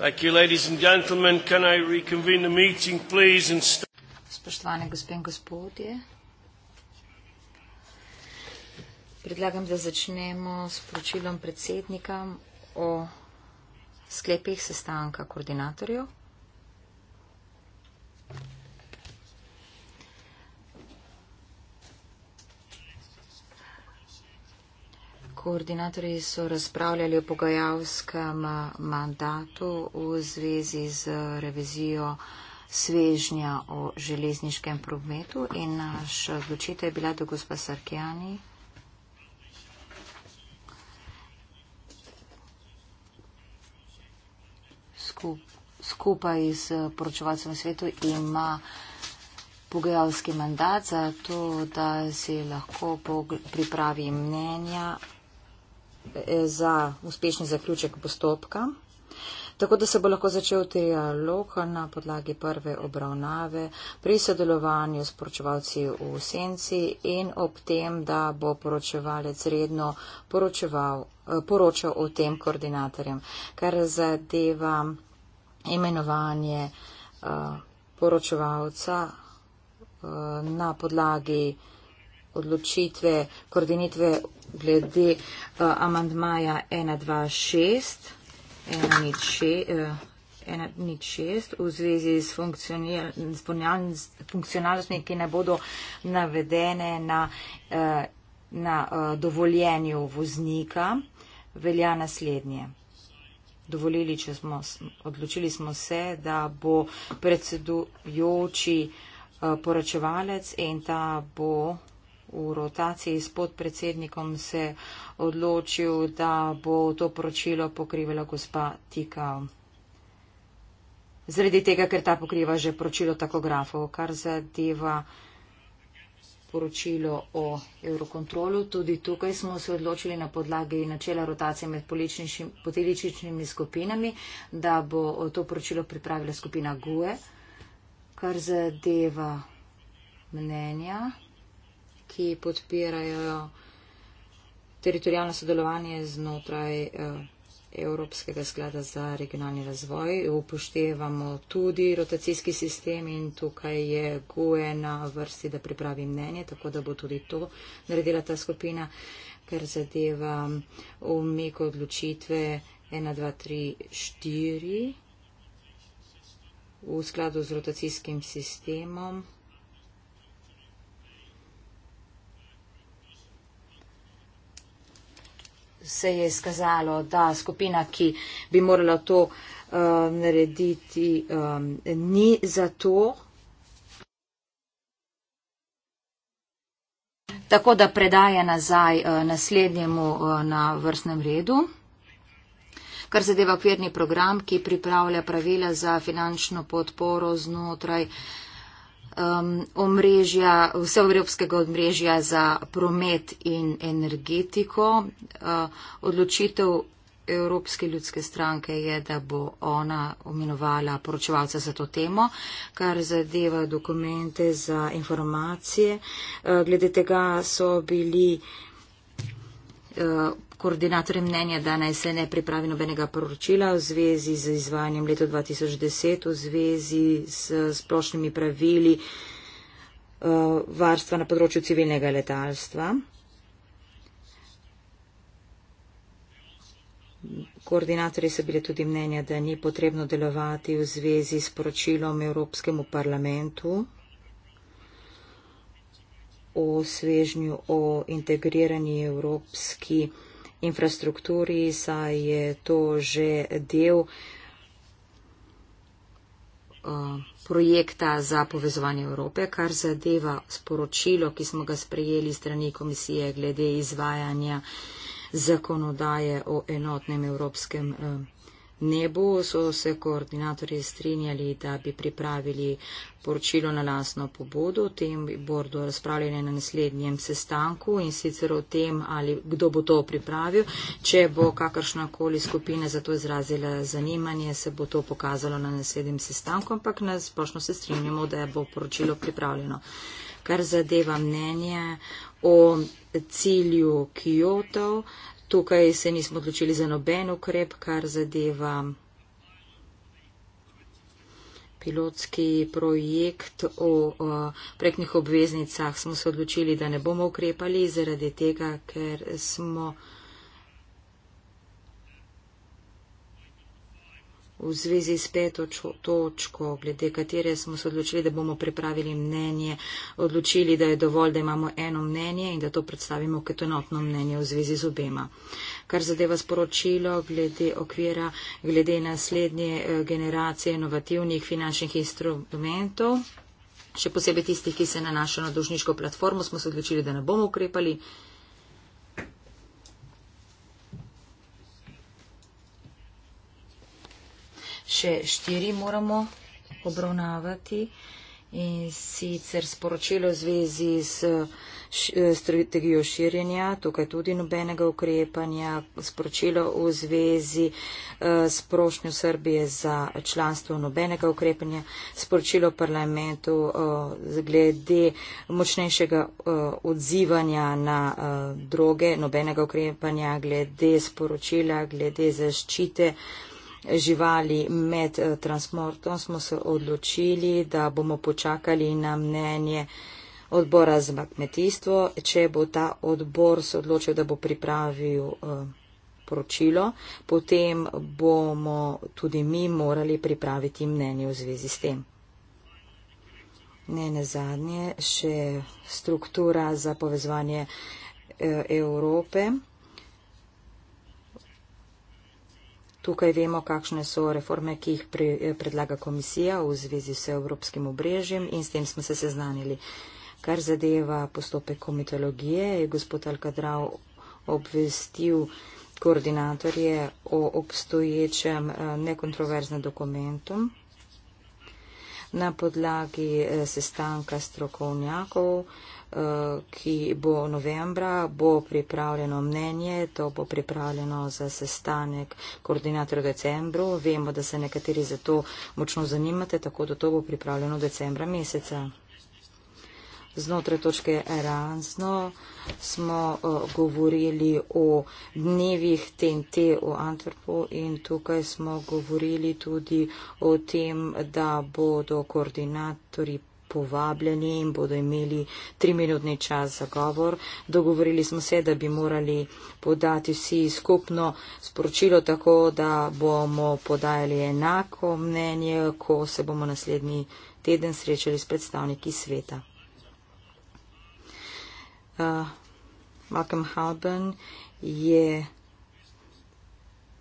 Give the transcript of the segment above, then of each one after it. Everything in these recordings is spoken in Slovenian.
Thank you, ladies and gentlemen. Can I reconvene the meeting, please? And Spoštovane gospe in gospodje, predlagam, da začnemo s poročilom predsednika o sklepih sestanka koordinatorjev. Koordinatorji so razpravljali o pogajalskem eh, mandatu v zvezi z revizijo svežnja o železniškem prometu in naš odločitev je bila, da gospa Sarkijani skupaj s poročevalcem svetu ima pogajalski mandat za to, da si lahko pripravi mnenja za uspešen zaključek postopka. Tako da se bo lahko začel dialog na podlagi prve obravnave pri sodelovanju s poročevalci v senci in ob tem, da bo poročevalec redno eh, poročal o tem koordinatorjem, kar zadeva imenovanje eh, poročevalca eh, na podlagi odločitve koordinitve glede uh, amandmaja 126, 106 uh, v zvezi z funkcionalnostmi, ki ne bodo navedene na, uh, na uh, dovoljenju voznika, velja naslednje. Dovolili, če smo, odločili smo se, da bo predsedujoči poročevalec in ta bo v rotaciji s podpredsednikom se odločil, da bo to poročilo pokrivala gospa Tikao. Zredi tega, ker ta pokriva že poročilo takografov, kar zadeva poročilo o eurokontrolu. Tudi tukaj smo se odločili na podlagi načela rotacije med političnimi skupinami, da bo to poročilo pripravila skupina GUE, kar zadeva mnenja ki podpirajo teritorijalno sodelovanje znotraj eh, Evropskega sklada za regionalni razvoj. Upoštevamo tudi rotacijski sistem in tukaj je GUE na vrsti, da pripravi mnenje, tako da bo tudi to naredila ta skupina, ker zadeva umik odločitve 1, 2, 3, 4 v skladu z rotacijskim sistemom. se je izkazalo, da skupina, ki bi morala to uh, narediti, um, ni za to. Tako da predaje nazaj uh, naslednjemu uh, na vrstnem redu. Kar zadeva okvirni program, ki pripravlja pravila za finančno podporo znotraj uh, um, omrežja, vseevropskega omrežja za promet in energetiko. Uh, odločitev Evropske ljudske stranke je, da bo ona omenovala poročevalca za to temo, kar zadeva dokumente za informacije. Uh, glede tega so bili. Uh, koordinatorje mnenja, da naj se ne pripravi nobenega poročila v zvezi z izvajanjem leta 2010, v zvezi s splošnimi pravili eh, varstva na področju civilnega letalstva. Koordinatorji so bile tudi mnenja, da ni potrebno delovati v zvezi s poročilom Evropskemu parlamentu o svežnju o integrirani evropski infrastrukturi, saj je to že del eh, projekta za povezovanje Evrope, kar zadeva sporočilo, ki smo ga sprejeli strani komisije glede izvajanja zakonodaje o enotnem evropskem eh, nebu, so se koordinatorji strinjali, da bi pripravili poročilo na lasno pobudo. O tem bodo razpravljali na naslednjem sestanku in sicer o tem, ali kdo bo to pripravil. Če bo kakršnakoli skupina za to izrazila zanimanje, se bo to pokazalo na naslednjem sestanku, ampak na splošno se strinjamo, da bo poročilo pripravljeno. Kar zadeva mnenje o cilju Kyoto, Tukaj se nismo odločili za noben ukrep, kar zadeva pilotski projekt o, o preknih obveznicah. Smo se odločili, da ne bomo ukrepali zaradi tega, ker smo. v zvezi s peto točko, glede katere smo se odločili, da bomo pripravili mnenje, odločili, da je dovolj, da imamo eno mnenje in da to predstavimo kot enotno mnenje v zvezi z obema. Kar zadeva sporočilo glede okvira, glede naslednje eh, generacije inovativnih finančnih instrumentov, še posebej tistih, ki se nanašajo na dožniško platformo, smo se odločili, da ne bomo ukrepali. še štiri moramo obravnavati in sicer sporočilo v zvezi s strategijo širjenja, tukaj tudi nobenega ukrepanja, sporočilo v zvezi eh, s prošnjo Srbije za članstvo nobenega ukrepanja, sporočilo parlamentu eh, glede močnejšega eh, odzivanja na droge, nobenega ukrepanja glede sporočila, glede zaščite živali med eh, transportom, smo se odločili, da bomo počakali na mnenje odbora za kmetijstvo. Če bo ta odbor se odločil, da bo pripravil eh, poročilo, potem bomo tudi mi morali pripraviti mnenje v zvezi s tem. Ne na zadnje, še struktura za povezovanje eh, Evrope. Tukaj vemo, kakšne so reforme, ki jih eh, predlaga komisija v zvezi s evropskim obrežjem in s tem smo se seznanili. Kar zadeva postopek komitologije, je gospod Alkadrav obvestil koordinatorje o obstoječem eh, nekontroverznem dokumentu. Na podlagi eh, sestanka strokovnjakov Eh, ki bo novembra, bo pripravljeno mnenje, to bo pripravljeno za sestanek koordinatorja v decembru. Vemo, da se nekateri za to močno zanimate, tako da to bo pripravljeno decembra meseca. Znotraj točke Erasmus smo uh, govorili o dnevih TNT v Antwerpu in tukaj smo govorili tudi o tem, da bodo koordinatorji povabljeni in bodo imeli triminutni čas za govor. Dogovorili smo se, da bi morali podati vsi skupno sporočilo, tako da bomo podajali enako mnenje, ko se bomo naslednji teden srečali s predstavniki sveta. Uh, Malcolm Halben je. Yeah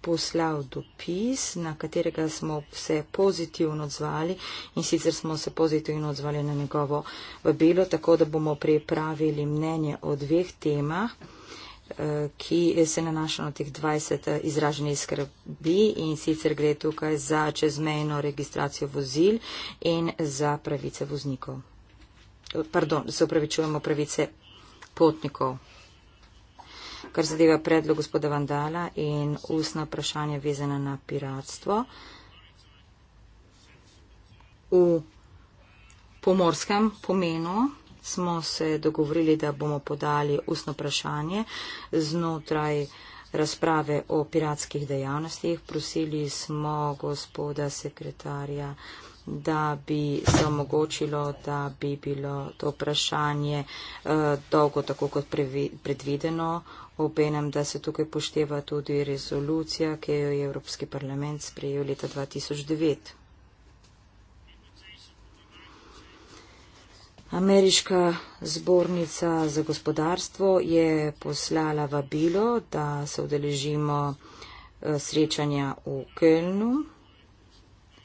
poslal dopis, na katerega smo se pozitivno odzvali in sicer smo se pozitivno odzvali na njegovo vabilo, tako da bomo pripravili mnenje o dveh temah eh, ki se nanaša na teh 20 eh, izraženih skrbi in sicer gre tukaj za čezmejno registracijo vozil in za pravice voznikov. Eh, pardon, se upravičujemo pravice potnikov kar zadeva predlog gospoda Vandala in ustna vprašanja vezana na piratstvo v pomorskem pomenu. Smo se dogovorili, da bomo podali ustno vprašanje znotraj razprave o piratskih dejavnostih. Prosili smo gospoda sekretarja da bi se omogočilo, da bi bilo to vprašanje eh, dolgo tako kot predvideno, obenem, da se tukaj pošteva tudi rezolucija, ki jo je Evropski parlament sprejel leta 2009. Ameriška zbornica za gospodarstvo je poslala vabilo, da se udeležimo eh, srečanja v Kölnu.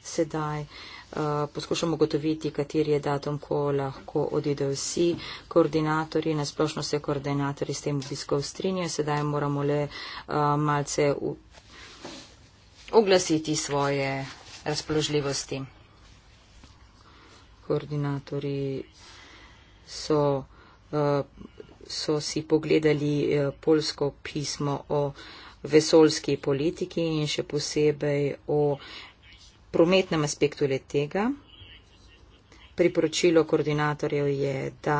Sedaj uh, Eh, poskušamo gotoviti, kateri je datum, ko lahko odidejo vsi koordinatorji. Nasplošno se koordinatorji s tem obiskov strinjajo, sedaj moramo le eh, malce oglasiti svoje razpoložljivosti. Koordinatorji so, eh, so si pogledali polsko pismo o vesoljski politiki in še posebej o prometnem aspektu le tega. Priporočilo koordinatorjev je, da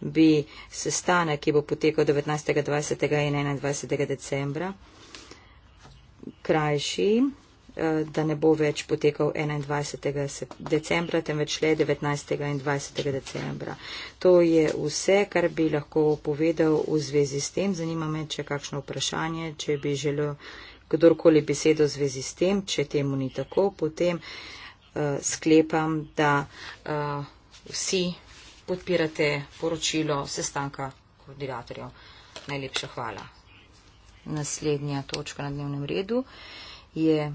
bi sestanek, ki bo potekal 19., 20. in 21. decembra, krajši, eh, da ne bo več potekal 21. decembra, temveč le 19. in 20. decembra. To je vse, kar bi lahko povedal v zvezi s tem. Zanima me, če je kakšno vprašanje, če bi želel kdorkoli besedo v zvezi s tem, če temu ni tako, potem uh, sklepam, da uh, vsi podpirate poročilo sestanka koordinatorjev. Najlepša hvala. Naslednja točka na dnevnem redu je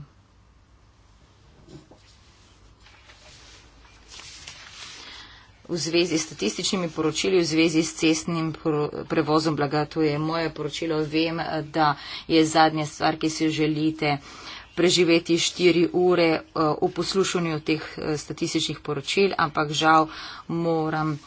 v zvezi s statističnimi poročili, v zvezi s cestnim prevozom blaga. To je moje poročilo. Vem, da je zadnja stvar, ki si želite preživeti štiri ure eh, v poslušanju teh eh, statističnih poročil, ampak žal moram.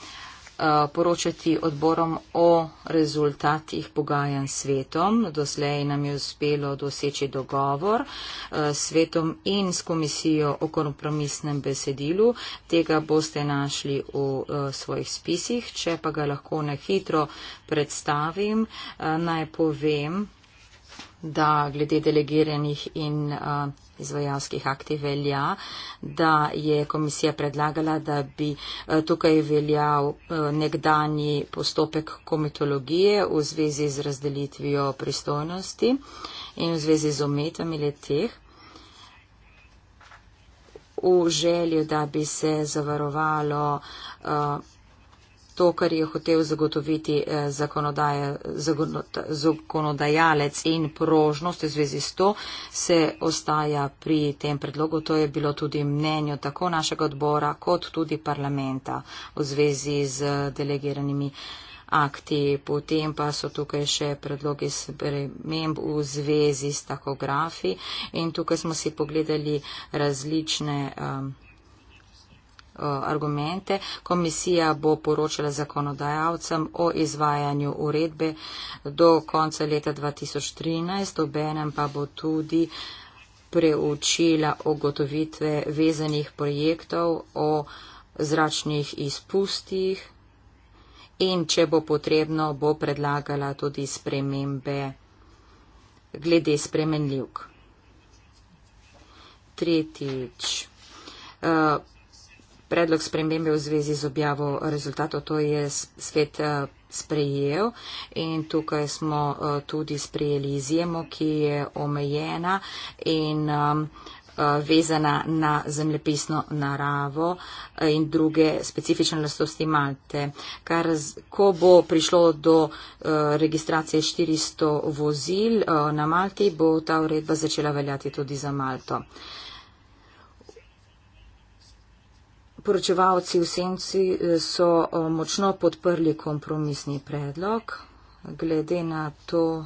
Eh, poročati odborom o rezultatih pogajanj s svetom. Doslej nam je uspelo doseči dogovor eh, s svetom in s komisijo o kompromisnem besedilu. Tega boste našli v eh, svojih spisih. Če pa ga lahko na hitro predstavim, naj povem, da glede delegiranih in uh, izvajalskih akti velja, da je komisija predlagala, da bi uh, tukaj veljal uh, nekdani postopek komitologije v zvezi z razdelitvijo pristojnosti in v zvezi z umetami leteh. V željo, da bi se zavarovalo uh, to, kar je hotel zagotoviti eh, zakonodajalec in prožnost v zvezi s to, se ostaja pri tem predlogu. To je bilo tudi mnenjo tako našega odbora kot tudi parlamenta v zvezi z delegiranimi. Akti. Potem pa so tukaj še predlogi sprememb v zvezi s takografi in tukaj smo si pogledali različne. Um, Eh, argumente. Komisija bo poročala zakonodajalcem o izvajanju uredbe do konca leta 2013, obenem pa bo tudi preučila ogotovitve vezanih projektov o zračnih izpustih in če bo potrebno, bo predlagala tudi spremembe glede spremenljivk. Tretjič. Eh, predlog spremembe v zvezi z objavo rezultatov, to je svet eh, sprejel in tukaj smo eh, tudi sprejeli izjemo, ki je omejena in eh, vezana na zemljepisno naravo in druge specifične lastnosti Malte. Kar, ko bo prišlo do registracije 400 vozil na Malti, bo ta uredba začela veljati tudi za Malto. poročevalci v senci eh, so eh, močno podprli kompromisni predlog, glede na to,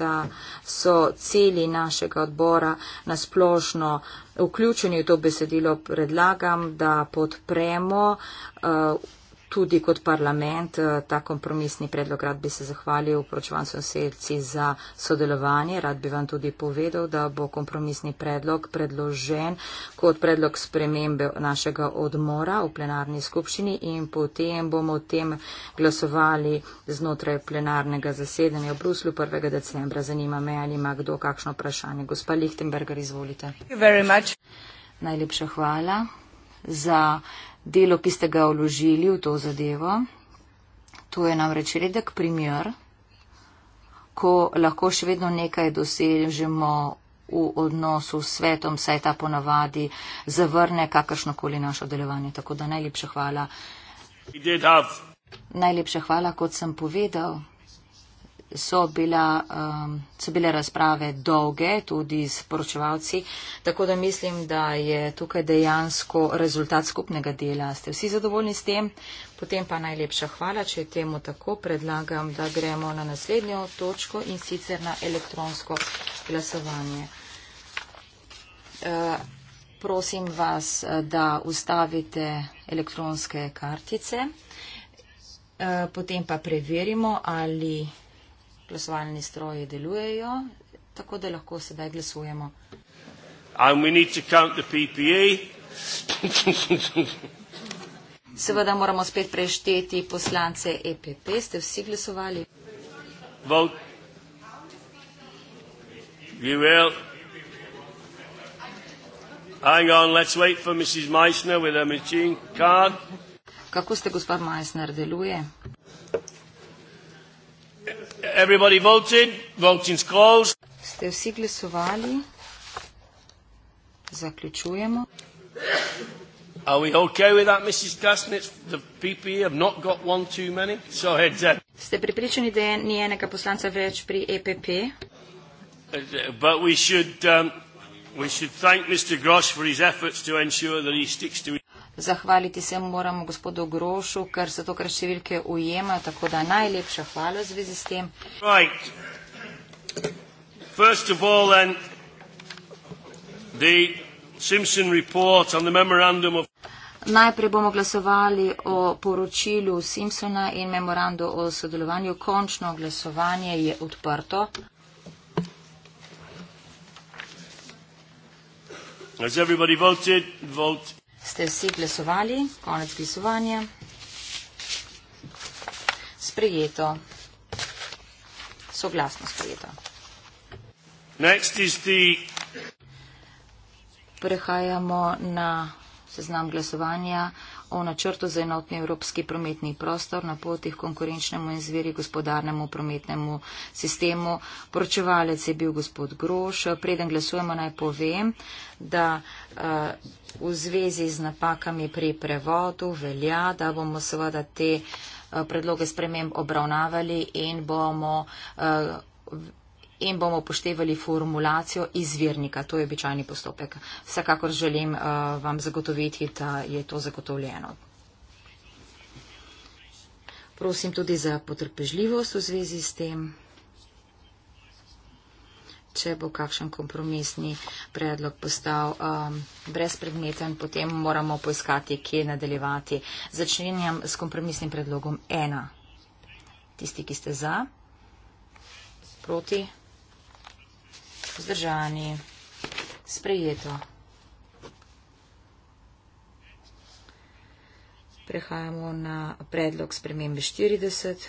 da so celi našega odbora nasplošno vključeni v to besedilo, predlagam, da podpremo uh, tudi kot parlament eh, ta kompromisni predlog. Rad bi se zahvalil poročevalcem sedci za sodelovanje. Rad bi vam tudi povedal, da bo kompromisni predlog predložen kot predlog spremembe našega odmora v plenarni skupščini in potem bomo o tem glasovali znotraj plenarnega zasedanja v Bruslu 1. decembra. Zanima me, ali ima kdo kakšno vprašanje. Gospa Lichtenberger, izvolite. Najlepša hvala za delo, ki ste ga vložili v to zadevo. To je namreč redek primer, ko lahko še vedno nekaj dosežemo v odnosu s svetom, saj ta ponavadi zavrne kakršnokoli naše delovanje. Tako da najlepša hvala. Najlepša hvala, kot sem povedal so, bila, um, so bile razprave dolge, tudi s poročevalci, tako da mislim, da je tukaj dejansko rezultat skupnega dela. Ste vsi zadovoljni s tem? Potem pa najlepša hvala, če je temu tako, predlagam, da gremo na naslednjo točko in sicer na elektronsko glasovanje. Uh, prosim vas, uh, da ustavite elektronske kartice, uh, potem pa preverimo, ali glasovalni stroji delujejo, tako da lahko sedaj glasujemo. E. Seveda moramo spet prešteti poslance EPP. Ste vsi glasovali? On, Kako ste, gospod Meissner, deluje? Everybody voted. Voting's closed. Ste vsi glasovali? Zaključujemo. Are we okay with that, Mrs. Kasnitz? The PPE have not got one too many. So ahead, Zed. Ste pripričani, da ni enega poslanca več pri EPP? But we should, um, we should thank Mr. Grosch for his efforts to ensure that he sticks to his... Zahvaliti se moramo gospodu Grošu, ker se to kar številke ujema, tako da najlepša hvala v zvezi s tem. Right. First of all, then, the Simpson report on the memorandum of. Najprej bomo glasovali o poročilu Simpsona in memorandu o sodelovanju. Končno glasovanje je odprto. As everybody voted, vote ste vsi glasovali, konec glasovanja. Sprejeto. Soglasno sprejeto. Next is the... Prehajamo na seznam glasovanja o načrtu za enotni evropski prometni prostor na potih konkurenčnemu in zveri gospodarnemu prometnemu sistemu. Poročevalec je bil gospod Groš. Preden glasujemo, naj povem, da uh, v zvezi z napakami pri prevodu velja, da bomo seveda te eh, predloge sprememb obravnavali in bomo, eh, in bomo poštevali formulacijo izvirnika. To je običajni postopek. Vsekakor želim eh, vam zagotoviti, da je to zagotovljeno. Prosim tudi za potrpežljivost v zvezi s tem če bo kakšen kompromisni predlog postal um, brezpredmeten, potem moramo poiskati, kje nadaljevati. Začenjam s kompromisnim predlogom ena. Tisti, ki ste za, proti, vzdržani, sprejeto. Prehajamo na predlog spremembe 40.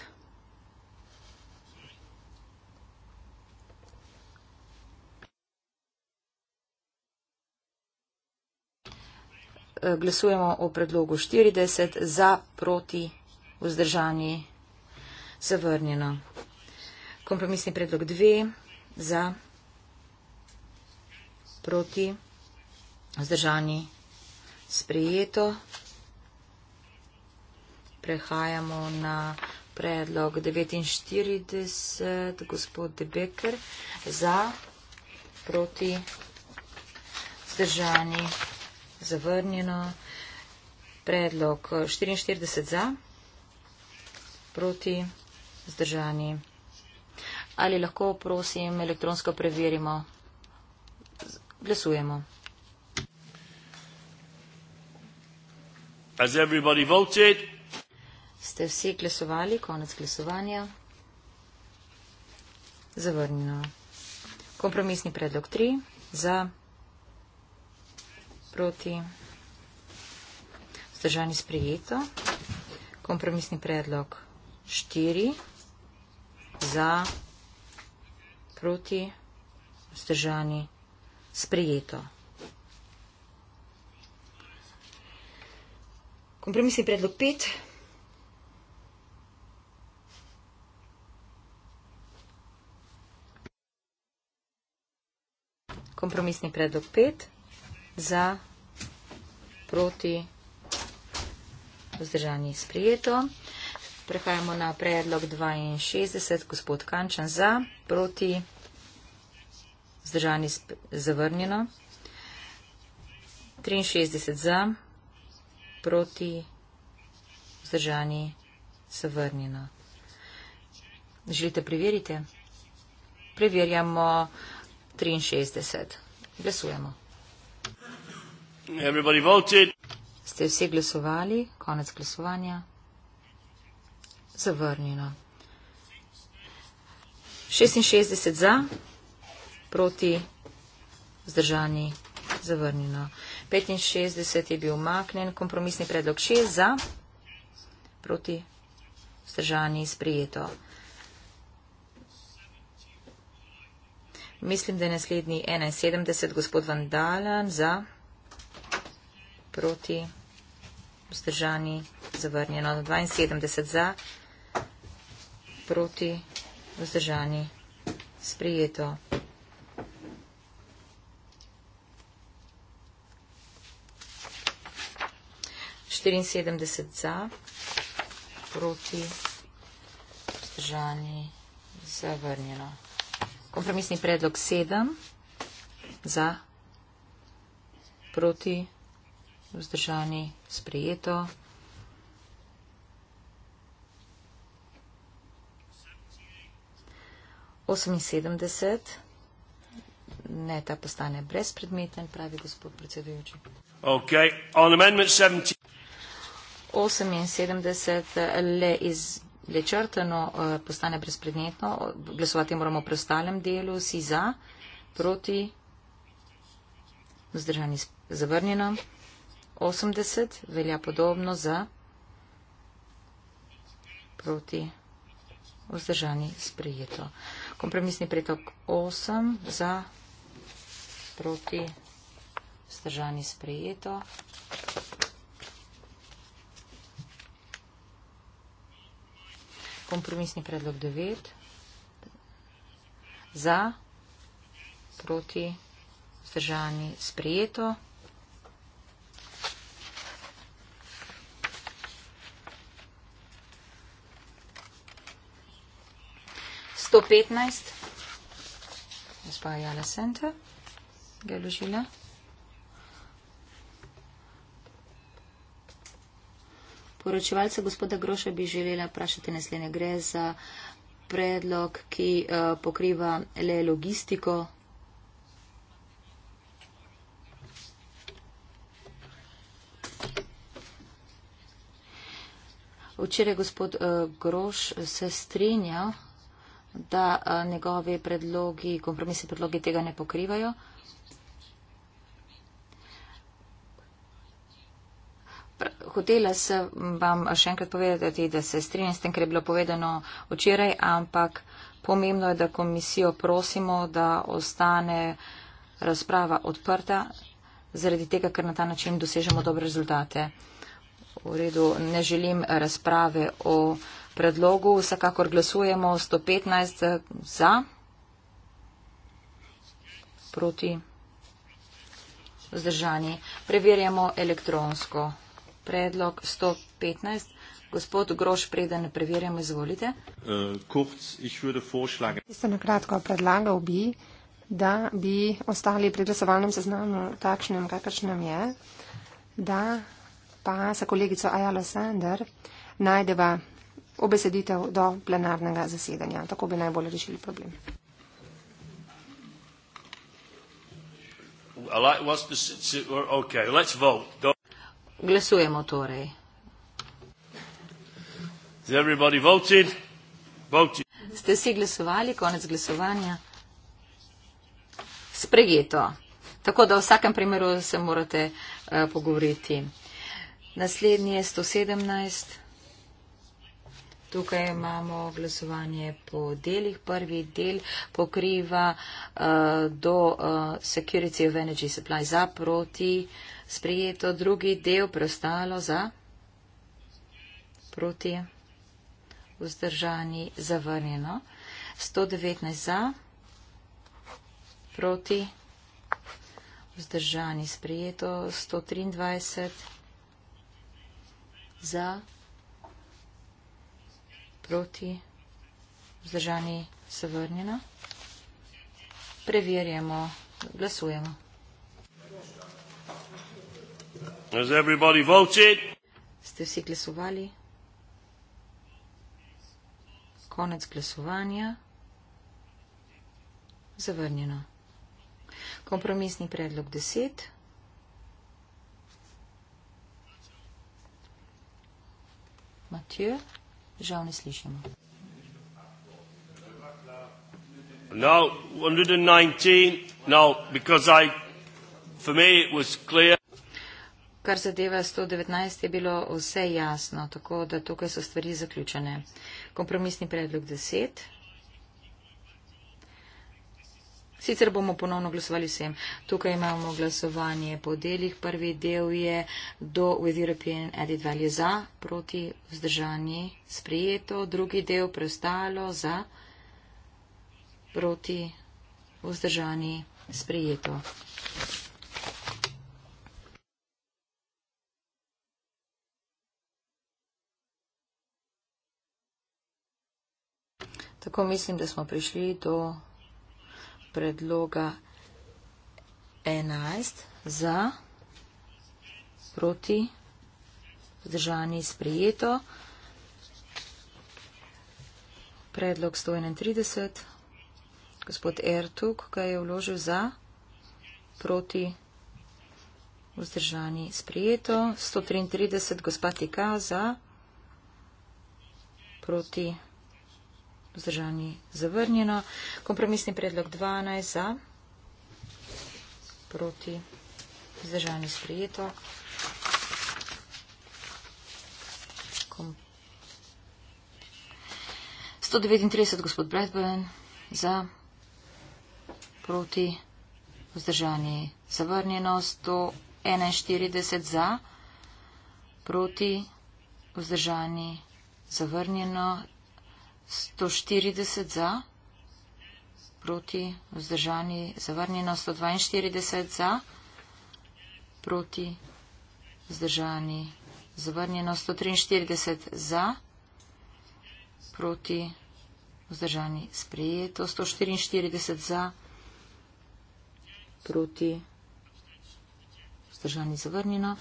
Eh, glasujemo o predlogu 40 za proti vzdržani zavrnjeno. Kompromisni predlog 2 za proti vzdržani sprejeto. Prehajamo na predlog 49, gospod Debeker, za proti vzdržani sprejeto zavrnjeno. Predlog 44 eh, za, proti, zdržani. Ali lahko, prosim, elektronsko preverimo? Glasujemo. Has everybody voted? Ste vsi glasovali? Konec glasovanja. Zavrnjeno. Kompromisni predlog 3 za proti. Zdržani sprejeto. Kompromisni predlog 4 za proti. Zdržani sprejeto. Kompromisni predlog 5. Kompromisni predlog 5 za, proti, vzdržani sprijeto. Prehajamo na predlog 62, gospod Kančan za, proti, vzdržani zavrnjeno. 63 za, proti, vzdržani zavrnjeno. Želite preveriti? Preverjamo 63. Glasujemo. Ste vsi glasovali? Konec glasovanja. Zavrnjeno. 66 za, proti, zdržani, zavrnjeno. 65 je bil umaknen, kompromisni predlog 6 za, proti, zdržani, sprijeto. Mislim, da je naslednji 71, gospod Vandalan, za proti, vzdržani, zavrnjeno 72 za, proti, vzdržani, sprijeto. Štiriinsedemdeset za, proti, vzdržani, zavrnjeno. Kompromisni predlog sedem za, proti, vzdržani vzdržani, sprejeto. Oseminsedemdeset, ne ta postane brezpredmeten, pravi gospod predsedujoči. Okay. Oseminsedemdeset le iz le črteno eh, postane brezpredmetno, glasovati moramo v preostalem delu, si za, proti, vzdržani, zavrnjeno. 80 velja podobno za proti vzdržani sprejeto. Kompromisni pretok 8 za proti vzdržani sprejeto. Kompromisni predlog 9 za proti vzdržani sprejeto. 115. Gospa Jala Senta, ga je ložila. Poročevalce gospoda Groša bi želela vprašati naslednje. Gre za predlog, ki uh, pokriva le logistiko. Včeraj gospod uh, Groš se strinja uh, da eh, njegovi predlogi, kompromisi predlogi tega ne pokrivajo. Hotela sem vam še enkrat povedati, da se strinjam s tem, kar je bilo povedano včeraj, ampak pomembno je, da komisijo prosimo, da ostane razprava odprta, zaradi tega, ker na ta način dosežemo dobre rezultate. V redu, ne želim razprave o predlogu vsekakor glasujemo 115 za, proti vzdržanje. Preverjamo elektronsko predlog 115. Gospod Groš, preden preverjamo, izvolite. Uh, äh, Isto na kratko predlagal bi, da bi ostali pri glasovalnem seznamu takšnem, kakršnem je, da pa se kolegico Ajalo Sander najdeva obeseditev do plenarnega zasedanja. Tako bi najbolj rešili problem. Glasujemo torej. Ste vsi glasovali, konec glasovanja? Spregeto. Tako da v vsakem primeru se morate uh, pogovoriti. Naslednji je 117. Tukaj imamo glasovanje po delih. Prvi del pokriva uh, do uh, Security of Energy Supply za proti sprijeto. Drugi del preostalo za proti vzdržani zavrnjeno. 119 za proti vzdržani sprijeto. 123 za proti, vzdržani se vrnjena. Preverjamo, glasujemo. Has everybody voted? Ste vsi glasovali? Konec glasovanja. Zavrnjeno. Kompromisni predlog 10. Mathieu žal ne slišimo. Now, Now, I, clear... Kar zadeva 119, je bilo vse jasno, tako da tukaj so stvari zaključene. Kompromisni predlog 10. Sicer bomo ponovno glasovali vsem. Tukaj imamo glasovanje po delih. Prvi del je do with European added value za, proti vzdržanje sprijeto. Drugi del preostalo za, proti vzdržanje sprijeto. Tako mislim, da smo prišli do predloga 11 za, proti, vzdržani sprejeto. Predlog 131, gospod Ertug ga je vložil za, proti, vzdržani sprejeto. 133, gospod Tika za, proti, vzdržani sprejeto vzdržani zavrnjeno. Kompromisni predlog 12 za, proti vzdržani sprejeto. Kom 139 gospod Bradburn za, proti vzdržani zavrnjeno. 141 za, proti vzdržani zavrnjeno. 140 za, proti vzdržani, zavrnjeno 142 za, proti vzdržani, zavrnjeno 143 za, proti vzdržani, sprejeto 144 za, proti vzdržani, zavrnjeno.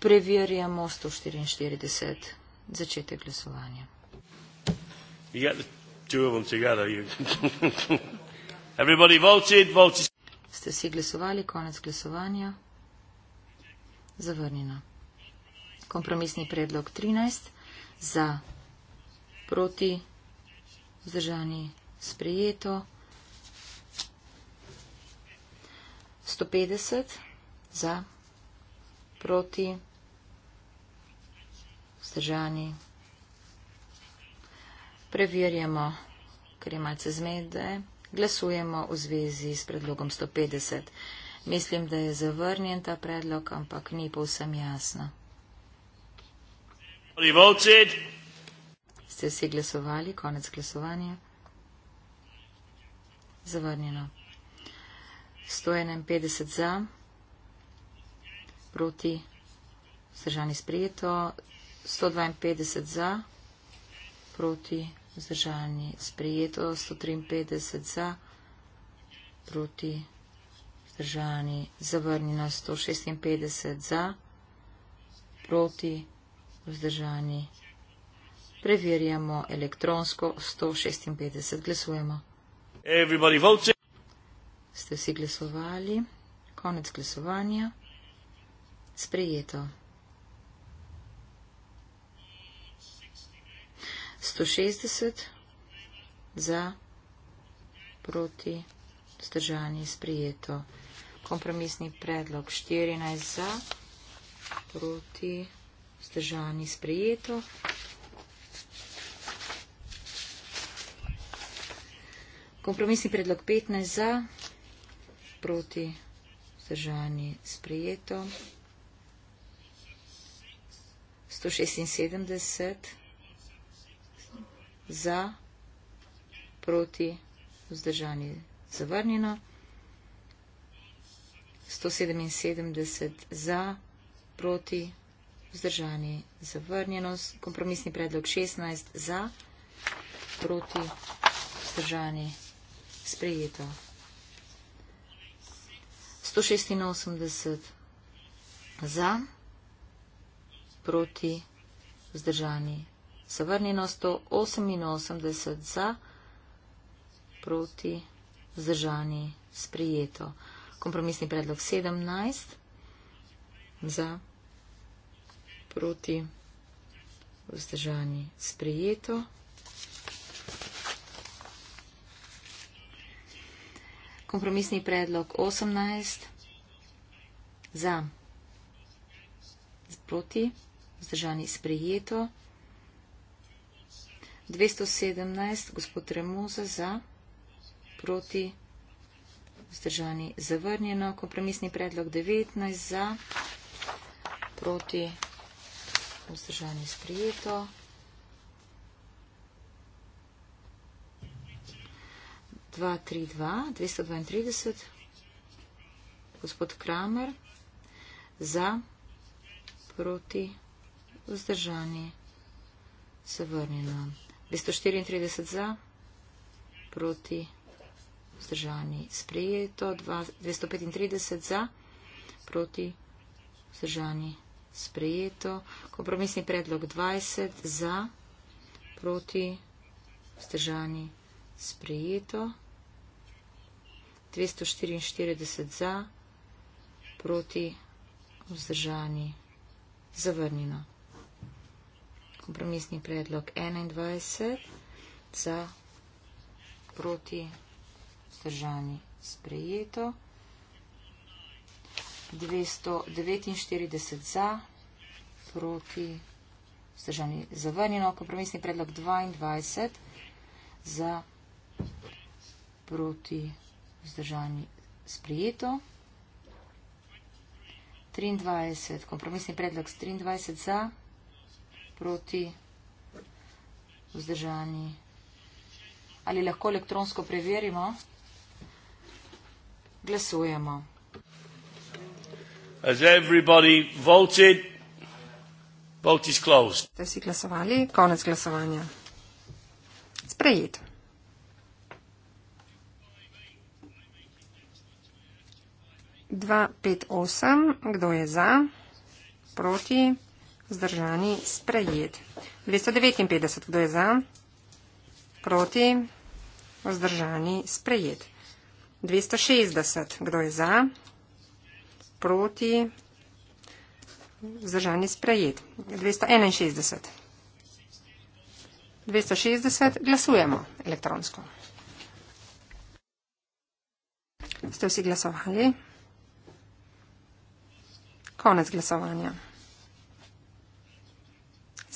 Preverjamo 144 za začetek glasovanja. voted, voted. Ste si glasovali, konec glasovanja? Zavrnjeno. Kompromisni predlog 13 za proti vzdržani sprejeto. 150 za proti vzdržani. Preverjamo, ker je malce zmede, glasujemo v zvezi s predlogom 150. Mislim, da je zavrnjen ta predlog, ampak ni povsem jasno. Ste vsi glasovali? Konec glasovanja. Zavrnjeno. 151 za, proti, vzdržani sprejeto, 152 za, proti vzdržani sprejeto, 153 za, proti vzdržani zavrnjeno, 156 za, proti vzdržani preverjamo elektronsko, 156 glasujemo. Everybody votes. Ste vsi glasovali? Konec glasovanja. Sprejeto. 160 za, proti, zdržanje sprijeto. Kompromisni predlog 14 za, proti, zdržanje sprijeto. Kompromisni predlog 15 za, proti, zdržanje sprijeto. 176 za za, proti, vzdržani, zavrnjeno. 177 za, proti, vzdržani, zavrnjeno. Kompromisni predlog 16 za, proti, vzdržani, sprejeto. 186 za, proti, vzdržani, zavrnjeno zavrnjeno 188 za, proti zdržani sprijeto. Kompromisni predlog 17 za, proti zdržani sprijeto. Kompromisni predlog 18 za, proti zdržani sprijeto. 217, gospod Remoza za, proti, vzdržani zavrnjeno, kompromisni predlog 19 za, proti, vzdržani sprijeto. Dva, tri, dva, dvesto dvaintrideset, gospod Kramer, za, proti, vzdržani, zavrnjeno. 234 za, proti vzdržani sprejeto, 235 za, proti vzdržani sprejeto, kompromisni predlog 20 za, proti vzdržani sprejeto, 244 za, proti vzdržani zavrnjeno kompromisni predlog 21 za proti zdržani sprejeto. 249 za proti zdržani zavrnjeno. Kompromisni predlog 22 za proti zdržani sprejeto. 23. Kompromisni predlog 23 za proti vzdržani. Ali lahko elektronsko preverimo? Glasujemo. Ste vsi glasovali? Konec glasovanja. Sprejet. Dva, pet, osem. Kdo je za? Proti? vzdržani, sprejet. 259, kdo je za? Proti, vzdržani, sprejet. 260, kdo je za? Proti, vzdržani, sprejet. 261. 260, glasujemo elektronsko. Ste vsi glasovali? Konec glasovanja.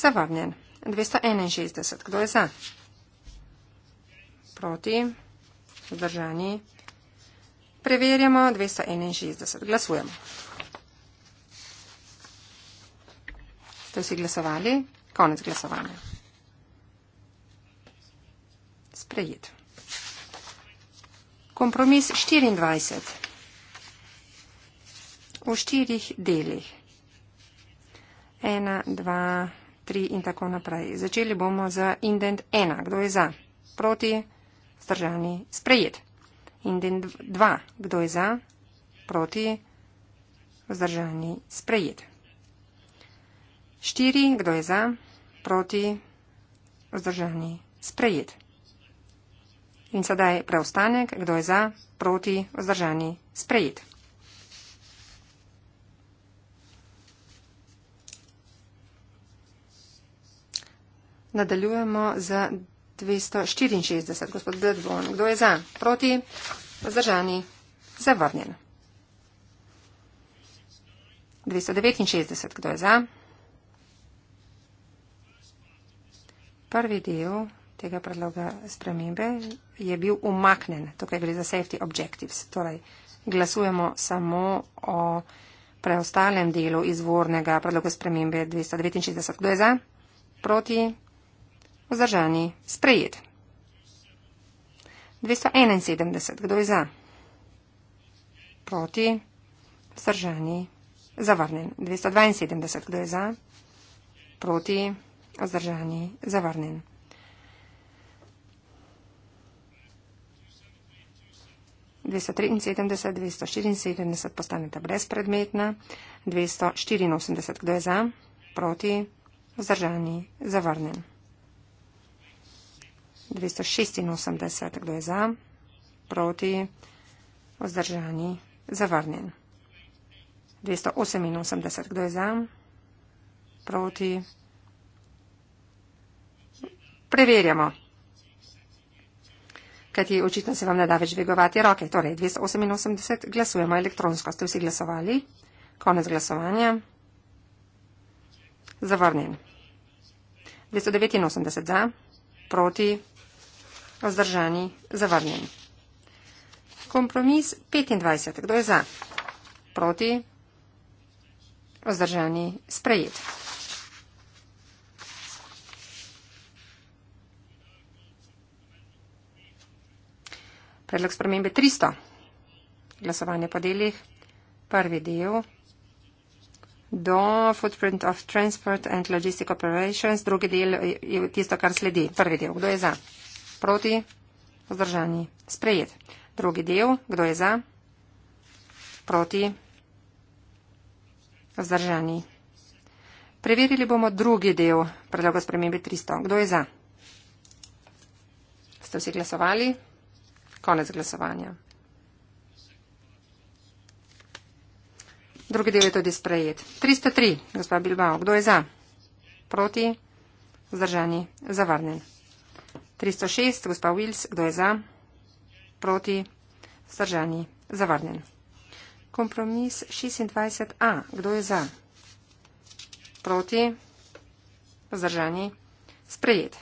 Zavrnjen. 261. Kdo je za? Proti. Zdržani. Preverjamo. 261. Glasujemo. Ste vsi glasovali? Konec glasovanja. Sprejet. Kompromis 24. V štirih delih. Ena, dva tri in tako naprej. Začeli bomo z indent ena, kdo je za, proti, stržani, sprejet. Indent dva, kdo je za, proti, vzdržani, sprejet. Štiri, kdo je za, proti, vzdržani, sprejet. In sedaj preostanek, kdo je za, proti, vzdržani, sprejet. Nadaljujemo z 264. Gospod Bledvon, kdo je za? Proti? Zdržani? Zavrnjen. 269. Kdo je za? Prvi del tega predloga spremembe je bil umaknen. Tukaj gre za safety objectives. Torej, glasujemo samo o preostalem delu izvornega predloga spremembe 269. Kdo je za? Proti? Vzdržani. Sprejet. 271. Kdo je za? Proti. Vzdržani. Zavrnen. 272. Kdo je za? Proti. Vzdržani. Zavrnen. 273, 274 postaneta brezpredmetna, 284 kdo je za, proti, vzdržani, zavrnen. 286, kdo je za, proti, vzdržani, zavrnjen. 288, kdo je za, proti, preverjamo. Kajti očitno se vam ne da več dvigovati roke. Torej, 288 glasujemo elektronsko. Ste vsi glasovali? Konec glasovanja. Zavrnjen. 289 za, proti, Vzdržani, zavrnjeni. Kompromis 25. Kdo je za? Proti? Vzdržani, sprejet. Predlog spremembe 300. Glasovanje po delih. Prvi del. Do footprint of transport and logistic operations. Drugi del je tisto, kar sledi. Prvi del. Kdo je za? Proti vzdržani. Sprejet. Drugi del. Kdo je za? Proti vzdržani. Preverili bomo drugi del predloga spremembe 300. Kdo je za? Ste vsi glasovali? Konec glasovanja. Drugi del je tudi sprejet. 303. Gospod Bilbao, kdo je za? Proti? Zdržani. Zavrnen. 306, gospa Wills, kdo je za, proti, zdržani, zavrnjen. Kompromis 26a, kdo je za, proti, zdržani, sprejet.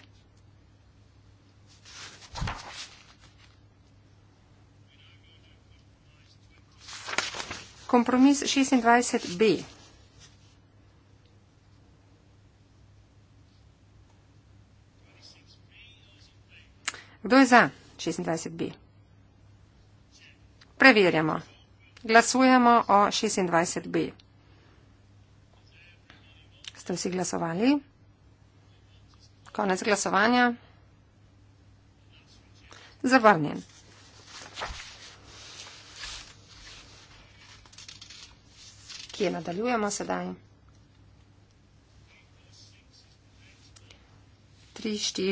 Kompromis 26b, Kdo je za 26b? Preverjamo. Glasujemo o 26b. Ste vsi glasovali? Konec glasovanja. Zavrnjen. Kje nadaljujemo sedaj? 3, 4,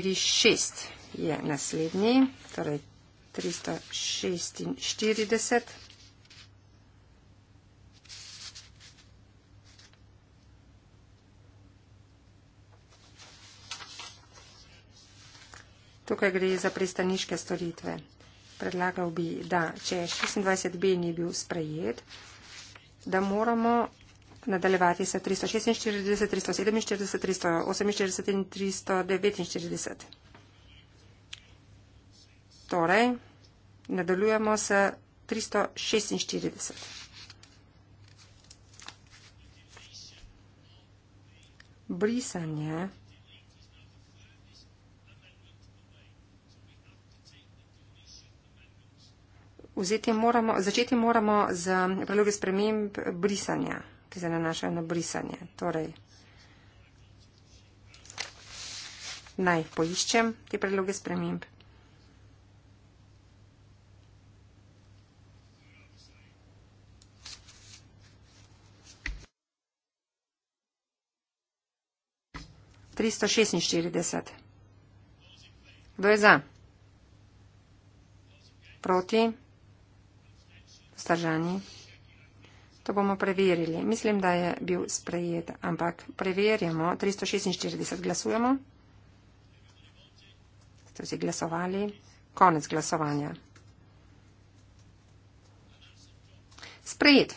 6 je naslednji, torej 346. Tukaj gre za pristaniške storitve. Predlagal bi, da če 26b ni bil sprejet, da moramo nadaljevati se 346, 347, 348 in 349. Torej, nadaljujemo s 346. Brisanje Vzeti moramo, začeti moramo z predlogi sprememb brisanja, ki se nanašajo na brisanje. Torej, naj poiščem te predloge sprememb. 346. Kdo je za? Proti? Stržani? To bomo preverili. Mislim, da je bil sprejet, ampak preverjamo. 346 glasujemo. Ste vsi glasovali? Konec glasovanja. Sprejet.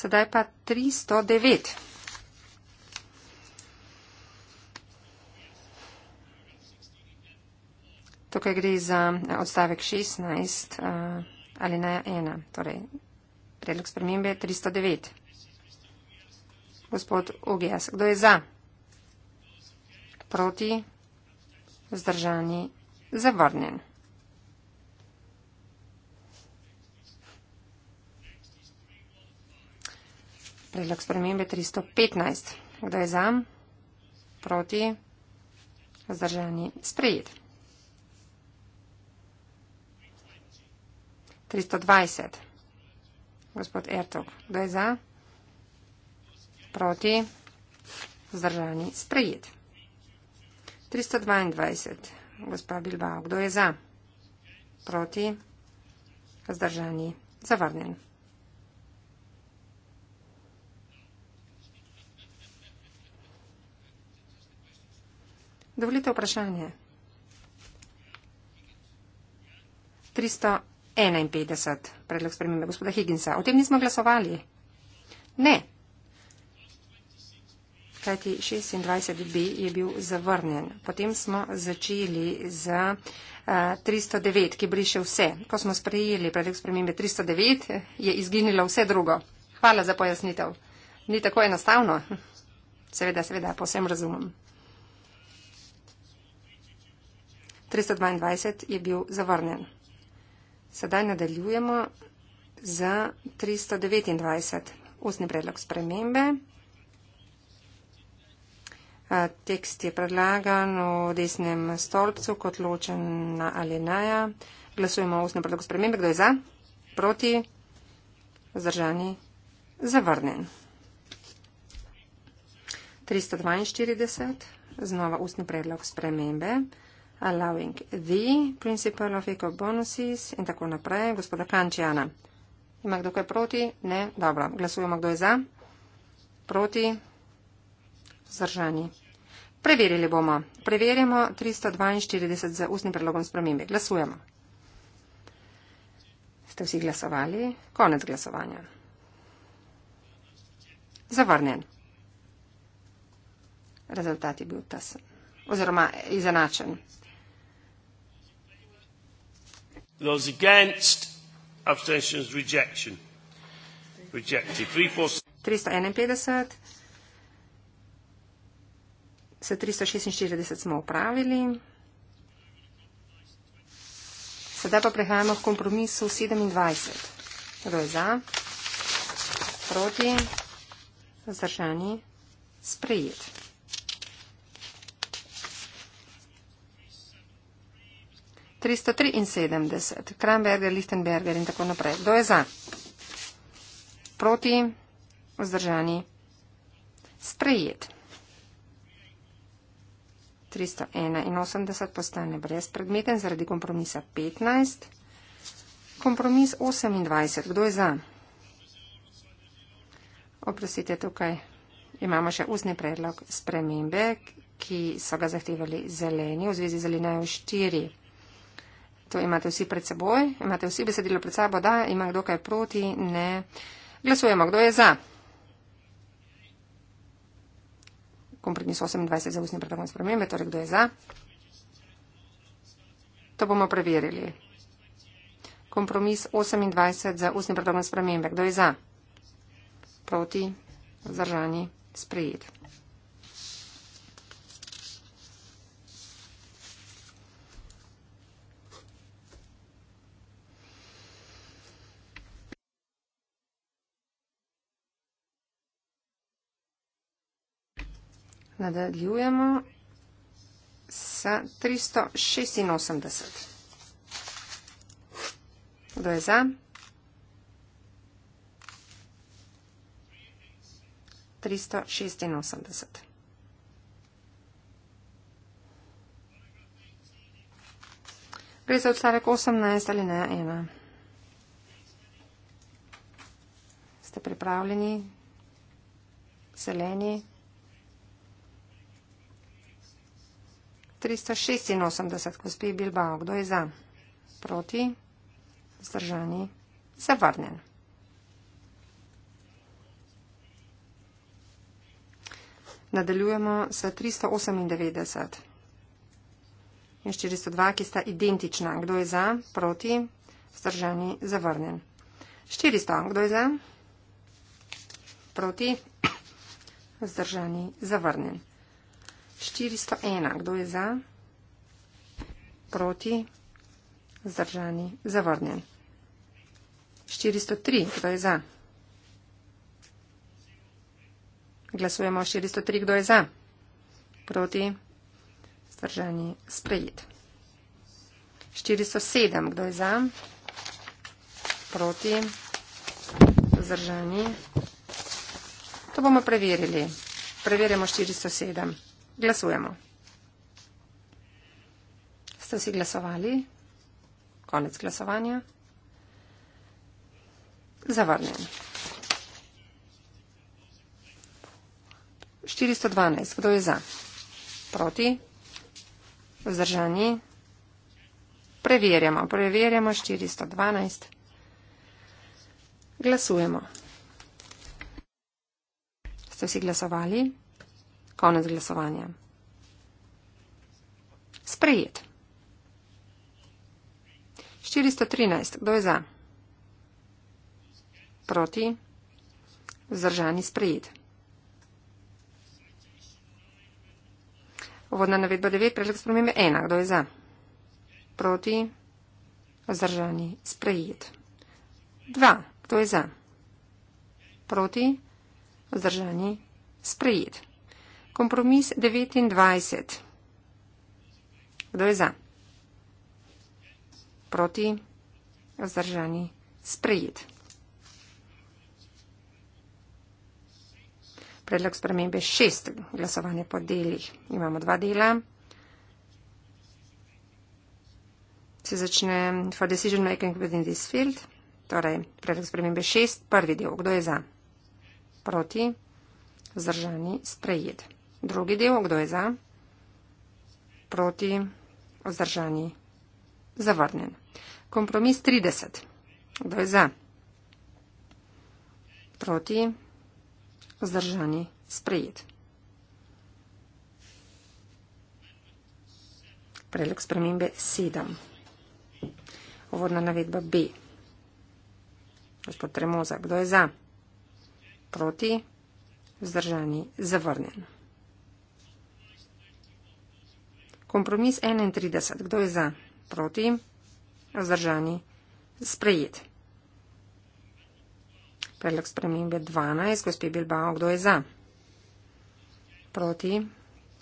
Sedaj pa 309. Tukaj gre za eh, odstavek 16 eh, ali na 1, torej predlog spremembe 309. Gospod Ugijas, kdo je za? Proti, vzdržani, zavrnjen. predlog spremembe 315. Kdo je za? Proti? Zdržani? Sprejet. 320. Gospod Ertog, kdo je za? Proti? Zdržani? Sprejet. 322. Gospa Bilbao, kdo je za? Proti? Zdržani? Zavrnjen. Dovolite vprašanje. 351 predlog spremembe gospoda Higginsa. O tem nismo glasovali. Ne. Kajti 26b je bil zavrnjen. Potem smo začeli z za, uh, 309, ki briše vse. Ko smo sprejeli predlog spremembe 309, je izginilo vse drugo. Hvala za pojasnitev. Ni tako enostavno. Seveda, seveda, posem razumem. 322 je bil zavrnen. Sedaj nadaljujemo z 329. Ustni predlog spremembe. Tekst je predlagan v desnem stolpcu kot ločen na alinaja. Glasujemo o ustnem predlogu spremembe. Kdo je za? Proti? Zdržani? Zavrnen. 342. Znova ustni predlog spremembe allowing the principal of eco bonuses in tako naprej. Gospoda Kančiana. Ima kdo kaj proti? Ne. Dobro. Glasujemo, kdo je za? Proti? Zdržani. Preverili bomo. Preverjamo 342 za ustnim predlogom spremembe. Glasujemo. Ste vsi glasovali? Konec glasovanja. Zavrnen. Rezultat je bil tas. Oziroma izenačen. Those against, abstentions, rejection. Rejected. 351. Se 346 smo upravili. Sedaj pa prehajamo k kompromisu 27. Kdo je za? Proti? Zdržani? Sprejet. 373, Kramberger, Lichtenberger in tako naprej. Kdo je za? Proti, vzdržani, sprejet. 381 postane brezpredmeten zaradi kompromisa 15. Kompromis 28, kdo je za? Oprostite, tukaj imamo še ustni predlog spremembe, ki so ga zahtevali zeleni v zvezi z linijo 4. To imate vsi pred seboj, imate vsi besedilo pred sabo, da ima kdo kaj proti, ne. Glasujemo, kdo je za. Kompromis 28 za ustni predlog spremembe, torej kdo je za. To bomo preverili. Kompromis 28 za ustni predlog spremembe, kdo je za. Proti, zdržani, sprejeti. Nadaljujemo s 386. Kdo je za? Tristo šestinosemdeset. Gre za odstavek osemnajst ali ne ena. Ste pripravljeni? Zeleni? 386, gospe Bilbao, kdo je za? Proti? Zdržani? Zavrnen. Nadaljujemo s 398 in 402, ki sta identična. Kdo je za? Proti? Zdržani? Zavrnen. 400, kdo je za? Proti? Zdržani? Zavrnen. 401. Kdo je za? Proti? Zdržani? Zavrnjen. 403. Kdo je za? Glasujemo 403. Kdo je za? Proti? Zdržani? Sprejet. 407. Kdo je za? Proti? Zdržani? To bomo preverili. Preverjamo 407 glasujemo. Ste vsi glasovali? Konec glasovanja. Zavrnjen. 412. Kdo je za? Proti? Vzdržani? Preverjamo, preverjamo 412. Glasujemo. Ste vsi glasovali? Konec glasovanja. Sprejet. 413. Kdo je za? Proti. Zdržani sprejet. Uvodna navedba 9. Predlog spremembe 1. Kdo je za? Proti. Zdržani sprejet. 2. Kdo je za? Proti. Zdržani sprejet. 3. Kompromis 29. Kdo je za? Proti? Zdržani? Sprejet. Predlog spremembe šest glasovanje po delih. Imamo dva dela. Se začne for decision making within this field. Torej, predlog spremembe šest, prvi del. Kdo je za? Proti? Zdržani? Sprejet. Drugi del, kdo je za? Proti, vzdržani, zavrnjen. Kompromis 30. Kdo je za? Proti, vzdržani, sprejet. Predlog spremembe 7. Uvodna navedba B. Gospod Tremoza, kdo je za? Proti, vzdržani, zavrnjen. Kompromis 31. Kdo je za? Proti? Vzdržani? Sprejet. Predlog spremembe 12. Gospe Bilbao, kdo je za? Proti?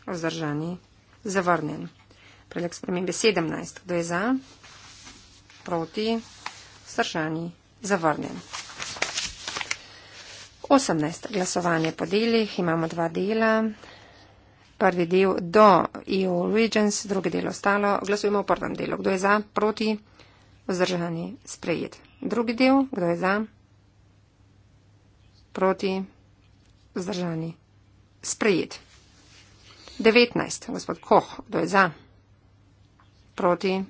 Vzdržani? Zavrnen. Predlog spremembe 17. Kdo je za? Proti? Vzdržani? Zavrnen. 18. Glasovanje po delih. Imamo dva dela prvi del do EU Regions, drugi del ostalo. Glasujemo v prvem delu. Kdo je za, proti, vzdržani, sprejet. Drugi del, kdo je za, proti, vzdržani, sprejet. 19, gospod Koh, kdo je za, proti,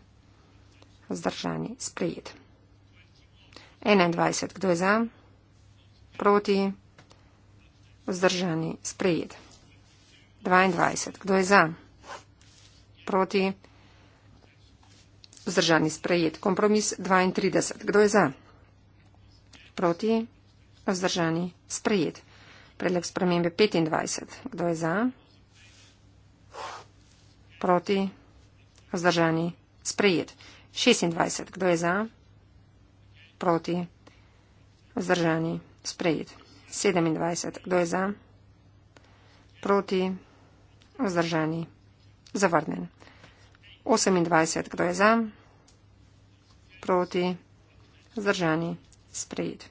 vzdržani, sprejet. 21, kdo je za, proti, vzdržani, sprejet. 22. Kdo je za? Proti? Vzdržani sprejet. Kompromis 32. Kdo je za? Proti? Vzdržani sprejet. Predlog spremembe 25. Kdo je za? Proti? Vzdržani sprejet. 26. Kdo je za? Proti? Vzdržani sprejet. 27. Kdo je za? Proti? Vzdržani. Zavrnjen. 28. Kdo je za? Proti. Vzdržani. Sprejet.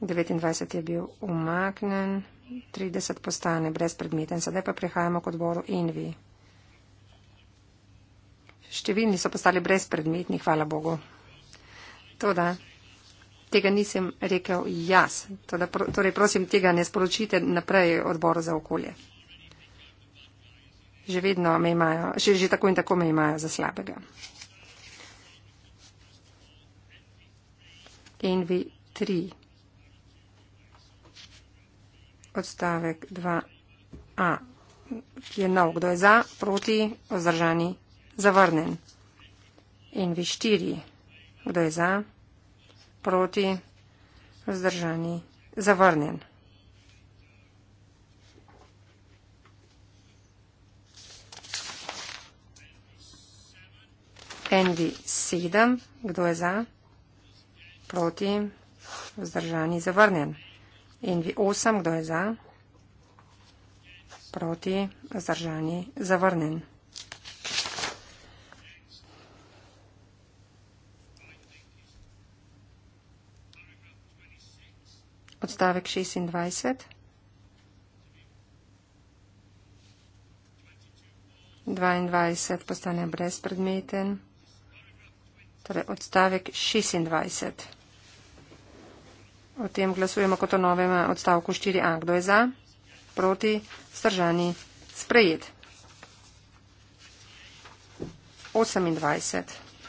Devetindvajset je bil umaknen, trideset postane brezpredmeten, sedaj pa prihajamo k odboru Envi. Številni so postali brezpredmetni, hvala Bogu. Toda tega nisem rekel jaz. Teda, pro, torej, prosim, tega ne sporočite naprej odboru za okolje. Že vedno me imajo, že, že tako in tako me imajo za slabega. In vi tri. Odstavek 2a. Je nov, kdo je za, proti, vzdržani, zavrnen. In vi štiri. Kdo je za? proti vzdržani zavrnjen. ND7, kdo je za? Proti vzdržani zavrnjen. ND8, kdo je za? Proti vzdržani zavrnjen. odstavek 26. 22 postane brezpredmeten. Torej odstavek 26. O tem glasujemo kot o novem odstavku 4a. Kdo je za? Proti? Stržani? Sprejet. 28.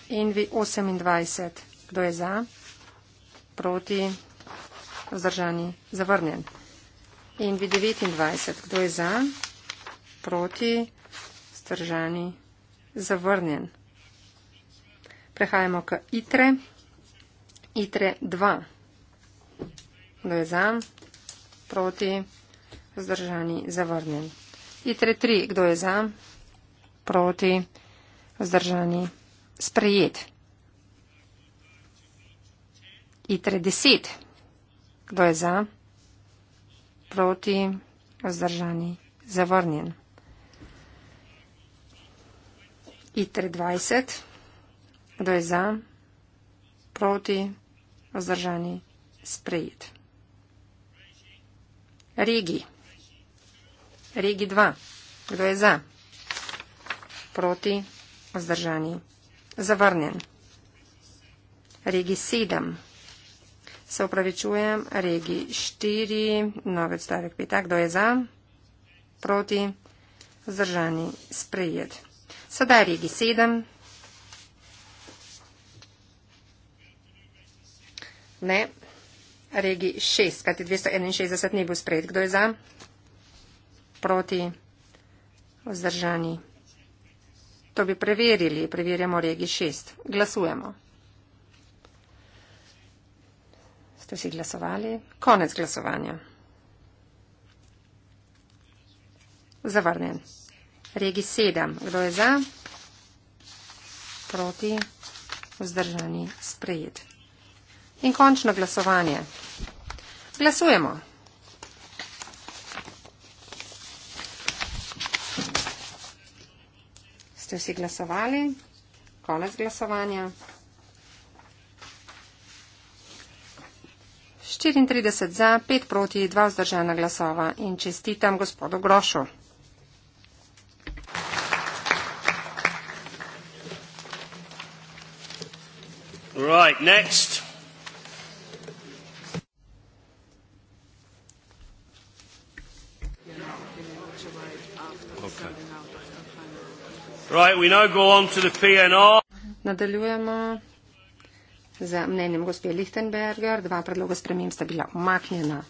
Envi 28. Kdo je za? Proti? vzdržani, zavrnjen. In bi 29, kdo je za, proti, vzdržani, zavrnjen. Prehajamo k ITRE, ITRE 2, kdo je za, proti, vzdržani, zavrnjen. ITRE 3, kdo je za, proti, vzdržani, sprejet. ITRE 10, kdo je za, proti, vzdržani, sprejet. Kdo je za? Proti? Vzdržani? Zavrnjen. ITR 20. Kdo je za? Proti? Vzdržani? Sprejet. Regi. Regi 2. Kdo je za? Proti? Vzdržani? Zavrnjen. Regi 7. Se upravičujem, regi 4, novi odstavek 5. Kdo je za? Proti? Zdržani? Sprejet. Sedaj regi 7. Ne. Regi 6, kajti 261 ni bil sprejet. Kdo je za? Proti? Zdržani? To bi preverili. Preverjamo regi 6. Glasujemo. Ste vsi glasovali? Konec glasovanja. Zavrnen. Regi sedem. Kdo je za? Proti. Vzdržani. Sprejet. In končno glasovanje. Glasujemo. Ste vsi glasovali? Konec glasovanja. 34 za, 5 proti, 2 vzdržana glasova in čestitam gospodu Grošu. Right, next. Okay. Right, we now go on to the PNR. Nadaljujemo z mnenjem gospe Lichtenberger. Dva predloga sprememb sta bila umaknjena.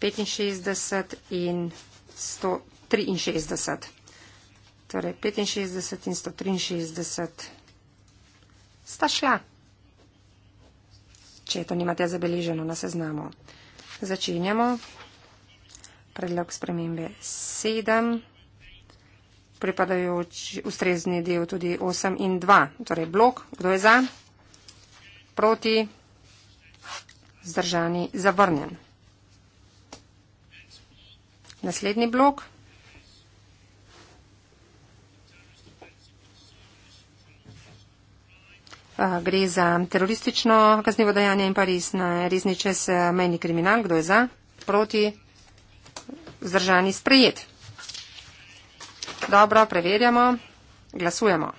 65 in 163. Torej 65 in 163 sta šla. Če to nimate zabeleženo na seznamu. Začenjamo. Predlog spremembe 7 pripadajoč ustrezni del tudi 8 in 2. Torej blok, kdo je za, proti, zdržani, zavrnjen. Naslednji blok. Gre za teroristično kaznivo dejanje in pa res na resni čas eh, mejni kriminal. Kdo je za? Proti. Zdržani sprejet. Dobro, preverjamo. Glasujemo.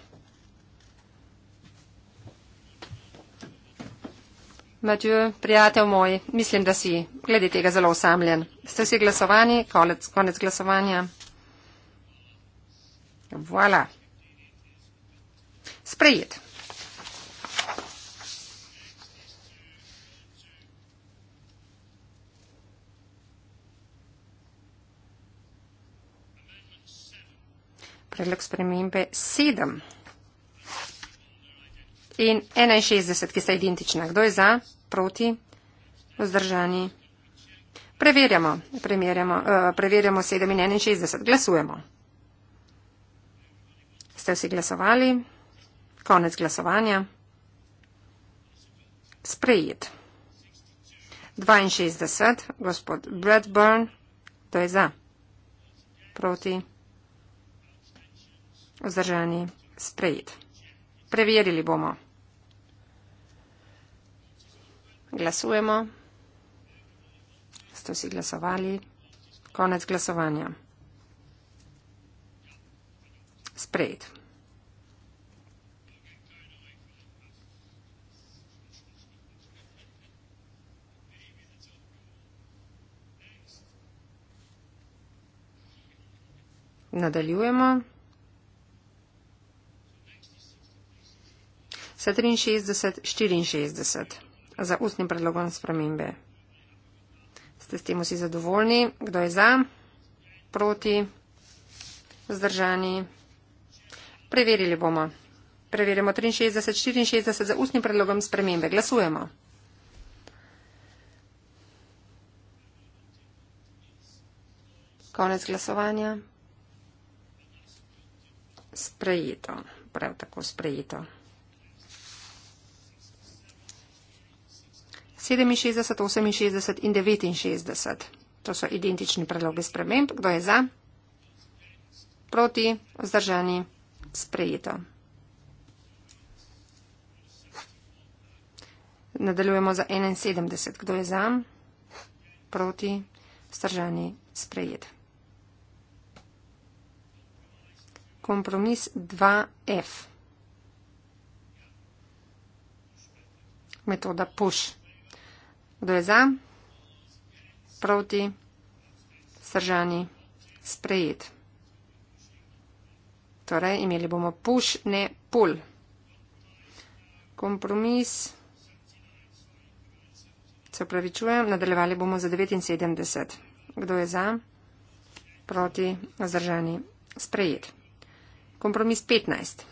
Matju, prijatelj moj, mislim, da si glede tega zelo osamljen. Ste vsi glasovani? Konec, konec glasovanja. Voilà. Sprejet. predlog spremembe 7 in 61, ki sta identična. Kdo je za, proti, vzdržani? Preverjamo, eh, preverjamo, uh, preverjamo 7 in 61. Glasujemo. Ste vsi glasovali? Konec glasovanja. Sprejet. 62, gospod Bradburn, to je za. Proti vzdržani, sprejet. Preverili bomo. Glasujemo. Ste vsi glasovali? Konec glasovanja. Sprejet. Nadaljujemo. se 63-64 za ustnim predlogom spremembe. Ste s tem vsi zadovoljni? Kdo je za? Proti? Zdržani? Preverili bomo. Preverimo 63-64 za ustnim predlogom spremembe. Glasujemo. Konec glasovanja. Sprejeto. Prav tako sprejeto. 67, 68 in 69. To so identični predlogi sprememb. Kdo je za? Proti? Vzdržani? Sprejeto. Nadaljujemo za 71. Kdo je za? Proti? Vzdržani? Sprejet. Kompromis 2F. Metoda push. Kdo je za? Proti? Sržani? Sprejet. Torej, imeli bomo push, ne pull. Kompromis. Se upravičujem, nadaljevali bomo za 79. Kdo je za? Proti? Zdržani? Sprejet. Kompromis 15.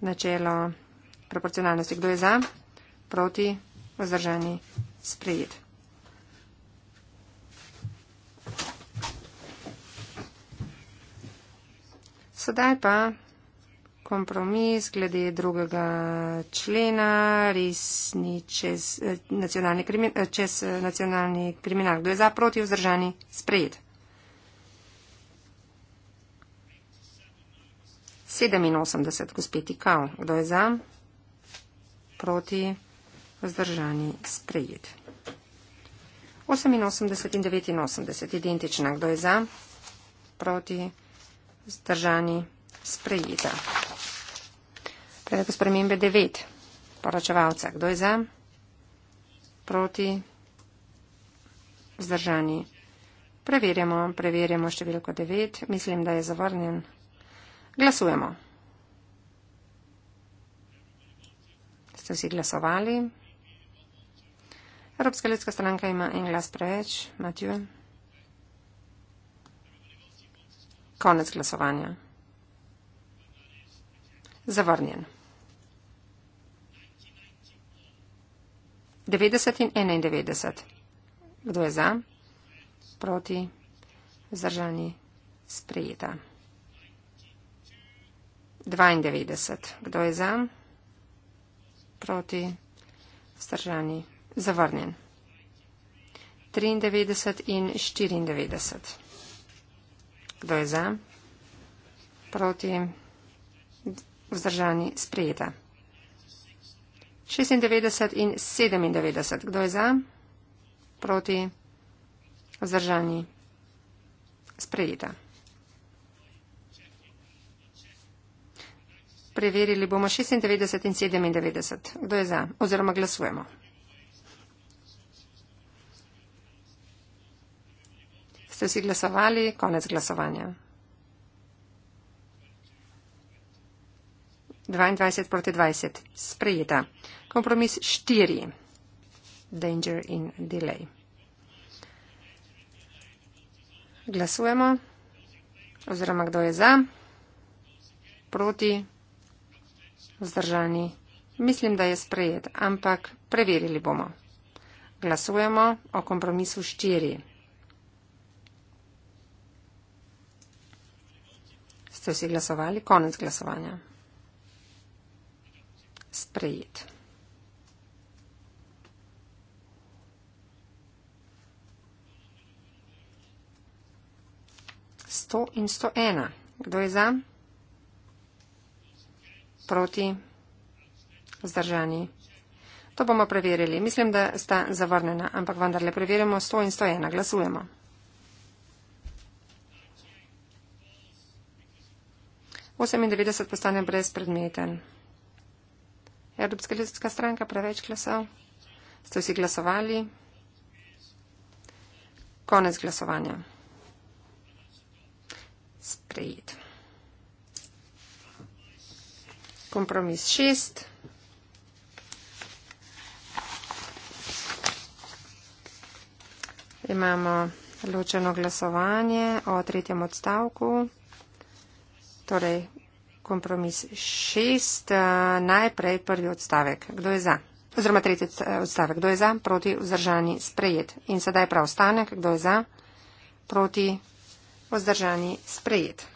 Načelo proporcionalnosti. Kdo je za? Proti? Vzdržani sprejet. Sedaj pa kompromis glede drugega člena res ni čez eh, nacionalni, krimi, eh, čez eh, nacionalni kriminal. Kdo je za proti vzdržani sprejet? 87, gospe Tikal. Kdo je za proti vzdržani sprejet? vzdržani sprejet. 88 in 89, identična, kdo je za, proti, vzdržani, sprejeta. Predlog spremembe 9, poročevalca, kdo je za, proti, vzdržani. Preverjamo, preverjamo številko 9, mislim, da je zavrnjen. Glasujemo. Ste vsi glasovali? Evropska ljudska stranka ima en glas preveč, Matjuje. Konec glasovanja. Zavrnjen. 90 in 91. Kdo je za? Proti? Zdržani? Sprejeta. 92. Kdo je za? Proti? Zdržani? Sprejeta zavrnjen. 93 in 94. Kdo je za? Proti. Vzdržani sprejeta. 96 in 97. Kdo je za? Proti. Vzdržani sprejeta. Preverili bomo 96 in 97. Kdo je za? Oziroma glasujemo. ste si glasovali, konec glasovanja. 22 proti 20. Sprejeta. Kompromis 4. Danger in delay. Glasujemo. Oziroma, kdo je za? Proti? Vzdržani? Mislim, da je sprejet, ampak preverili bomo. Glasujemo o kompromisu 4. Ste vsi glasovali? Konec glasovanja. Sprejet. Sto in sto ena. Kdo je za? Proti? Zdržani? To bomo preverili. Mislim, da sta zavrnjena, ampak vendarle preverimo 100 in 101. Glasujemo. 98 postane brezpredmeten. Evropska ljudska stranka preveč glasov. Ste vsi glasovali? Konec glasovanja. Sprejet. Kompromis šest. Imamo ločeno glasovanje o tretjem odstavku. Torej, kompromis šest, eh, najprej prvi odstavek. Kdo je za? Oziroma tretji eh, odstavek. Kdo je za? Proti vzdržani sprejet. In sedaj prav ostanek. Kdo je za? Proti vzdržani sprejet.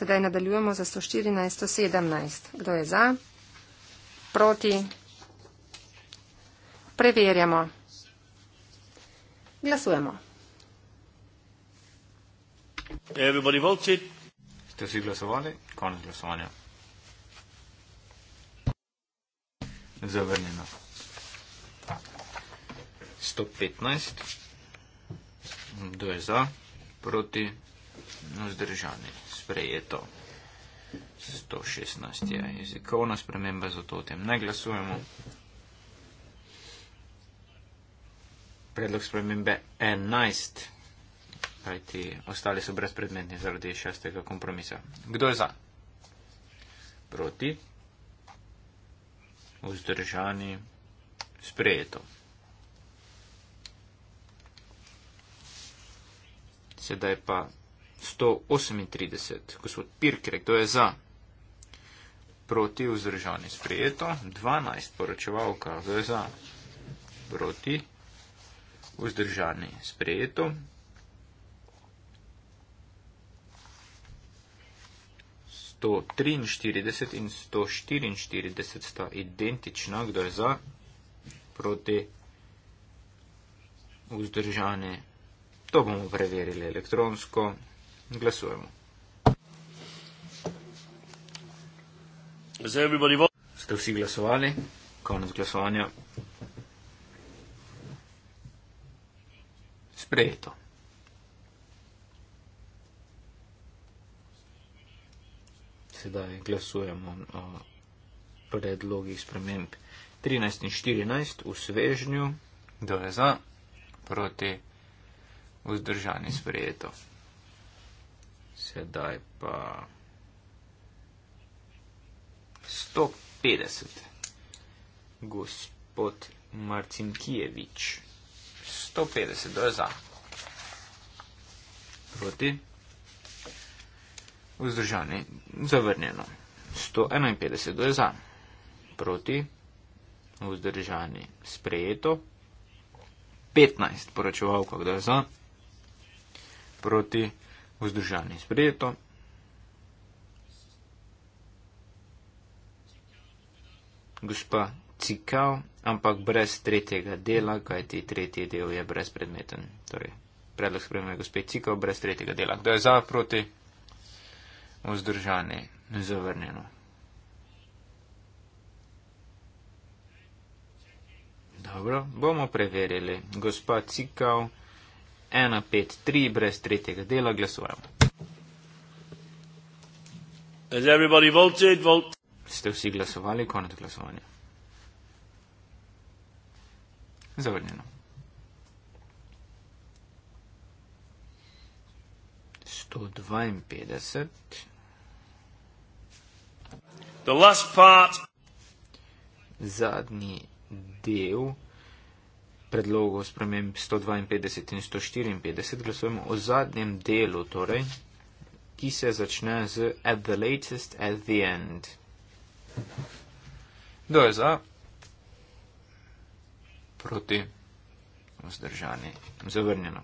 Sedaj nadaljujemo za 114.17. Kdo je za? Proti. Preverjamo. Glasujemo. Everybody voted. Ste vsi glasovali? Konec glasovanja. Zavrnjeno. 115. Kdo je za? Proti? Vzdržani. Sprejeto. 116 je jezikovna sprememba, zato o tem ne glasujemo. predlog spremembe 11, kajti ostali so brezpredmetni zaradi šestega kompromisa. Kdo je za? Proti? Vzdržani? Sprejeto. Sedaj pa 138, gospod Pirkre, kdo je za? Proti vzdržani sprejeto, 12 poročevalka, kdo je za? Proti vzdržani, sprejeto. To 43 in 144 sta identična, kdo je za, proti vzdržane. To bomo preverili elektronsko. Glasujemo. Ste vsi glasovali? Konec glasovanja. sprejeto. Sedaj glasujemo o predlogih sprememb. 13 in 14 v svežnju, kdo je za, proti, vzdržani sprejeto. Sedaj pa 150. Gospod Marcinkijevič. 150, kdo je za? Proti? Vzdržani, zavrnjeno. 151, kdo je za? Proti? Vzdržani, sprejeto. 15, poročevalko, kdo je za? Proti? Vzdržani, sprejeto. Gospa cikal, ampak brez tretjega dela, kajti tretji del je brezpredmeten. Torej, predlog spremembe je gospod cikal brez tretjega dela. Kdo je za, proti, vzdržani, zavrnjeno. Dobro, bomo preverili. Gospa cikal, 1, 5, 3, brez tretjega dela, glasujemo. Has everybody voted? Vote. Ste vsi glasovali, konec glasovanja. Zavrnjeno. The last part. Zadnji del predlogov sprememb 152 in 154 glasujemo o zadnjem delu, torej, ki se začne z at the latest at the end. Kdo je za? proti vzdržani. Zavrnjeno.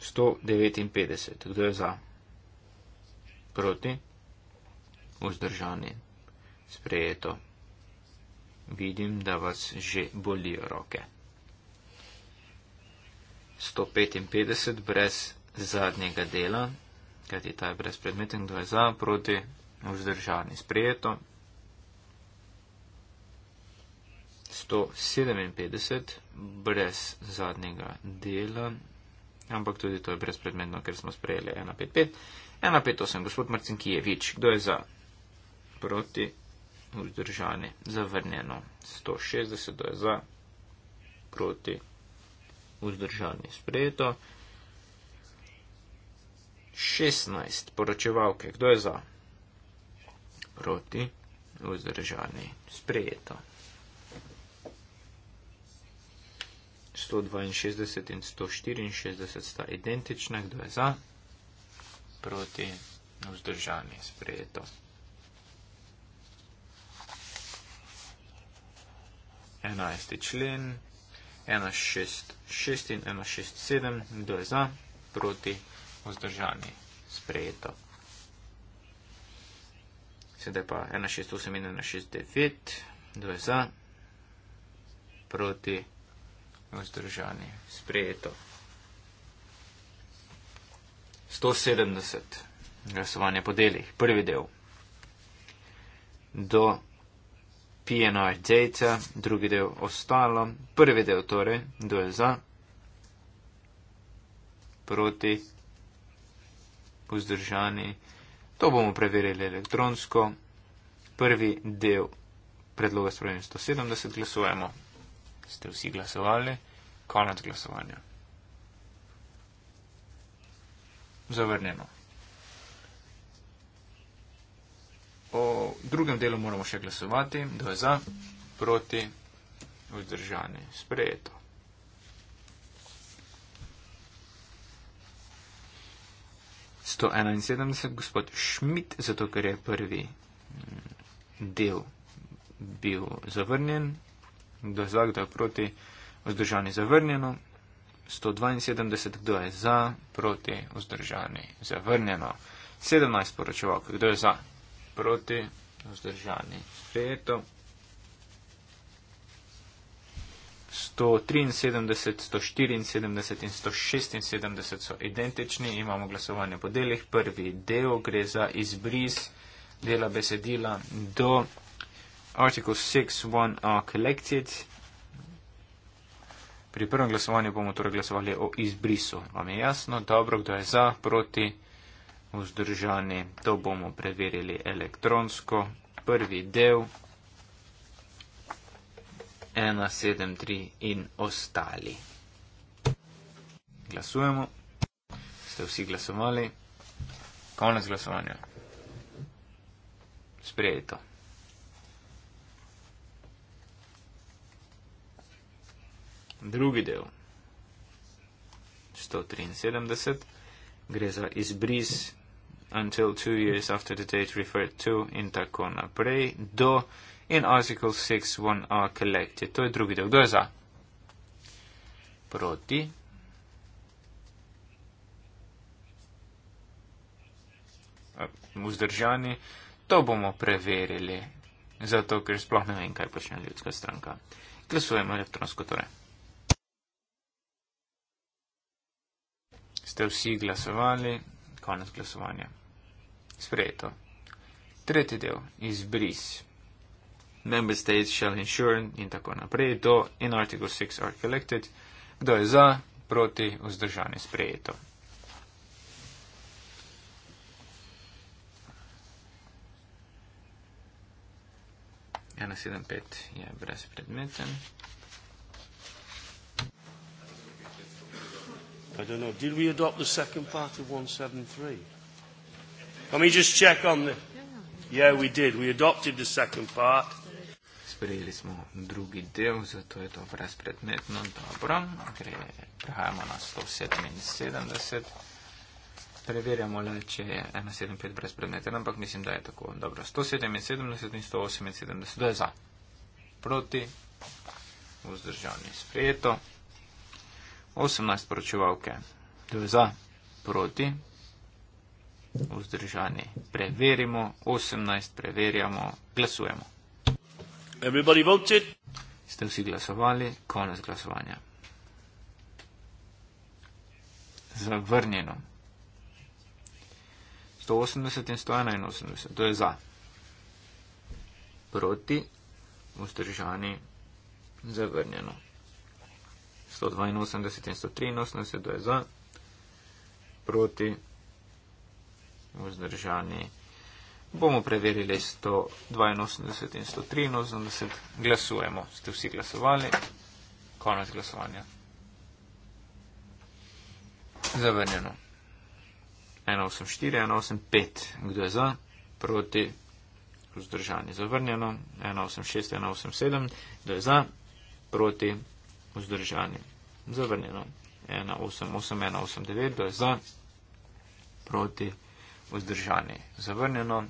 159. Kdo je za? Proti vzdržani. Sprejeto. Vidim, da vas že bolijo roke. 155 brez zadnjega dela, kajti ta je brezpredmeten, kdo je za, proti, vzdržani, sprejeto, 157 brez zadnjega dela, ampak tudi to je brezpredmetno, ker smo sprejeli 155. 158, gospod Marcin Kijevič, kdo je za? Proti, vzdržani, zavrnjeno. 160, kdo je za? Proti, vzdržani, sprejeto. 16, poročevalke, kdo je za? Proti, vzdržani, sprejeto. 162 in 164 sta identična, kdo je za, proti, vzdržani, sprejeto. Enajsti člen, 166 in 167, kdo je za, proti, vzdržani, sprejeto. Sedaj pa 168 in 169, kdo je za, proti, vzdržani vzdržani, sprejeto. 170. Glasovanje po delih. Prvi del. Do PNR data, drugi del ostalo. Prvi del torej, do je za, proti, vzdržani. To bomo preverili elektronsko. Prvi del predloga spremenim 170, glasujemo ste vsi glasovali, konec glasovanja. Zavrnjeno. O drugem delu moramo še glasovati, kdo je za, proti, vzdržani, sprejeto. To 71, gospod Šmit, zato ker je prvi mm, del bil zavrnjen, kdo je za, kdo je proti, vzdržani zavrnjeno. 172, kdo je za, proti, vzdržani zavrnjeno. 17 poročevalk, kdo je za, proti, vzdržani sprejeto. 173, 174 in 176 so identični, imamo glasovanje po delih. Prvi del gre za izbris dela besedila do Article 6.1 are collected. Pri prvem glasovanju bomo torej glasovali o izbrisu. Vam je jasno, dobro, kdo je za, proti, vzdržani. To bomo preverili elektronsko. Prvi del. 1, 7, 3 in ostali. Glasujemo. Ste vsi glasovali? Konec glasovanja. Sprejeto. drugi del 173 gre za izbris until two years after the date referred to in tako naprej do in article 6.1a collected. To je drugi del. Kdo je za? Proti. Vzdržani. To bomo preverili. Zato, ker sploh ne vem, kaj počne ljudska stranka. Glasujemo elektronsko torej. ste vsi glasovali, konec glasovanja. Sprejeto. Tretji del, izbris. Member states shall ensure in tako naprej, do in article 6 are collected, kdo je za, proti, vzdržani, sprejeto. Ena sedem pet je brezpredmeten. I don't know. Did we adopt the second part of 173? Let me just check on the. Yeah, we did. We adopted the second part. Sprejeli smo drugi del, zato je to brezpredmetno. Dobro, Gre, prehajamo na 177. Preverjamo le, če je 175 brezpredmeten, ampak mislim, da je tako. Dobro, 177 in 178, da je za. Proti, vzdržani, sprejeto. 18 poročevalke. To je za, proti, vzdržani. Preverimo, 18 preverjamo, glasujemo. Ste vsi glasovali, konec glasovanja. Zavrnjeno. 180 in 181, to je za. Proti, vzdržani, zavrnjeno. 182 in 183 do je za, proti, vzdržani. Bomo preverili 182 in 183, glasujemo. Ste vsi glasovali? Konec glasovanja. Zavrnjeno. 184, 185, kdo je za, proti, vzdržani. Zavrnjeno. 186, 187, kdo je za, proti, vzdržani zavrnjeno. 18819, to je za, proti, vzdržani, zavrnjeno.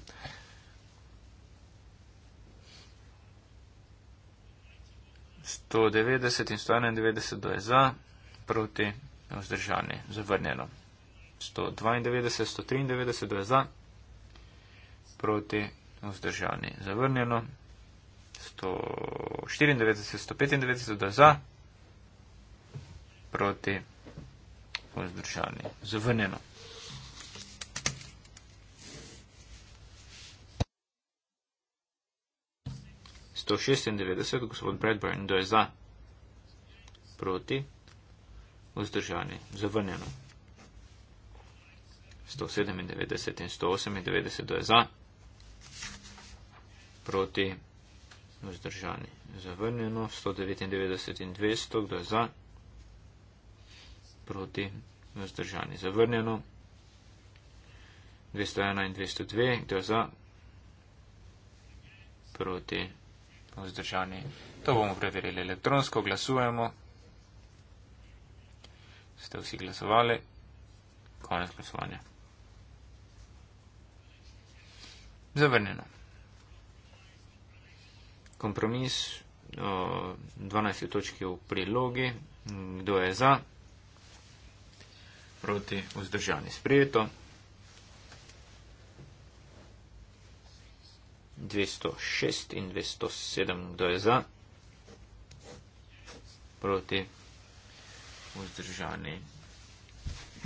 Sto devetdeset in sto enaindevetdeset do je za, proti, vzdržani, zavrnjeno. Sto dvaindevetdeset, sto triindevetdeset do je za, proti, vzdržani, zavrnjeno. Sto štiriindevetdeset, sto petindevetdeset do je za proti vzdržani. Zavrnjeno. Sto šestindevetdeset, gospod Bradburn, kdo je za? Proti. Vzdržani. Zavrnjeno. Sto sedemindevetdeset in sto osemindevetdeset, kdo je za? Proti. Vzdržani. Zavrnjeno. Sto devetindevetdeset in dvesto, kdo je za? proti vzdržani. Zavrnjeno. 201 in 202, kdo za? Proti vzdržani. To bomo preverili elektronsko, glasujemo. Ste vsi glasovali? Konec glasovanja. Zavrnjeno. Kompromis o 12. točki v prilogi. Kdo je za? proti vzdržani. Sprejeto. 206 in 207, kdo je za, proti vzdržani.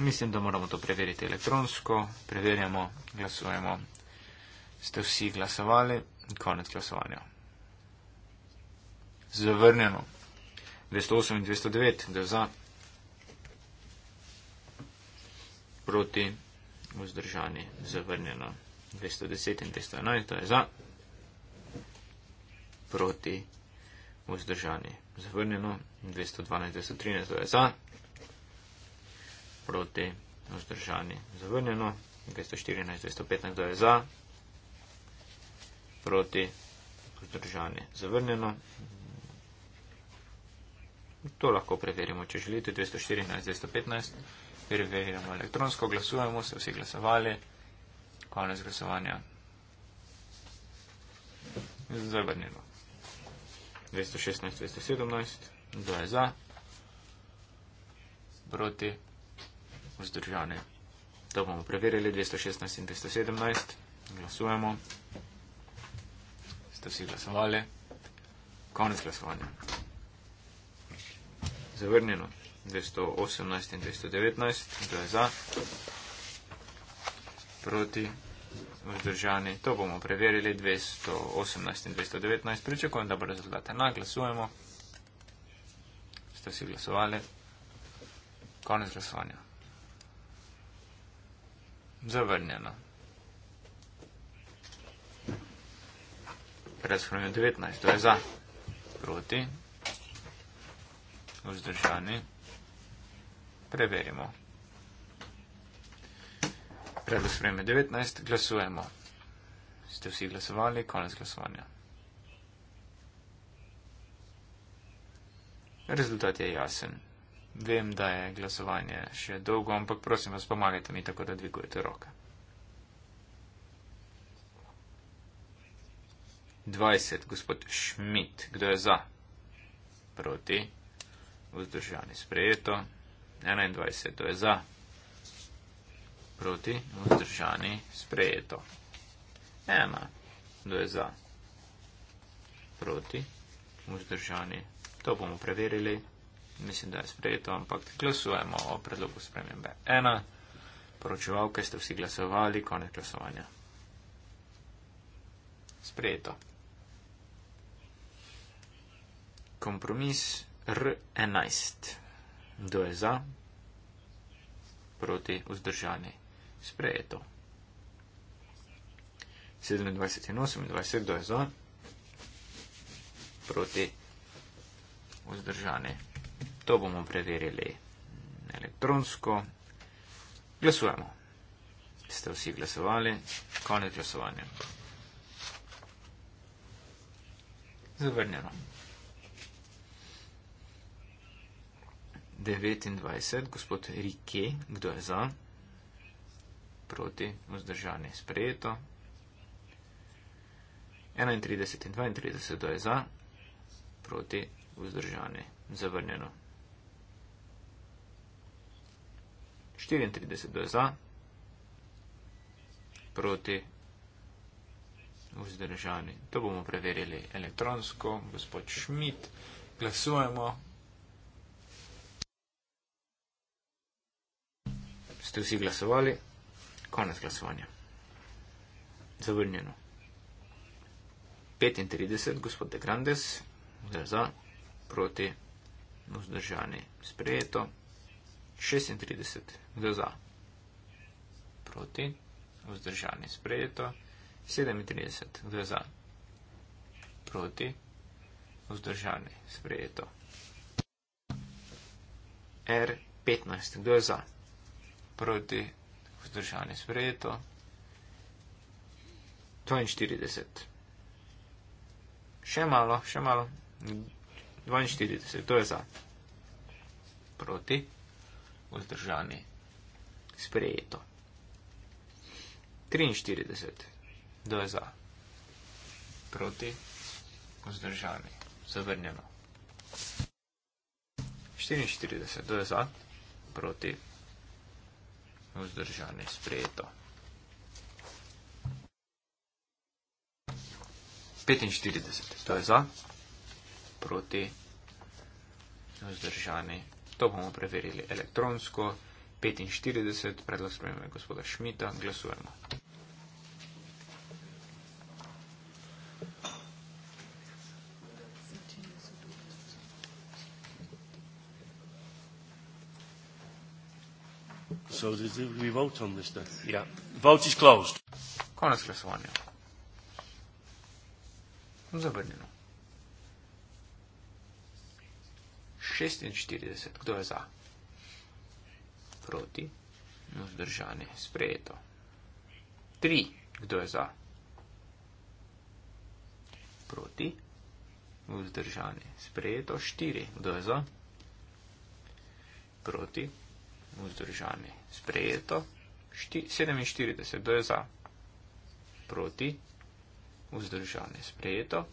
Mislim, da moramo to preveriti elektronsko. Preverjamo, glasujemo. Ste vsi glasovali? Konec glasovanja. Zavrnjeno. 208 in 209, kdo je za. proti, vzdržani, zavrnjeno. 210 in 211, to je za, proti, vzdržani, zavrnjeno. 212, 213, to je za, proti, vzdržani, zavrnjeno. 214, 215, to je za, proti, vzdržani, zavrnjeno. To lahko preverimo, če želite. 214, 215 preverjamo elektronsko, glasujemo, se vsi glasovali, konec glasovanja. Zdaj pa njeno. 216, 217, 2 za, proti, vzdržane. To bomo preverili, 216 in 217, glasujemo, ste vsi glasovali, konec glasovanja. Zavrnjeno. 218 in 219, kdo je za, proti, vzdržani, to bomo preverili, 218 in 219, pričakujem, da bo rezultat enak, glasujemo, ste vsi glasovali, konec glasovanja. Zavrnjeno. Razhranjujem 19, kdo je za, proti, vzdržani preverimo. Predlog sprejme 19, glasujemo. Ste vsi glasovali, konec glasovanja. Rezultat je jasen. Vem, da je glasovanje še dolgo, ampak prosim vas, pomagajte mi tako, da dvigujete roke. 20, gospod Schmidt, kdo je za? Proti. Vzdržani sprejeto. 21, to je za, proti, vzdržani, sprejeto. 1, to je za, proti, vzdržani, to bomo preverili, mislim, da je sprejeto, ampak glasujemo o predlogu spremembe. 1, poročevalke ste vsi glasovali, konec glasovanja. Sprejeto. Kompromis R11. Kdo je za? Proti vzdržani. Sprejeto. 27 in 28. Kdo je za? Proti vzdržani. To bomo preverili elektronsko. Glasujemo. Ste vsi glasovali? Konec glasovanja. Zavrnjeno. 29, gospod Rike, kdo je za? Proti, vzdržanje sprejeto. 31 in 32, kdo je za? Proti, vzdržanje zavrnjeno. 34, kdo je za? Proti, vzdržanje. To bomo preverili elektronsko, gospod Šmit. Glasujemo, ste vsi glasovali, konec glasovanja. Zavrnjeno. 35, gospod De Grandes, za, za proti, vzdržani, sprejeto. 36, za, za proti, vzdržani, sprejeto. 37, za, za proti, vzdržani, sprejeto. R15, kdo je za? proti vzdržanju sprejeto. 42. Še malo, še malo. 42, to je za. Proti vzdržanju sprejeto. 43, to je za. Proti vzdržanju zavrnjeno. 44, to je za. Proti vzdržane sprejeto. 45, to je za, proti, vzdržane, to bomo preverili elektronsko, 45, predlog spremembe gospoda Šmita, glasujemo. so is there going to be a vote on this then? Yeah. Ja. Vote is closed. Konec glasovanja. Zavrnjeno. 46. Kdo je za? Proti. Vzdržanje. Sprejeto. 3. Kdo je za? Proti. Vzdržanje. Sprejeto. 4. Kdo je za? Proti vzdržani. Sprejeto. 47, kdo je za? Proti. Vzdržani. Sprejeto.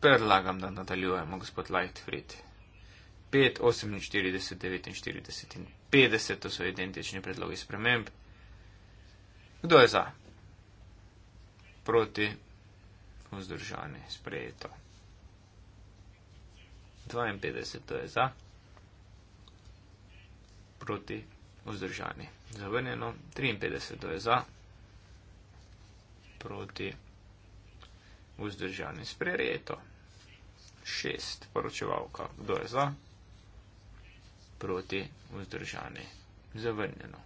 Predlagam, da nadaljujemo, gospod Lightfried. 5, 48, 49 in 50, to so identični predlogi sprememb. Kdo je za? Proti vzdržane, sprejeto. 52 to je za, proti, vzdržane, zavrnjeno. 53 to je za, proti, vzdržane, sprejeto. 6 poročevalka, kdo je za, proti, vzdržane, zavrnjeno.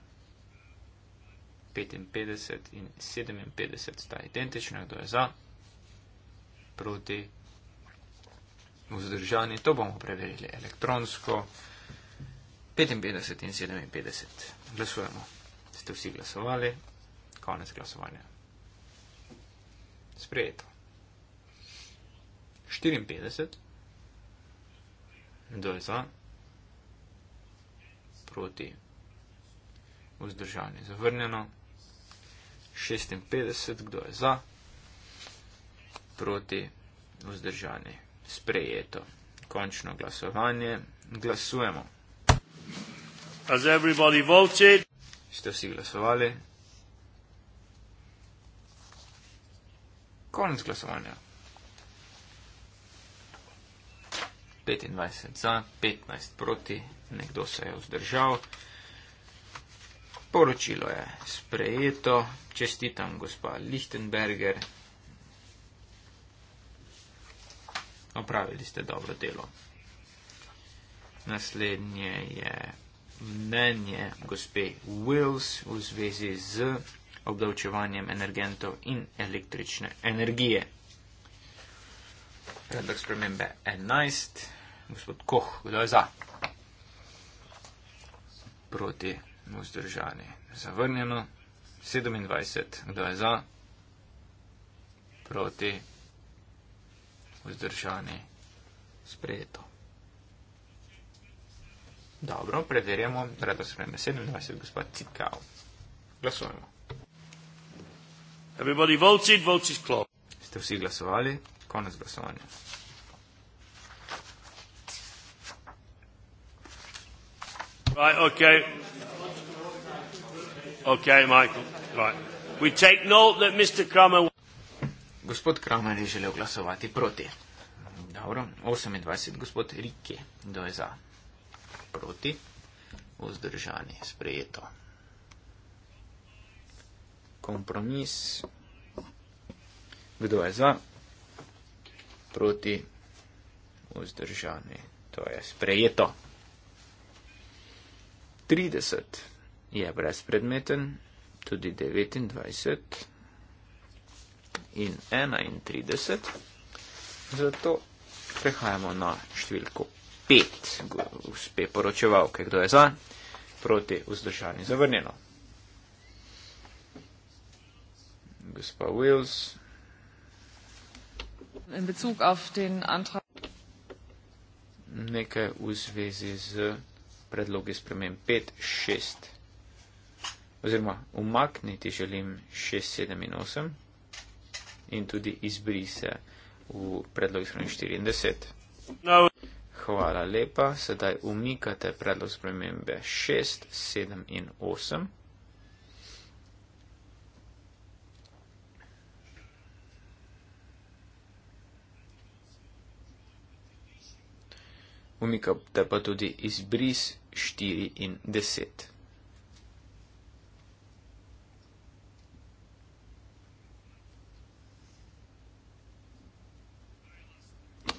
55 in 57 sta identična, kdo je za, proti vzdržani. To bomo preverili elektronsko. 55 in 57. Glasujemo. Ste vsi glasovali? Konec glasovanja. Sprejeto. 54. Kdo je za? Proti. Vzdržanje zavrnjeno. 56. Kdo je za? proti vzdržani. Sprejeto. Končno glasovanje. Glasujemo. Has everybody voted? Ste vsi glasovali? Konec glasovanja. 25 za, 15 proti, nekdo se je vzdržal. Poročilo je sprejeto. Čestitam, gospa Lichtenberger. opravili ste dobro delo. Naslednje je mnenje gospe Wills v zvezi z obdavčevanjem energentov in električne energije. Predlog spremembe 11. Gospod Koh, kdo je za? Proti, vzdržani. Zavrnjeno. 27. Kdo je za? Proti, vzdržane, sprejeto. Dobro, preverjamo, rado se vreme 27, gospod Cikal. Glasujemo. Everybody voted, vote is closed. Ste vsi glasovali? Konec glasovanja. Right, okay. Okay, Michael. Right. We take note that Mr. Cromer gospod Kramer je želel glasovati proti. Dobro, 28, gospod Rike, kdo je za? Proti, vzdržani, sprejeto. Kompromis, kdo je za? Proti, vzdržani, to je sprejeto. 30 je brezpredmeten, tudi 29 in 31. Zato prehajamo na številko 5, uspe poročevalke, kdo je za, proti vzdržani zavrnjeno. Gospa Wills. In bezug auf den antrag. Nekaj v zvezi z predlogi spremem 5, 6, oziroma umakniti želim 6, 7 in 8 in tudi izbrise v predlog izhranjenih 40. No. Hvala lepa. Sedaj umikate predlog spremembe 6, 7 in 8. Umikate pa tudi izbris 4 in 10.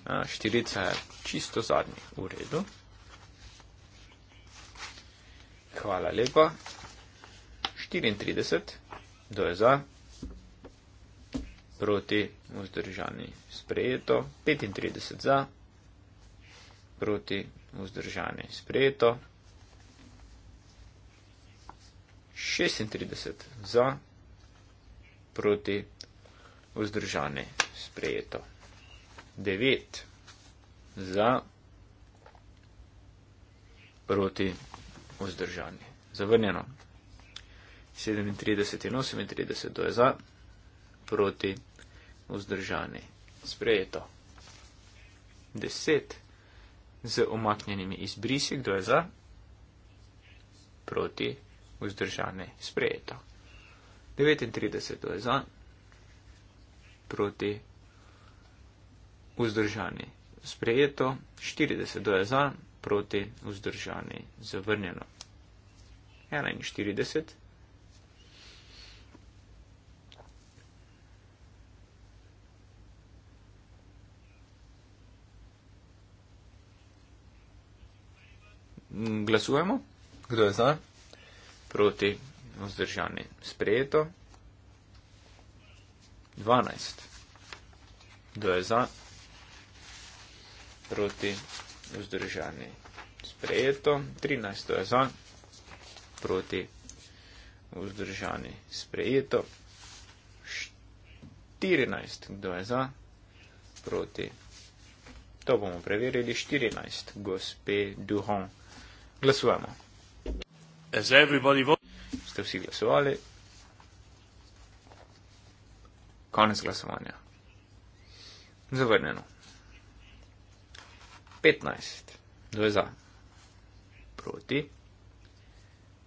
A, štirica je čisto zadnji v redu. Hvala lepa. 34, kdo je za? Proti, vzdržani, sprejeto. 35 za, proti, vzdržani, sprejeto. 36 za, proti, vzdržani, sprejeto. 9 za proti vzdržani. Zavrnjeno. 37 in 38 to je za proti vzdržani. Sprejeto. 10 z omaknjenimi izbrisi, kdo je za proti vzdržani. Sprejeto. 39 to je za proti vzdržani vzdržani sprejeto, 40 do je za, proti vzdržani zavrnjeno. 41. Glasujemo. Kdo je za? Proti. Vzdržani. Sprejeto. 12. Kdo je za? proti vzdržani. Sprejeto. 13. je za, proti vzdržani. Sprejeto. 14. kdo je za, proti. To bomo preverili. 14. gospe Duhon. Glasujemo. Ste vsi glasovali? Konec glasovanja. Zavrnjeno. 15. Kdo je za? Proti.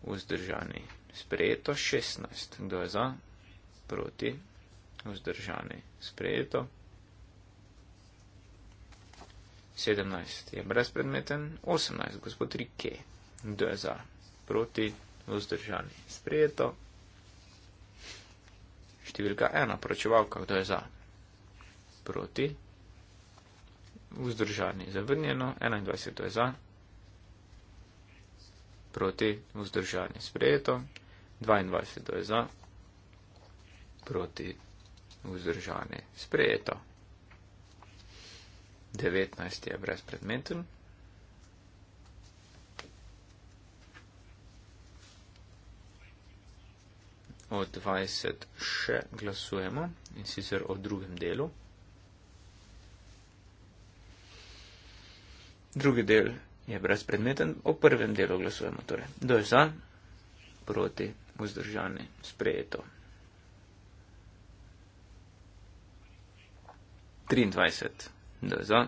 Vzdržani. Sprejeto. 16. Kdo je za? Proti. Vzdržani. Sprejeto. 17. Je brezpredmeten. 18. Gospod Rike. Kdo je za? Proti. Vzdržani. Sprejeto. Številka 1. Pročevalka. Kdo je za? Proti vzdržani zavrnjeno, 21 je za, proti vzdržani sprejeto, 22 je za, proti vzdržani sprejeto, 19 je brezpredmeten. O 20 še glasujemo in sicer o drugem delu. Drugi del je brezpredmeten, o prvem delu glasujemo. Torej. Do je za, proti, vzdržani, sprejeto. 23. Do je za,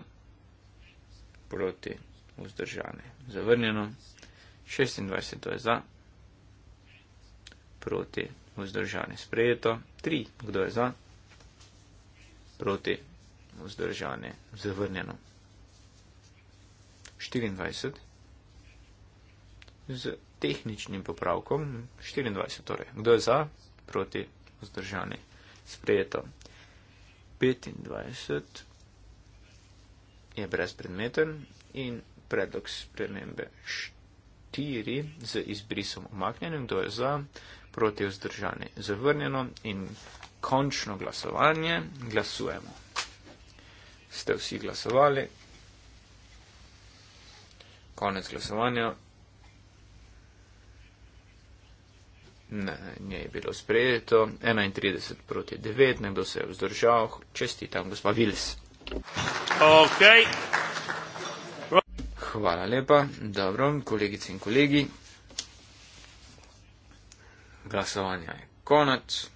proti, vzdržani, zavrnjeno. 26. Do je za, proti, vzdržani, sprejeto. 3. Kdo je za, proti, vzdržani, zavrnjeno. 24 z tehničnim popravkom 24. Torej, kdo je za, proti, vzdržani, sprejeto. 25 je brezpredmeten in predlog spremembe 4 z izbrisom omaknjenim, kdo je za, proti, vzdržani, zavrnjeno in končno glasovanje glasujemo. Ste vsi glasovali? konec glasovanja. Ne, nje je bilo sprejeto. 31 proti 9, nekdo se je vzdržal. Čestitam, gospa Vils. Okay. Hvala lepa. Dobro, kolegice in kolegi. Glasovanja je konec.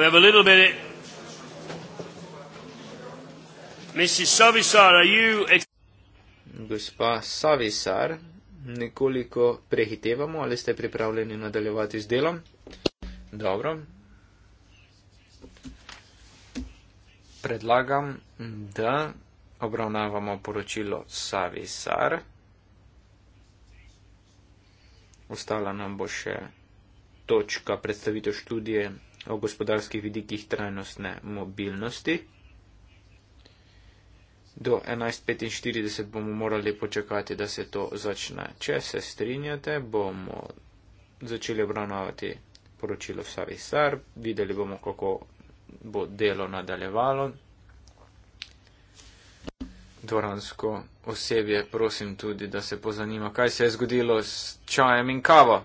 We have a little bit. Of... Mrs. Savisar, are you? Gospa Savisar, nekoliko prehitevamo, ali ste pripravljeni nadaljevati z delom? Dobro. Predlagam, da obravnavamo poročilo Savisar. Ostala nam bo še točka predstavitev študije o gospodarskih vidikih trajnostne mobilnosti. Do 11.45 bomo morali počakati, da se to začne. Če se strinjate, bomo začeli obravnavati poročilo Savisar, videli bomo, kako bo delo nadaljevalo. Dvoransko osebje prosim tudi, da se pozanima, kaj se je zgodilo s čajem in kavo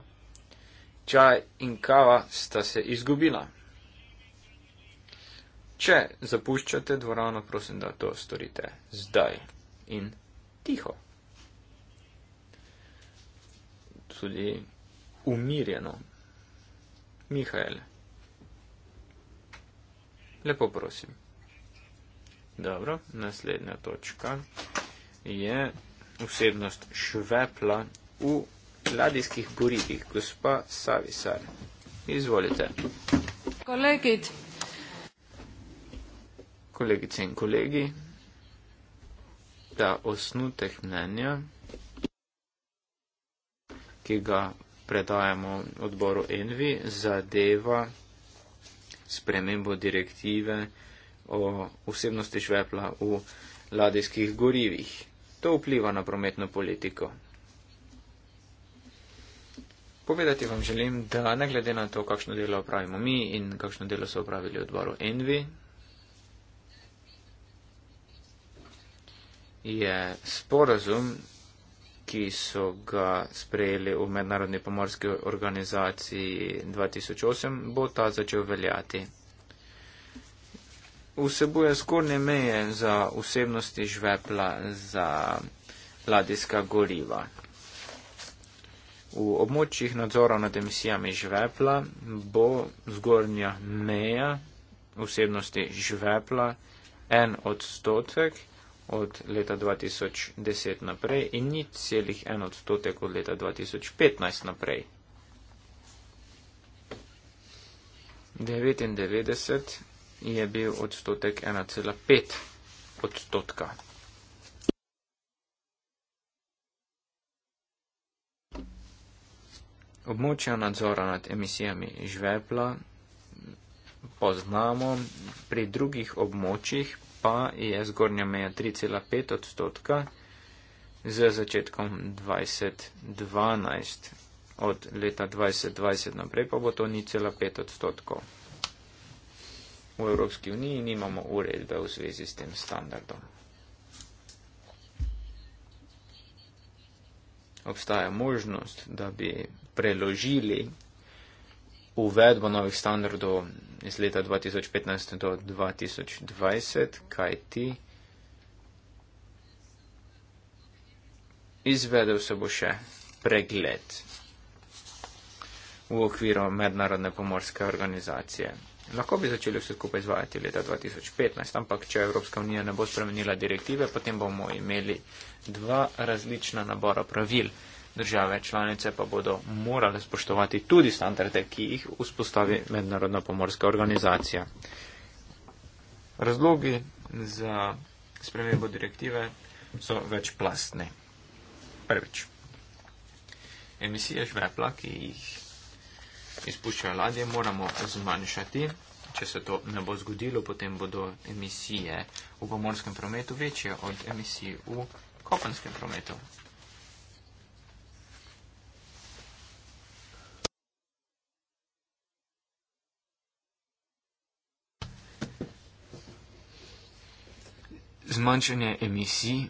čaj in kava sta se izgubila. Če zapuščate dvorano, prosim, da to storite zdaj in tiho. Tudi umirjeno. Mihajl, lepo prosim. Dobro, naslednja točka je vsebnost švepla v ladijskih buridih, gospa Savisar. Izvolite. Kolegit. Kolegice in kolegi, da osnutek mnenja, ki ga predajamo odboru Envi, zadeva spremembo direktive o vsebnosti švepla v ladijskih gorivih. To vpliva na prometno politiko. Povedati vam želim, da ne glede na to, kakšno delo opravimo mi in kakšno delo so opravili odboru Envi, je sporazum, ki so ga sprejeli v Mednarodni pomorski organizaciji 2008, bo ta začel veljati. Vsebuje skorne meje za vsebnosti žvepla za ladijska goriva. V območjih nadzora nad emisijami žvepla bo zgornja meja vsebnosti žvepla en odstotek od leta 2010 naprej in ni celih en odstotek od leta 2015 naprej. 99 je bil odstotek 1,5 odstotka. Območja nadzora nad emisijami žvepla poznamo, pri drugih območjih pa je zgornja meja 3,5 odstotka z začetkom 2012. Od leta 2020 naprej pa bo to 0,5 odstotkov. V Evropski uniji nimamo uredbe v zvezi s tem standardom. Obstaja možnost, da bi preložili uvedbo novih standardov iz leta 2015 do 2020, kajti izvedel se bo še pregled v okviru mednarodne pomorske organizacije. Lahko bi začeli vse skupaj izvajati leta 2015, ampak če Evropska unija ne bo spremenila direktive, potem bomo imeli dva različna nabora pravil države članice pa bodo morale spoštovati tudi standarde, ki jih vzpostavi Mednarodna pomorska organizacija. Razlogi za spremembo direktive so večplastne. Prvič. Emisije žvepla, ki jih izpuščajo ladje, moramo zmanjšati. Če se to ne bo zgodilo, potem bodo emisije v pomorskem prometu večje od emisij v kopenskem prometu. Zmanjšanje emisij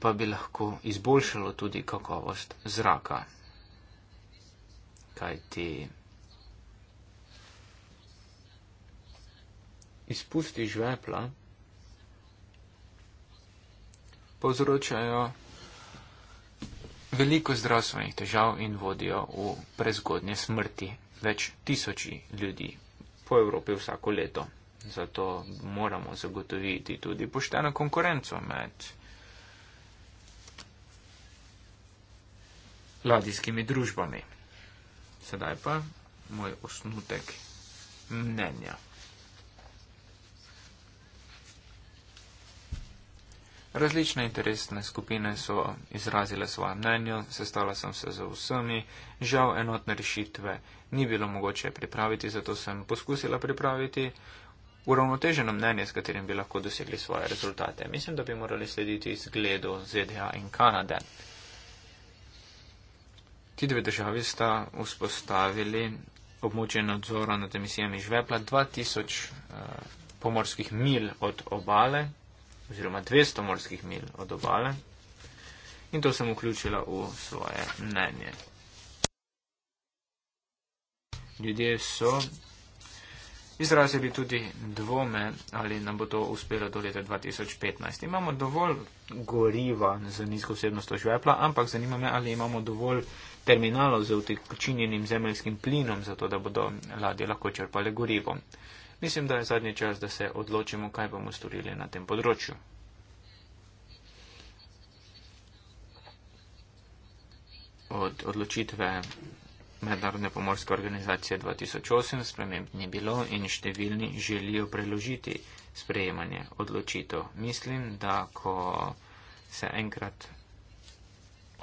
pa bi lahko izboljšalo tudi kakovost zraka, kajti izpusti žvepla povzročajo veliko zdravstvenih težav in vodijo v prezgodnje smrti več tisoči ljudi po Evropi vsako leto. Zato moramo zagotoviti tudi pošteno konkurenco med ladijskimi družbami. Sedaj pa moj osnutek mnenja. Različne interesne skupine so izrazile svoje mnenje, sestala sem se z vsemi, žal enotne rešitve ni bilo mogoče pripraviti, zato sem poskusila pripraviti uravnoteženo mnenje, s katerim bi lahko dosegli svoje rezultate. Mislim, da bi morali slediti zgledu ZDA in Kanade. Ti dve državi sta vzpostavili območje nadzora nad emisijami žvepla 2000 uh, eh, pomorskih mil od obale oziroma 200 morskih mil od obale in to sem vključila v svoje mnenje. Ljudje so Izrazili tudi dvome, ali nam bo to uspelo do leta 2015. Imamo dovolj goriva za nizko vsebnostjo žvepla, ampak zanima me, ali imamo dovolj terminalov z utekočinjenim zemeljskim plinom, zato da bodo ladje lahko črpale gorivo. Mislim, da je zadnji čas, da se odločimo, kaj bomo storili na tem področju. Od odločitve Mednarodne pomorske organizacije 2008 sprememb ni bilo in številni želijo preložiti sprejemanje odločitev. Mislim, da ko se enkrat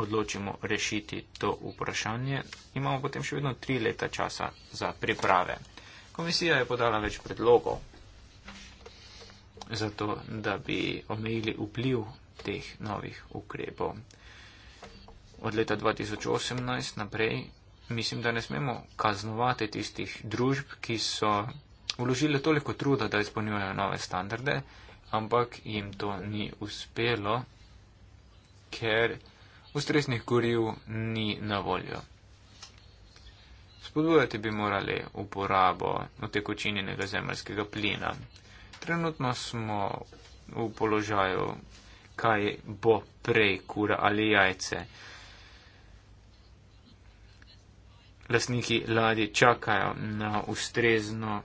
odločimo rešiti to vprašanje, imamo potem še vedno tri leta časa za priprave. Komisija je podala več predlogov za to, da bi omejili vpliv teh novih ukrepov. Od leta 2018 naprej mislim, da ne smemo kaznovati tistih družb, ki so vložile toliko truda, da izpolnjujejo nove standarde, ampak jim to ni uspelo, ker ustreznih goriv ni na voljo. Spodbujati bi morali uporabo otekočinjenega zemljskega plina. Trenutno smo v položaju, kaj bo prej kura ali jajce. lasniki ladje čakajo na ustrezno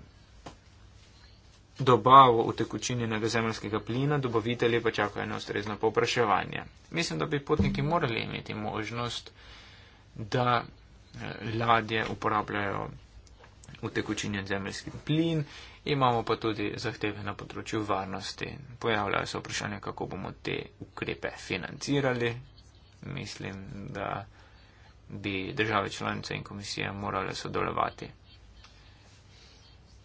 dobavo utekočinjenega zemljskega plina, dobavitelji pa čakajo na ustrezno popraševanje. Mislim, da bi potniki morali imeti možnost, da eh, ladje uporabljajo utekočinjen zemljski plin, imamo pa tudi zahteve na področju varnosti. Pojavljajo se vprašanja, kako bomo te ukrepe financirali. Mislim, da bi države članice in komisija morale sodelovati.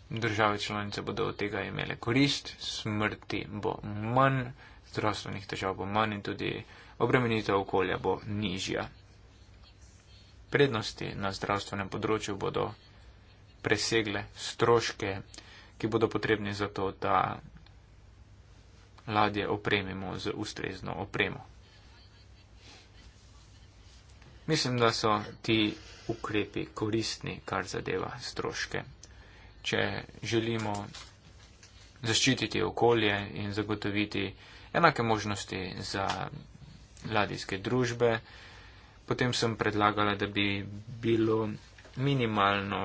Države članice bodo od tega imele korist, smrti bo manj, zdravstvenih težav bo manj in tudi obremenitev okolja bo nižja. Prednosti na zdravstvenem področju bodo presegle stroške, ki bodo potrebni za to, da ladje opremimo z ustrezno opremo. Mislim, da so ti ukrepi koristni, kar zadeva stroške. Če želimo zaščititi okolje in zagotoviti enake možnosti za ladijske družbe, potem sem predlagala, da bi bilo minimalno,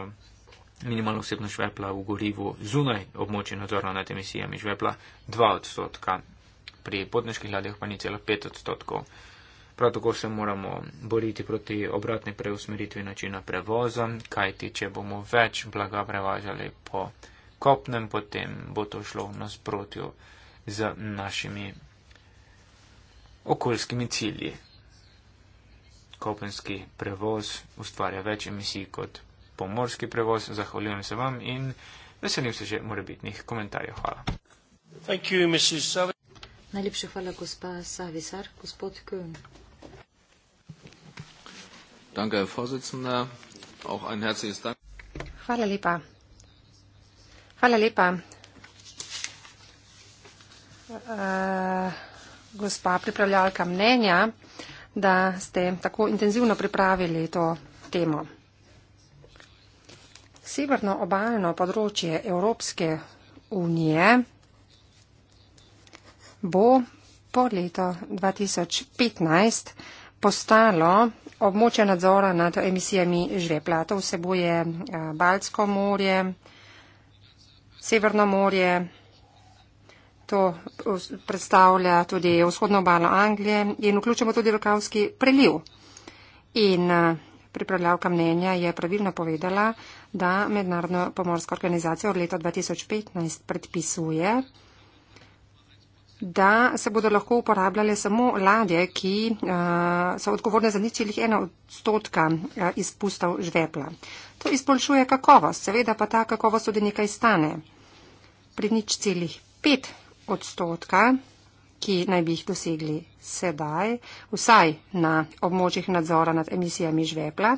minimalno vsebno švepla v gorivu zunaj območja nadzora nad emisijami švepla 2 odstotka, pri potniških ladjah pa ni celo 5 odstotkov. Prav tako se moramo boriti proti obratni preusmeritvi načina prevoza, kajti če bomo več blaga prevažali po kopnem, potem bo to šlo v nasprotju z našimi okoljskimi cilji. Kopenski prevoz ustvarja več emisij kot pomorski prevoz. Zahvaljujem se vam in veselim se že morebitnih komentarjev. Hvala. Najlepša hvala, gospa Savisar. Gospod Kuhn. Danke, Herr Vorsitzender. Auch ein herzliches Dank. Hvala lepa. Hvala lepa. Eh, gospa pripravljalka mnenja, da ste tako intenzivno pripravili to temo. Severno obaljno področje Evropske unije bo po leto 2015 postalo območje nadzora nad emisijami žvepla. To vsebuje eh, Baltsko morje, Severno morje, to predstavlja tudi vzhodno obalo Anglije in vključimo tudi Rokavski preliv. In eh, pripravljavka mnenja je pravilno povedala, da Mednarodna pomorska organizacija od leta 2015 predpisuje, da se bodo lahko uporabljale samo ladje, ki uh, so odgovorne za nič ali ena odstotka uh, izpustov žvepla. To izboljšuje kakovost, seveda pa ta kakovost tudi nekaj stane. Pri nič celih pet odstotka, ki naj bi jih dosegli sedaj, vsaj na območjih nadzora nad emisijami žvepla,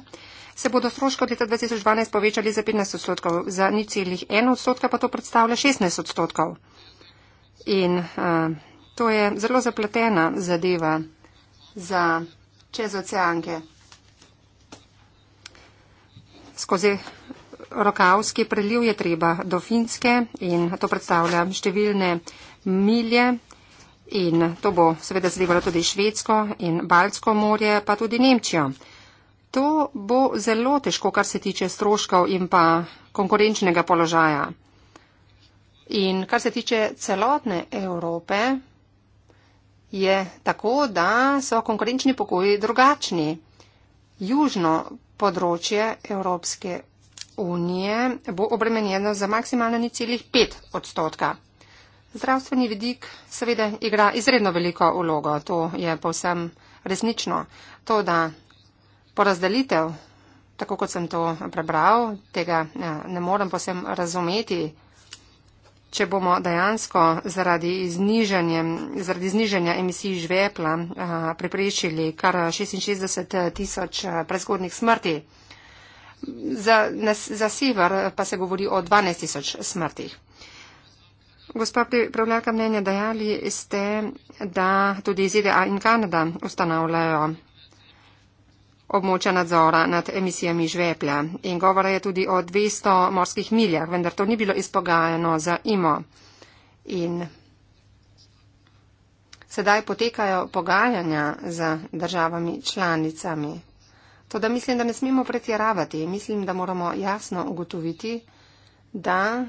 se bodo stroške od leta 2012 povečali za 15 odstotkov, za nič celih en odstotka pa to predstavlja 16 odstotkov. In uh, to je zelo zapletena zadeva za čez oceanke. Skozi Rokavski preliv je treba do Finske in to predstavlja številne milje in to bo seveda zadevalo tudi Švedsko in Baltsko morje, pa tudi Nemčijo. To bo zelo težko, kar se tiče stroškov in pa konkurenčnega položaja. In kar se tiče celotne Evrope, je tako, da so konkurenčni pokoji drugačni. Južno področje Evropske unije bo obremenjeno za maksimalno ničelih pet odstotka. Zdravstveni vidik seveda igra izredno veliko vlogo, to je povsem resnično. To, da porazdelitev, tako kot sem to prebral, tega ne, eh, ne morem povsem razumeti če bomo dejansko zaradi, zaradi znižanja emisij žvepla preprečili kar 66 tisoč prezgodnih smrti. Za, na, za sever pa se govori o 12 tisoč smrtih. Gospa pripravljaka mnenja, dajali ste, da tudi ZDA in Kanada ustanavljajo območja nadzora nad emisijami žveplja. In govora je tudi o 200 morskih miljah, vendar to ni bilo izpogajano za IMO. In sedaj potekajo pogajanja za državami članicami. To, da mislim, da ne smemo pretjeravati. Mislim, da moramo jasno ugotoviti, da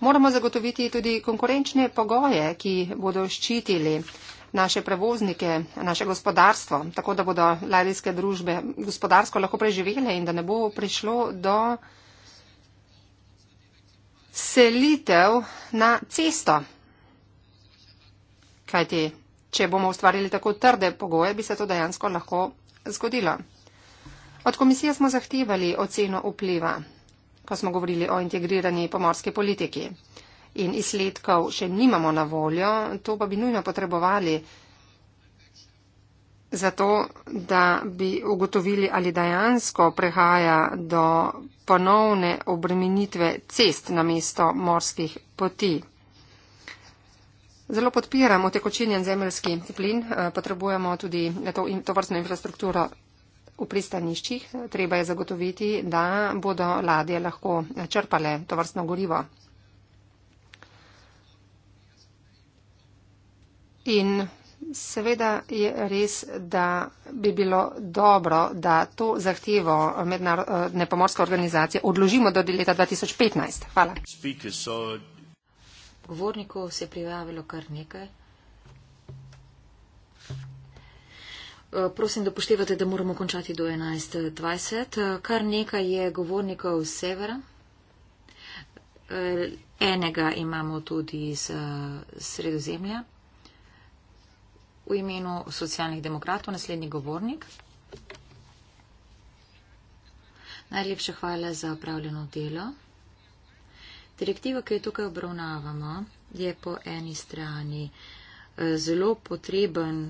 moramo zagotoviti tudi konkurenčne pogoje, ki bodo ščitili naše prevoznike, naše gospodarstvo, tako da bodo ladijske družbe gospodarsko lahko preživele in da ne bo prišlo do selitev na cesto. Kajti, če bomo ustvarili tako trde pogoje, bi se to dejansko lahko zgodilo. Od komisije smo zahtevali oceno vpliva, ko smo govorili o integrirani pomorski politiki in izsledkov še nimamo na voljo, to pa bi nujno potrebovali za to, da bi ugotovili, ali dejansko prehaja do ponovne obremenitve cest na mesto morskih poti. Zelo podpiram otekočenjen zemeljski plin, eh, potrebujemo tudi to, to vrstno infrastrukturo v pristaniščih, treba je zagotoviti, da bodo ladje lahko črpale to vrstno gorivo. In seveda je res, da bi bilo dobro, da to zahtevo mednarodne eh, pomorske organizacije odložimo do leta 2015. Hvala. Govornikov se je prijavilo kar nekaj. Eh, prosim, da poštevate, da moramo končati do 11.20. Eh, kar nekaj je govornikov z severa. Enega imamo tudi iz sredozemlja. V imenu socialnih demokratov naslednji govornik. Najlepša hvala za upravljeno delo. Direktiva, ki jo tukaj obravnavamo, je po eni strani eh, zelo potreben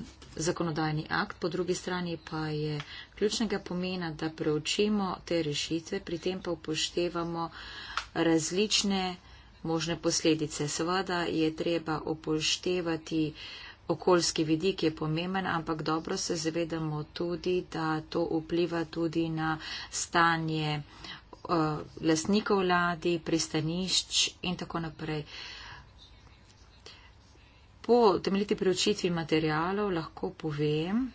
zakonodajni akt, po drugi strani pa je ključnega pomena, da preučimo te rešitve, pri tem pa upoštevamo različne možne posledice. Seveda je treba upoštevati uh, okoljski vidik je pomemben, ampak dobro se zavedamo tudi, da to vpliva tudi na stanje eh, lasnikov ladij, pristanišč in tako naprej. Po temeljiti preučitvi materialov lahko povem,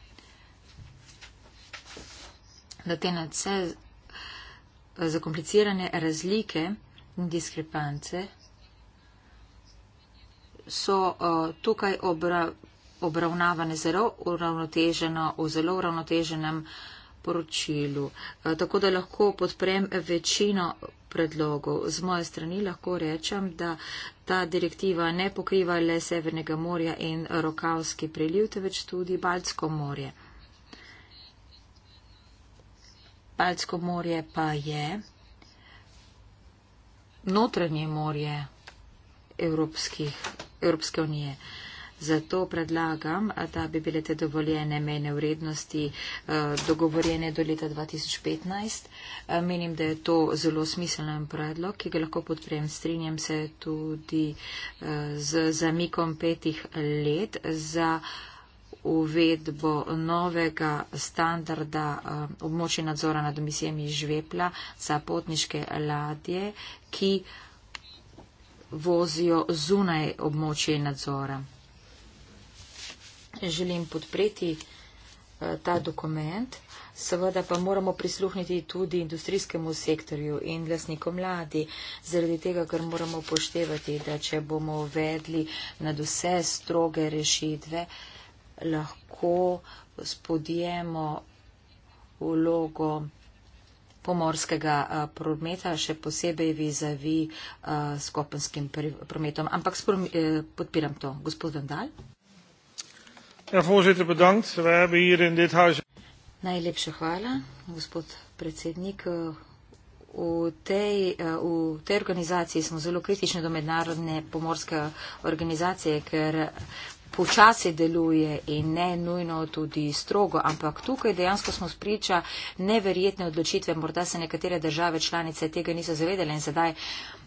da te nadse eh, zakomplicirane razlike in diskrepance so uh, tukaj obra, obravnavane zelo uravnoteženo, v zelo uravnoteženem poročilu. Uh, tako da lahko podprem večino predlogov. Z moje strani lahko rečem, da ta direktiva ne pokriva le Severnega morja in Rokavski priliv, teveč tudi Baltsko morje. Baltsko morje pa je notranje morje evropskih Evropske unije. Zato predlagam, da bi bile te dovoljene mejne vrednosti eh, dogovorjene do leta 2015. Eh, menim, da je to zelo smiselen predlog, ki ga lahko podprem. Strinjam se tudi eh, z zamikom petih let za uvedbo novega standarda območja nadzora nad emisijami žvepla za potniške ladje, ki vozijo zunaj območje nadzora. Želim podpreti eh, ta dokument, seveda pa moramo prisluhniti tudi industrijskemu sektorju in lasnikom mladi, zaradi tega, ker moramo poštevati, da če bomo uvedli nad vse stroge rešitve, lahko spodjemo vlogo pomorskega eh, prometa, še posebej vizavi eh, s kopenskim prometom. Ampak eh, podpiram to. Gospod Vendal. Ja, voziter, bedankt. Najlepša hvala, gospod predsednik. V tej, v tej organizaciji smo zelo kritični do mednarodne pomorske organizacije, ker počasi deluje in ne nujno tudi strogo, ampak tukaj dejansko smo spriča neverjetne odločitve. Morda se nekatere države članice tega niso zavedele in sedaj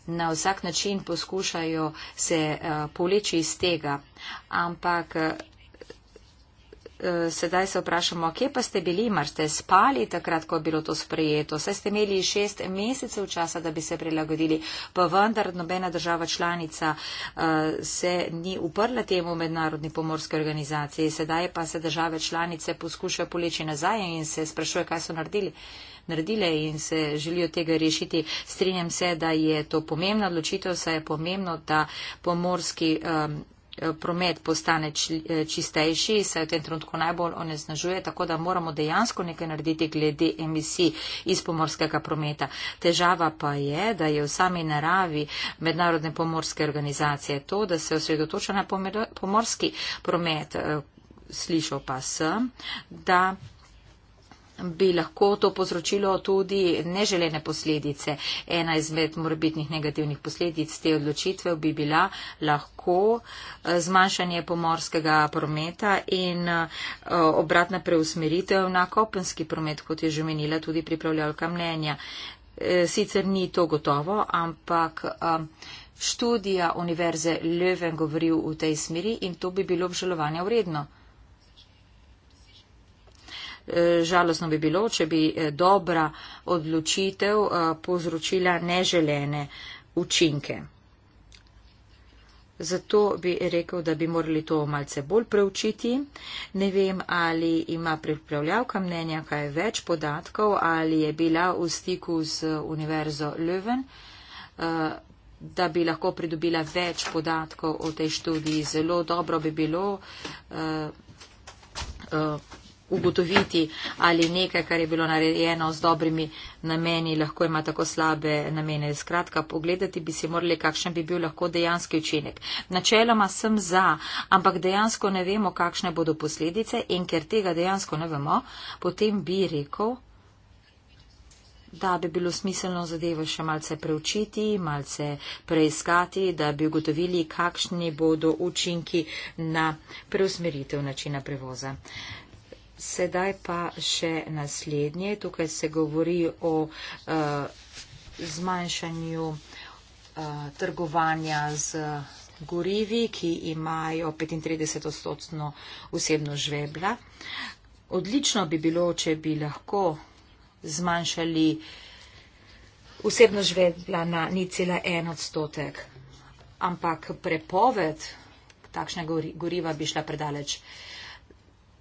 na vsak način poskušajo se uh, poleči iz tega. Ampak uh, Eh, sedaj se vprašamo, kje pa ste bili, mar ste spali takrat, ko je bilo to sprejeto. Saj ste imeli šest mesecev časa, da bi se prilagodili, pa vendar nobena država članica eh, se ni uprla temu mednarodni pomorske organizacije. Sedaj pa se države članice poskušajo poleči nazaj in se sprašuje, kaj so naredili naredile in se želijo tega rešiti. Strinjam se, da je to pomembna odločitev, saj je pomembno, da pomorski um, Eh, promet postane eh, čistejši, saj v tem trenutku najbolj onesnažuje, tako da moramo dejansko nekaj narediti glede emisij iz pomorskega prometa. Težava pa je, da je v sami naravi mednarodne pomorske organizacije to, da se osredotoča na pomorski promet. Eh, slišal pa sem, da bi lahko to povzročilo tudi neželene posledice. Ena izmed morbitnih negativnih posledic te odločitve bi bila lahko eh, zmanjšanje pomorskega prometa in eh, obratna preusmeritev na kopenski promet, kot je že menila tudi pripravljalka mnenja. Eh, sicer ni to gotovo, ampak. Študija univerze Löwen govori v tej smeri in to bi bilo obžalovanja vredno žalostno bi bilo, če bi eh, dobra odločitev eh, povzročila neželene učinke. Zato bi rekel, da bi morali to malce bolj preučiti. Ne vem, ali ima pripravljavka mnenja kaj več podatkov, ali je bila v stiku z Univerzo Löwen, eh, da bi lahko pridobila več podatkov o tej študiji. Zelo dobro bi bilo ugotoviti, ali nekaj, kar je bilo narejeno z dobrimi nameni, lahko ima tako slabe namene. Skratka, pogledati bi si morali, kakšen bi bil lahko dejanski učinek. Načeloma sem za, ampak dejansko ne vemo, kakšne bodo posledice in ker tega dejansko ne vemo, potem bi rekel, da bi bilo smiselno zadevo še malce preučiti, malce preiskati, da bi ugotovili, kakšni bodo učinki na preusmeritev načina prevoza. Sedaj pa še naslednje. Tukaj se govori o uh, zmanjšanju uh, trgovanja z eh, gorivi, ki imajo 35 odstotno vsebno žvebla. Odlično bi bilo, če bi lahko zmanjšali vsebno žvebla na ni cela en odstotek, ampak prepoved takšne goriva bi šla predaleč. Uh,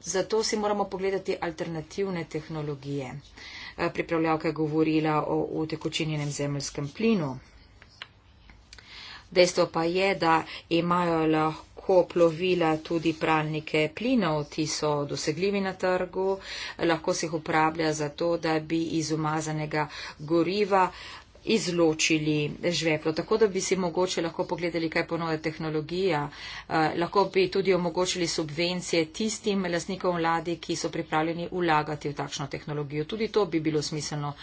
Zato si moramo pogledati alternativne tehnologije. Eh, pripravljavka je govorila o utekočinjenem zemljskem plinu. Dejstvo pa je, da imajo lahko plovila tudi pralnike plinov, ti so dosegljivi na trgu, lahko se jih uporablja za to, da bi iz umazanega goriva uh, izločili žveplo. Tako da bi si mogoče lahko pogledali, kaj ponuja tehnologija. Eh, lahko bi tudi omogočili subvencije tistim lasnikom vladi, ki so pripravljeni vlagati v takšno tehnologijo. Tudi to bi bilo smiselno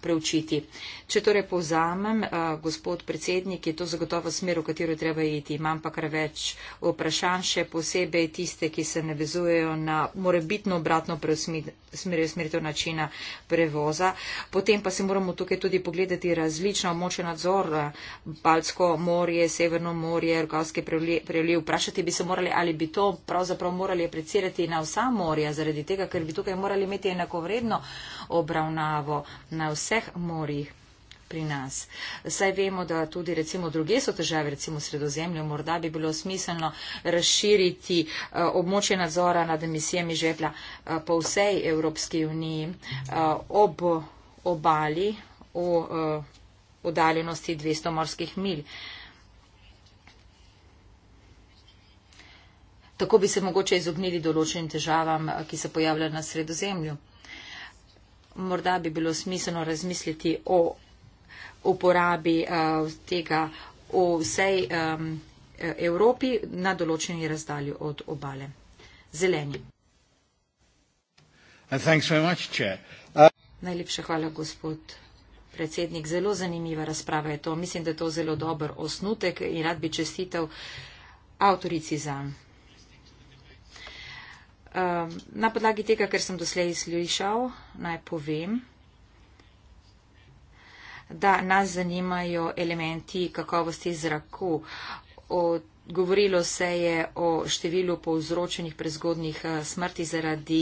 preučiti. Če torej povzamem, eh, gospod predsednik, je to zagotovo smer, v katero treba iti. Imam pa kar več vprašanj, še posebej tiste, ki se navezujejo na morebitno obratno preusmerjo smeritev načina prevoza. Potem pa se moramo tukaj tudi pogledati različna območja nadzora, eh, Balsko morje, Severno morje, Rogalski preliv. Vprašati bi se morali, ali bi to pravzaprav morali aplicirati na vsa morja, zaradi tega, ker bi tukaj morali imeti enakovredno obravnavo na vse vseh morjih pri nas. Saj vemo, da tudi recimo druge so težave, recimo sredozemlje, morda bi bilo smiselno razširiti uh, območje nadzora nad emisijami žeplja uh, eh, po vsej Evropski uniji uh, ob obali v uh, udaljenosti 200 morskih milj. Tako bi se mogoče izognili določenim težavam, ki se pojavljajo na sredozemlju morda bi bilo smiselno razmisliti o uporabi uh, tega v vsej um, Evropi na določeni razdalji od obale. Zeleni. Uh, much, uh... Najlepša hvala, gospod predsednik. Zelo zanimiva razprava je to. Mislim, da je to zelo dober osnutek in rad bi čestitev avtorici za Um, na podlagi tega, kar sem doslej slišal, naj povem, da nas zanimajo elementi kakovosti zraku. Od, govorilo se je o številu povzročenih prezgodnih eh, smrti zaradi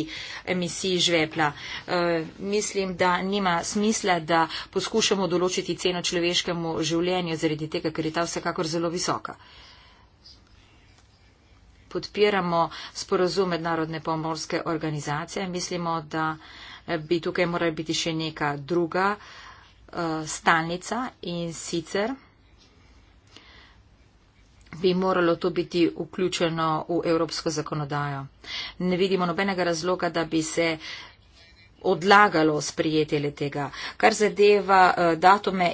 emisij žvepla. Uh, mislim, da nima smisla, da poskušamo določiti ceno človeškemu življenju zaradi tega, ker je ta vsekakor zelo visoka. Uh, podpiramo sporozum mednarodne pomorske organizacije. Mislimo, da eh, bi tukaj morala biti še neka druga eh, stalnica in sicer bi moralo to biti vključeno v evropsko zakonodajo. Ne vidimo nobenega razloga, da bi se odlagalo sprijetje le tega. Kar zadeva eh, datume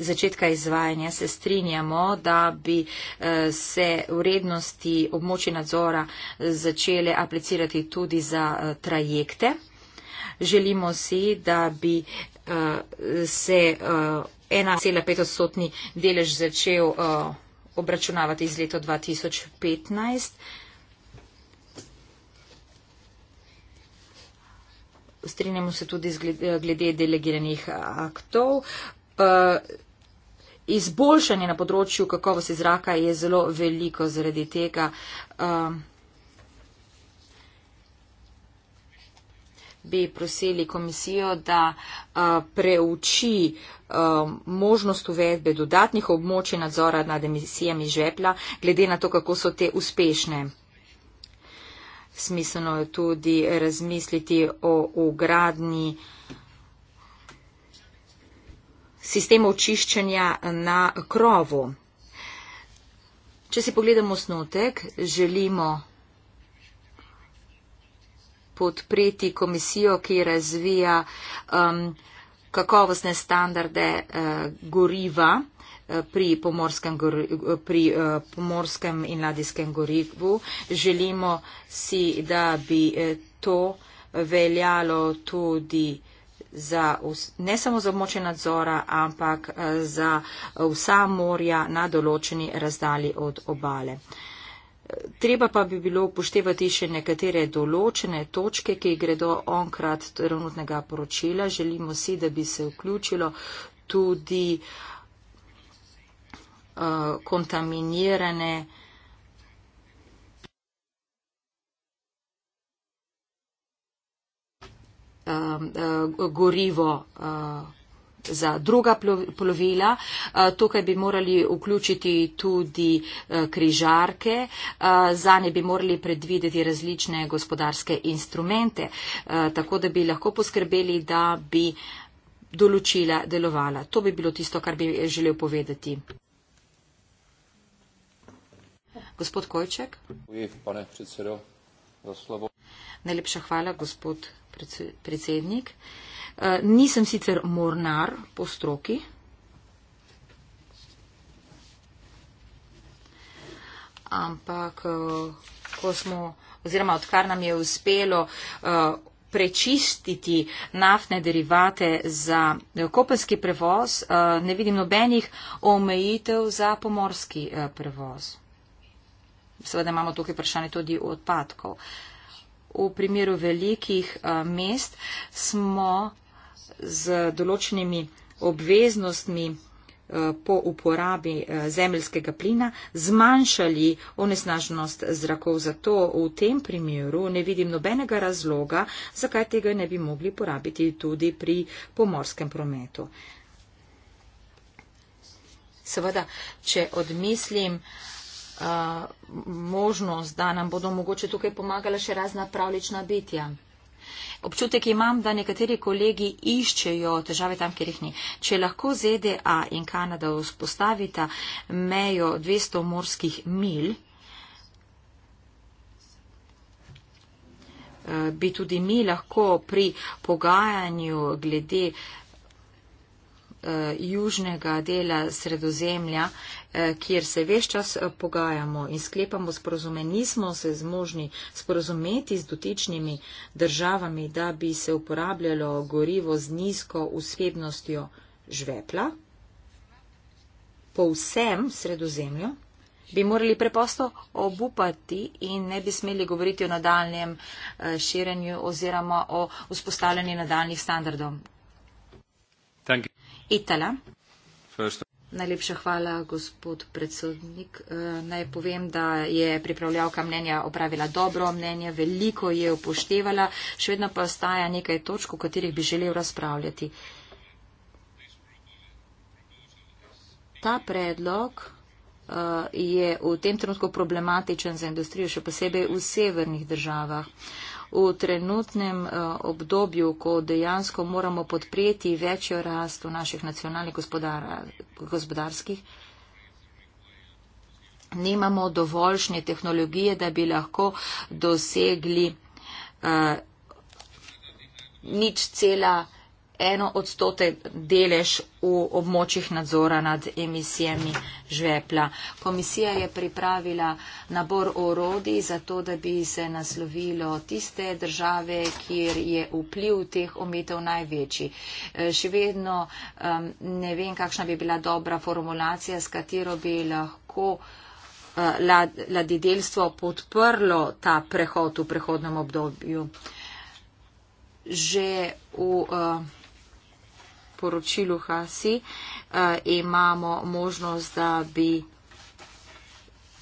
začetka izvajanja, se strinjamo, da bi eh, se vrednosti območja nadzora začele aplicirati tudi za eh, trajekte. Želimo si, da bi se 1,5-stotni delež začel obračunavati iz leta 2015. strinjamo se tudi glede delegiranih eh, aktov. Eh, izboljšanje na področju kakovosti zraka je zelo veliko zaradi tega. Ehm, bi prosili komisijo, da uh, preuči uh, možnost uvedbe dodatnih območij nadzora nad emisijami žvepla, glede na to, kako so te uspešne smiselno je tudi razmisliti o ugradni sistemov čiščenja na krovu. Če si pogledamo snotek, želimo podpreti komisijo, ki razvija um, kakovostne standarde uh, goriva pri pomorskem, pri eh, pomorskem in ladijskem gorivu. Želimo si, da bi eh, to veljalo tudi za, ne samo za območje nadzora, ampak eh, za vsa morja na določeni razdalji od obale. Treba pa bi bilo upoštevati še nekatere določene točke, ki gredo onkrat trenutnega poročila. Želimo si, da bi se vključilo tudi uh, Uh, kontaminirane. Um, uh, gorivo uh, za druga plovila. Tukaj bi morali vključiti tudi križarke, za ne bi morali predvideti različne gospodarske instrumente, tako da bi lahko poskrbeli, da bi določila delovala. To bi bilo tisto, kar bi želel povedati. Gospod Kojček. Uj, pane predsedo, za slovo. Najlepša hvala, gospod predsednik. E, nisem sicer mornar po stroki. Ampak, e, ko smo, oziroma odkar nam je uspelo e, prečistiti naftne derivate za kopenski prevoz, ne vidim nobenih omejitev za pomorski prevoz. Seveda imamo tukaj vprašanje tudi odpadkov. V primeru velikih eh, mest smo z določenimi obveznostmi eh, po uporabi eh, zemeljskega plina zmanjšali onesnaženost zrakov. Zato v tem primeru ne vidim nobenega razloga, zakaj tega ne bi mogli uporabiti tudi pri pomorskem prometu. Seveda, če odmislim možnost, da nam bodo mogoče tukaj pomagala še razna pravlična bitja. Občutek imam, da nekateri kolegi iščejo težave tam, kjer jih ni. Če lahko ZDA in Kanada vzpostavita mejo 200 morskih mil, bi tudi mi lahko pri pogajanju glede uh, eh, južnega dela sredozemlja, eh, kjer se veš čas eh, pogajamo in sklepamo sporozume, nismo se zmožni sporozumeti z dotičnimi državami, da bi se uporabljalo gorivo z nizko usvebnostjo žvepla po vsem sredozemlju bi morali preposto obupati in ne bi smeli govoriti o nadaljem eh, širenju oziroma o vzpostavljanju nadaljnih standardov. Itala. Najlepša hvala, gospod predsednik. Eh, naj povem, da je pripravljavka mnenja opravila dobro mnenje, veliko je upoštevala, še vedno pa staja nekaj točk, o katerih bi želel razpravljati. Ta predlog eh, je v tem trenutku problematičen za industrijo, še posebej v severnih državah v trenutnem eh, obdobju, ko dejansko moramo podpreti večjo rast v naših nacionalnih gospodar, gospodarskih, nimamo dovoljšnje tehnologije, da bi lahko dosegli uh, nič cela eno odstote delež v območjih nadzora nad emisijami žvepla. Komisija je pripravila nabor orodij za to, da bi se naslovilo tiste države, kjer je vpliv teh omitev največji. E, še vedno um, ne vem, kakšna bi bila dobra formulacija, s katero bi lahko uh, e, ladidelstvo podprlo ta prehod v prehodnem obdobju. Že v uh, poročilu Hasi uh, imamo možnost, da bi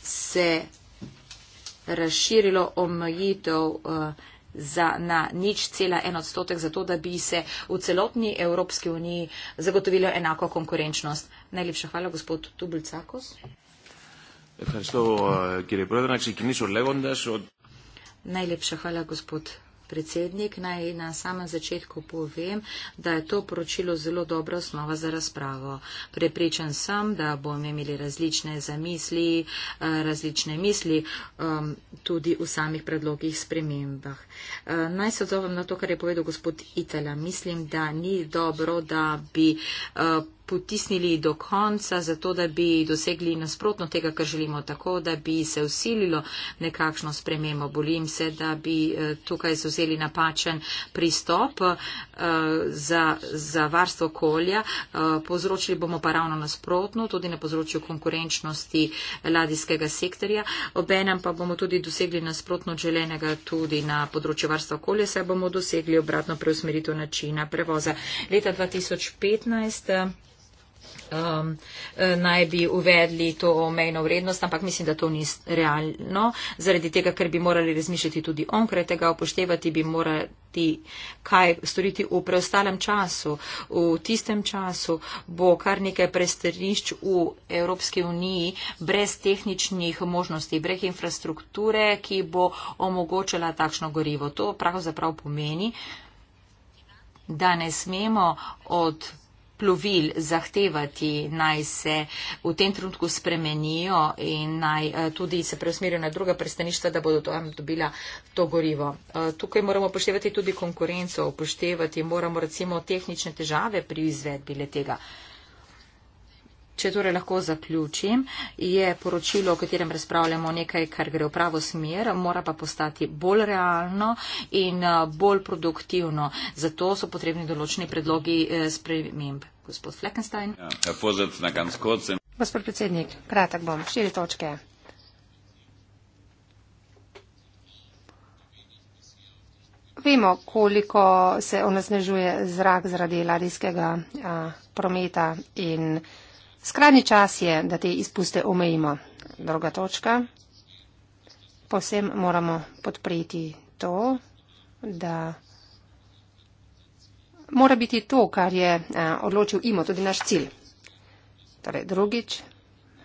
se razširilo omejitev uh, na nič cela en odstotek, zato da bi se v celotni Evropski uniji zagotovilo enako konkurenčnost. Najlepša hvala, gospod Tubulcakos. Najlepša hvala, gospod predsednik, naj na samem začetku povem, da je to poročilo zelo dobra osnova za razpravo. Prepričan sem, da bomo imeli različne zamisli, eh, različne misli um, tudi v samih predlogih spremembah. Eh, naj se odzovem na to, kar je povedal gospod Italija. Mislim, da ni dobro, da bi eh, potisnili do konca, zato da bi dosegli nasprotno tega, kar želimo, tako da bi se usililo nekakšno spremembo. Bolim se, da bi eh, tukaj zauzeli napačen pristop eh, za, za varstvo okolja. Eh, povzročili bomo pa ravno nasprotno, tudi na področju konkurenčnosti ladijskega sektorja. Obenem pa bomo tudi dosegli nasprotno želenega tudi na področju varstva okolja, saj bomo dosegli obratno preusmeritev načina prevoza. Leta 2015 um, eh, naj bi uvedli to omejno vrednost, ampak mislim, da to ni realno, zaradi tega, ker bi morali razmišljati tudi onkraj tega, upoštevati bi morali, kaj storiti v preostalem času. V tistem času bo kar nekaj prestrišč v Evropski uniji brez tehničnih možnosti, brez infrastrukture, ki bo omogočila takšno gorivo. To pravzaprav pomeni da ne smemo od plovil zahtevati naj se v tem trenutku spremenijo in naj eh, tudi se preusmerijo na druga pristanišča, da bodo tam dobila to gorivo. Eh, tukaj moramo upoštevati tudi konkurenco, upoštevati moramo recimo tehnične težave pri izvedbi le tega. Če torej lahko zaključim, je poročilo, o katerem razpravljamo, nekaj, kar gre v pravo smer, mora pa postati bolj realno in eh, bolj produktivno. Zato so potrebni določeni predlogi eh, sprememb. Gospod Fleckenstein. Ja, Gospod predsednik, kratek bom. Štiri točke. Vemo, koliko se onesnežuje zrak zaradi ladijskega a, eh, prometa in Skrajni čas je, da te izpuste omejimo. Druga točka. Posem moramo podpreti to, da mora biti to, kar je eh, odločil Imo, tudi naš cilj. Torej, drugič,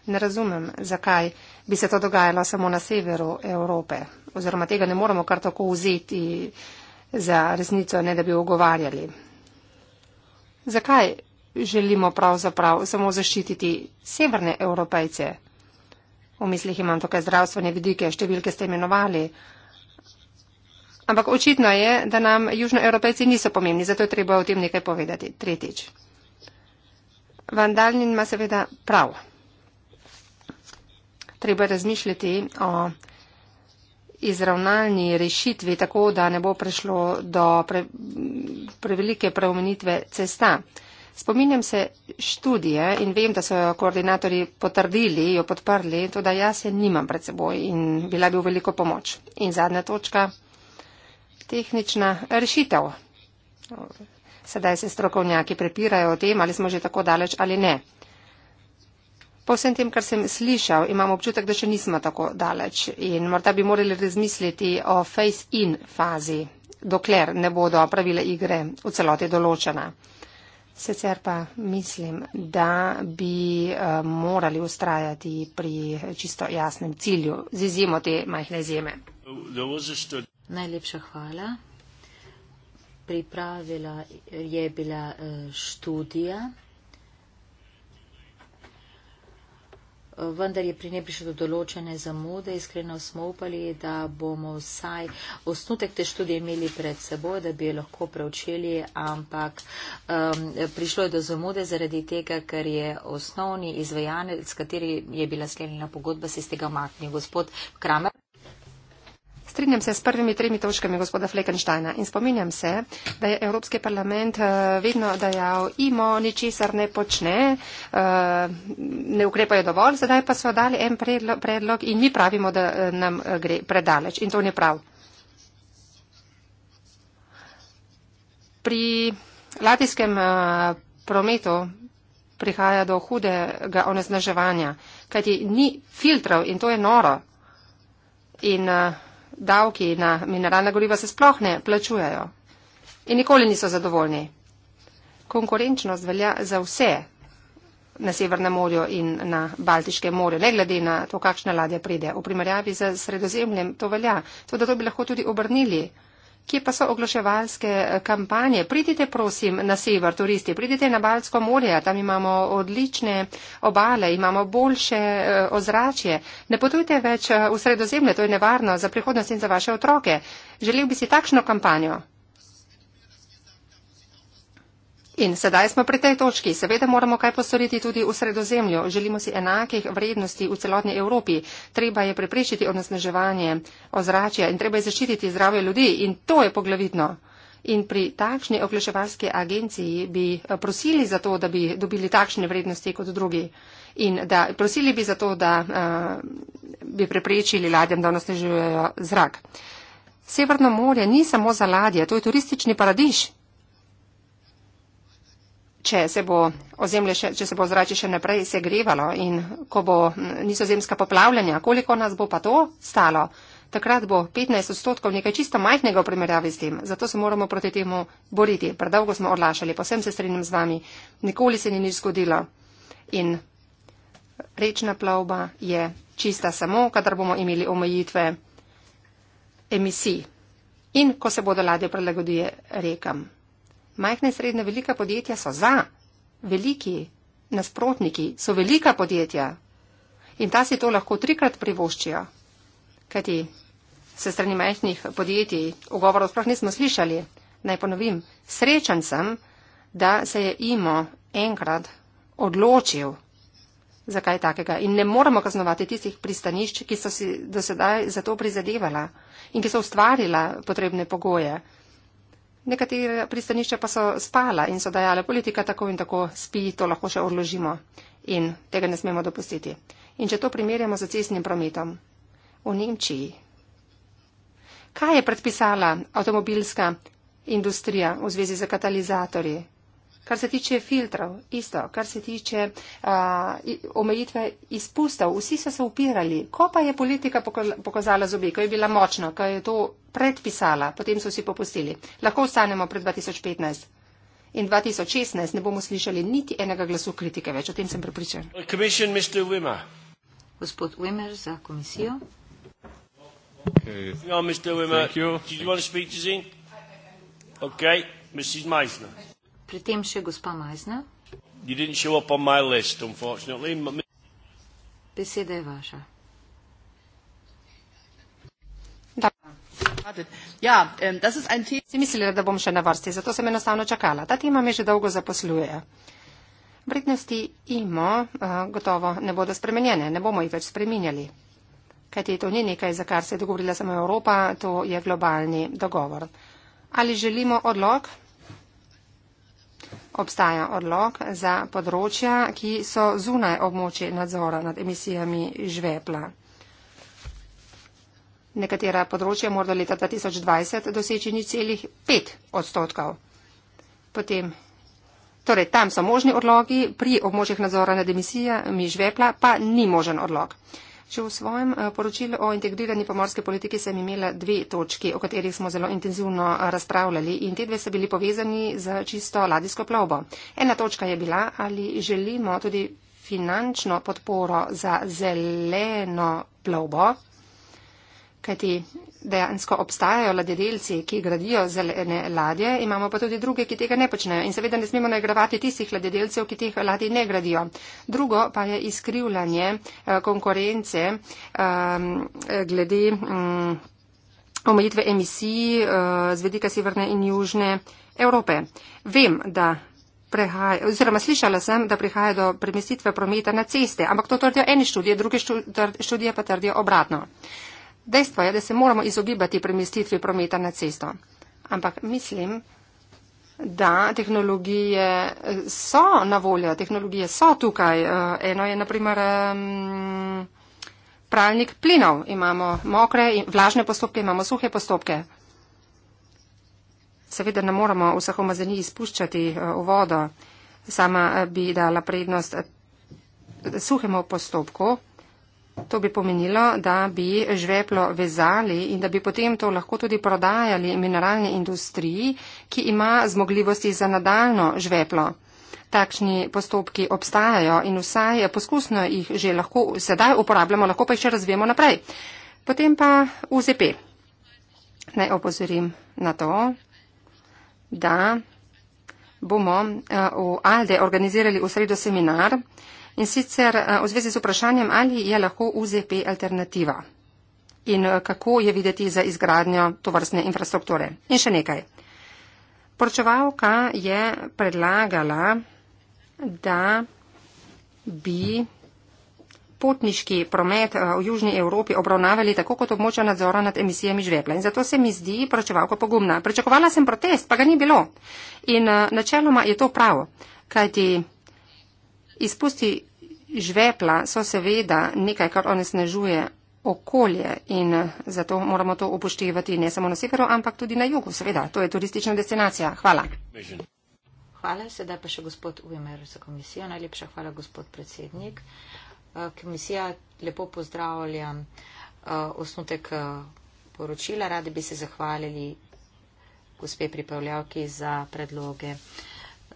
ne razumem, zakaj bi se to dogajalo samo na severu Evrope. Oziroma tega ne moramo kar tako vzeti za resnico, ne da bi ogovarjali. Zakaj želimo pravzaprav samo zaščititi severne evropejce. V mislih imam tukaj zdravstvene vidike, številke ste imenovali. Ampak očitno je, da nam južnoevropejci niso pomembni, zato je treba o tem nekaj povedati. Tretjič. Vandalin ima seveda prav. Treba razmišljati o izravnalni rešitvi, tako da ne bo prišlo do pre, prevelike preomenitve cesta. Uh, Spominjam se študije in vem, da so jo koordinatori potrdili, jo podprli, to da jaz je nimam pred seboj in bila bi v veliko pomoč. In zadnja točka, tehnična rešitev. Sedaj se strokovnjaki prepirajo o tem, ali smo že tako daleč ali ne. Po vsem tem, kar sem slišal, imam občutek, da še nismo tako daleč in morda bi morali razmisliti o face-in fazi, dokler ne bodo pravile igre v celoti določena. Sicer pa mislim, da bi eh, morali ustrajati pri čisto jasnem cilju, z izjemo te majhne zime. Najlepša hvala. Pripravila je bila eh, študija. vendar je pri njej prišlo do določene zamude. Iskreno smo upali, da bomo vsaj osnutek te študije imeli pred seboj, da bi jo lahko preučili, ampak um, prišlo je do zamude zaradi tega, ker je osnovni izvajanec, s katerim je bila sklenjena pogodba, se iz tega omaknil. Gospod Kramer strinjam se s prvimi tremi točkami gospoda Fleckensteina in spominjam se, da je Evropski parlament eh, vedno dejal, imo ničesar ne počne, eh, ne ukrepajo dovolj, sedaj pa so dali en predlog in mi pravimo, da eh, nam gre predaleč in to ni prav. Pri latijskem prometu prihaja do hudega onesnaževanja, kajti ni filtrov in to je noro. In uh, davki na mineralna goriva se sploh ne plačujajo in nikoli niso zadovoljni. Konkurenčnost velja za vse na Severnem morju in na Baltiškem morju, ne glede na to, kakšna ladja pride. V primerjavi z Sredozemljem to velja, tudi to bi lahko tudi obrnili. Kje pa so oglaševalske eh, kampanje? Pridite, prosim, na sever, turisti, pridite na Balsko morje, tam imamo odlične obale, imamo boljše eh, ozračje. Ne potujte več eh, v sredozemlje, to je nevarno za prihodnost in za vaše otroke. Želel bi si takšno kampanjo. In sedaj smo pri tej točki. Seveda moramo kaj postoriti tudi v sredozemlju. Želimo si enakih vrednosti v celotni Evropi. Treba je preprečiti onesnaževanje ozračja in treba je zaščititi zdravje ljudi. In to je poglavitno. In pri takšni okleševalski agenciji bi eh, prosili za to, da bi dobili takšne vrednosti kot drugi. In da, prosili bi za to, da uh, bi preprečili ladjem, da onesnežujejo zrak. Severno morje ni samo za ladje, to je turistični paradiž če se bo, ozemlje, če se bo zrači še naprej segrevalo in ko bo nizozemska poplavljanja, koliko nas bo pa to stalo? Takrat bo 15 odstotkov nekaj čisto majhnega v primerjavi s tem, zato se moramo proti temu boriti. Predolgo smo odlašali, posebno se strinjam z vami, nikoli se ni nič zgodilo. In rečna plavba je čista samo, kadar bomo imeli omejitve emisij in ko se bodo ladje prilagodile rekam. Majhna in srednja velika podjetja so za, veliki nasprotniki so velika podjetja in ta si to lahko trikrat privoščijo, kajti se strani majhnih podjetij ogovorov sploh nismo slišali. Naj ponovim, srečen sem, da se je Imo enkrat odločil, zakaj takega. In ne moremo kaznovati tistih pristanišč, ki so si do sedaj za to prizadevala in ki so ustvarila potrebne pogoje nekatere pristanišča pa so spala in so dajale politika tako in tako spi, to lahko še odložimo in tega ne smemo dopustiti. In če to primerjamo z cestnim prometom v Nemčiji. Kaj je predpisala avtomobilska industrija v zvezi z katalizatorji? Kar se tiče filtrov, isto, kar se tiče a, omejitve izpustov, vsi so se upirali. Ko pa je politika pokazala zobe, ko je bila močna, ko je to predpisala, potem so vsi popustili. Lahko ostanemo pred 2015. In 2016 ne bomo slišali niti enega glasu kritike več, o tem sem pripričan. Gospod Wimmer za komisijo. Okay. Yeah, Mr. Wimmer, did you want to speak to Zin? Okay, Mrs. Meisner pri tem še gospa Majzna. List, Beseda je vaša. Ja, das ist ein Thema. Sie mislili, da bom še na vrsti, zato sem enostavno čakala. Ta tema me že dolgo zaposluje. Vrednosti imamo, eh, gotovo ne bodo spremenjene, ne bomo jih več spreminjali. Kajti to ni nekaj, za kar se je dogovorila samo Evropa, to je globalni dogovor. Ali želimo odlog, obstaja odlog za področja, ki so zunaj območje nadzora nad emisijami žvepla. Nekatera področja morda leta 2020 doseči ni celih 5 odstotkov. Potem, torej tam so možni odlogi, pri območjih nadzora nad emisijami žvepla pa ni možen odlog. Če v svojem eh, poročilu o integrirani pomorski politiki sem imela dve točki, o katerih smo zelo intenzivno eh, razpravljali in te dve so bili povezani z čisto ladijsko plovbo. Ena točka je bila, ali želimo tudi finančno podporo za zeleno plovbo kajti dejansko obstajajo ladjedelci, ki gradijo zelene ladje, imamo pa tudi druge, ki tega ne počnejo. In seveda ne smemo nagravati tistih ladjedelcev, ki teh ladij ne gradijo. Drugo pa je izkrivljanje eh, konkurence um, glede um, omejitve emisij uh, z vedika severne in južne Evrope. Vem, da. Prehaja, oziroma slišala sem, da prihaja do premestitve prometa na ceste, ampak to trdijo eni študije, druge študije pa trdijo obratno. Dejstvo je, da se moramo izogibati premestitvi prometa na cesto. Ampak mislim, da tehnologije so na voljo, tehnologije so tukaj. Eh, eno je naprimer pralnik plinov. Imamo mokre in vlažne postopke, imamo suhe postopke. Seveda ne moramo vseh omazeni izpuščati eh, v vodo. Sama eh, bi dala prednost suhemu postopku. To bi pomenilo, da bi žveplo vezali in da bi potem to lahko tudi prodajali mineralni industriji, ki ima zmogljivosti za nadaljno žveplo. Takšni postopki obstajajo in vsaj poskusno jih že lahko sedaj uporabljamo, lahko pa jih še razvijemo naprej. Potem pa UZP. Naj opozorim na to, da bomo eh, v Alde organizirali v sredo seminar, in sicer eh, v zvezi z vprašanjem, ali je lahko UZP alternativa in eh, kako je videti za izgradnjo tovrstne infrastrukture. In še nekaj. Poročevalka je predlagala, da bi potniški promet eh, v Južni Evropi obravnavali tako kot območja nadzora nad emisijami žvepla. In zato se mi zdi poročevalka pogumna. Pričakovala sem protest, pa ga ni bilo. In načeloma je to pravo, kajti izpusti Žvepla so seveda nekaj, kar onesnažuje okolje in zato moramo to upoštevati ne samo na severu, ampak tudi na jugu. Seveda, to je turistična destinacija. Hvala. Hvala, sedaj pa še gospod Ujmer za komisijo. Najlepša hvala, gospod predsednik. Eh, komisija lepo pozdravlja eh, osnutek eh, poročila. Radi bi se zahvalili gospe pripravljavki za predloge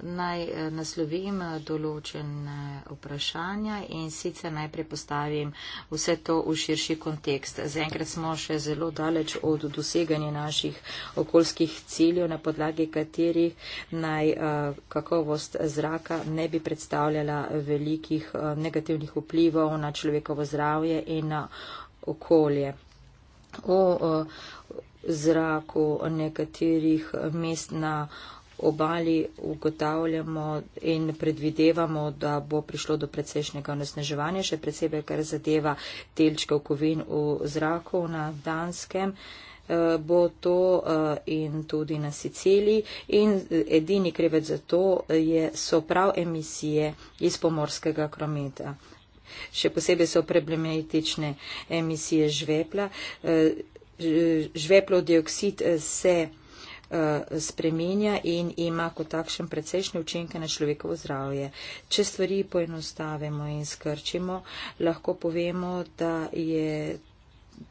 naj eh, naslovim eh, določene vprašanja in sicer najprej postavim vse to v širši kontekst. Zaenkrat smo še zelo daleč od doseganja naših okoljskih ciljev, na podlagi katerih naj eh, kakovost zraka ne bi predstavljala velikih negativnih vplivov na človekovo zdravje in na okolje. O zraku nekaterih mest na okolje obali ugotavljamo in predvidevamo, da bo prišlo do precejšnjega onesnaževanja, še predsebej, kar zadeva delčke okovin v zraku na Danskem eh, bo to eh, in tudi na Siciliji in eh, edini krivec za to je, so prav emisije iz pomorskega krometa. Še posebej so problematične emisije žvepla. Žveplov dioksid se Eh, spremenja in ima kot takšen precejšnje učinke na človekovo zdravje. Če stvari poenostavimo in skrčimo, lahko povemo, da je.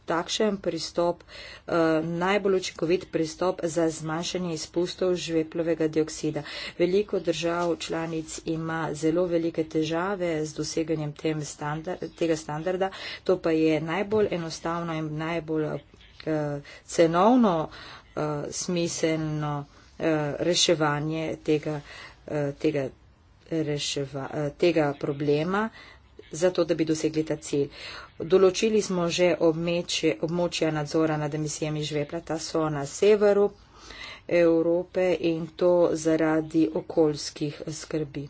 Takšen pristop, eh, najbolj učinkovit pristop za zmanjšanje izpustov žveplovega dioksida. Veliko držav članic ima zelo velike težave z doseganjem standard, tega standarda, to pa je najbolj enostavno in najbolj eh, cenovno Eh, smiselno eh, reševanje tega, eh, tega, reševa, tega problema, zato da bi dosegli ta cilj. Določili smo že obmeče, območja nadzora nad emisijami žvepla, ta so na severu Evrope in to zaradi okoljskih skrbi.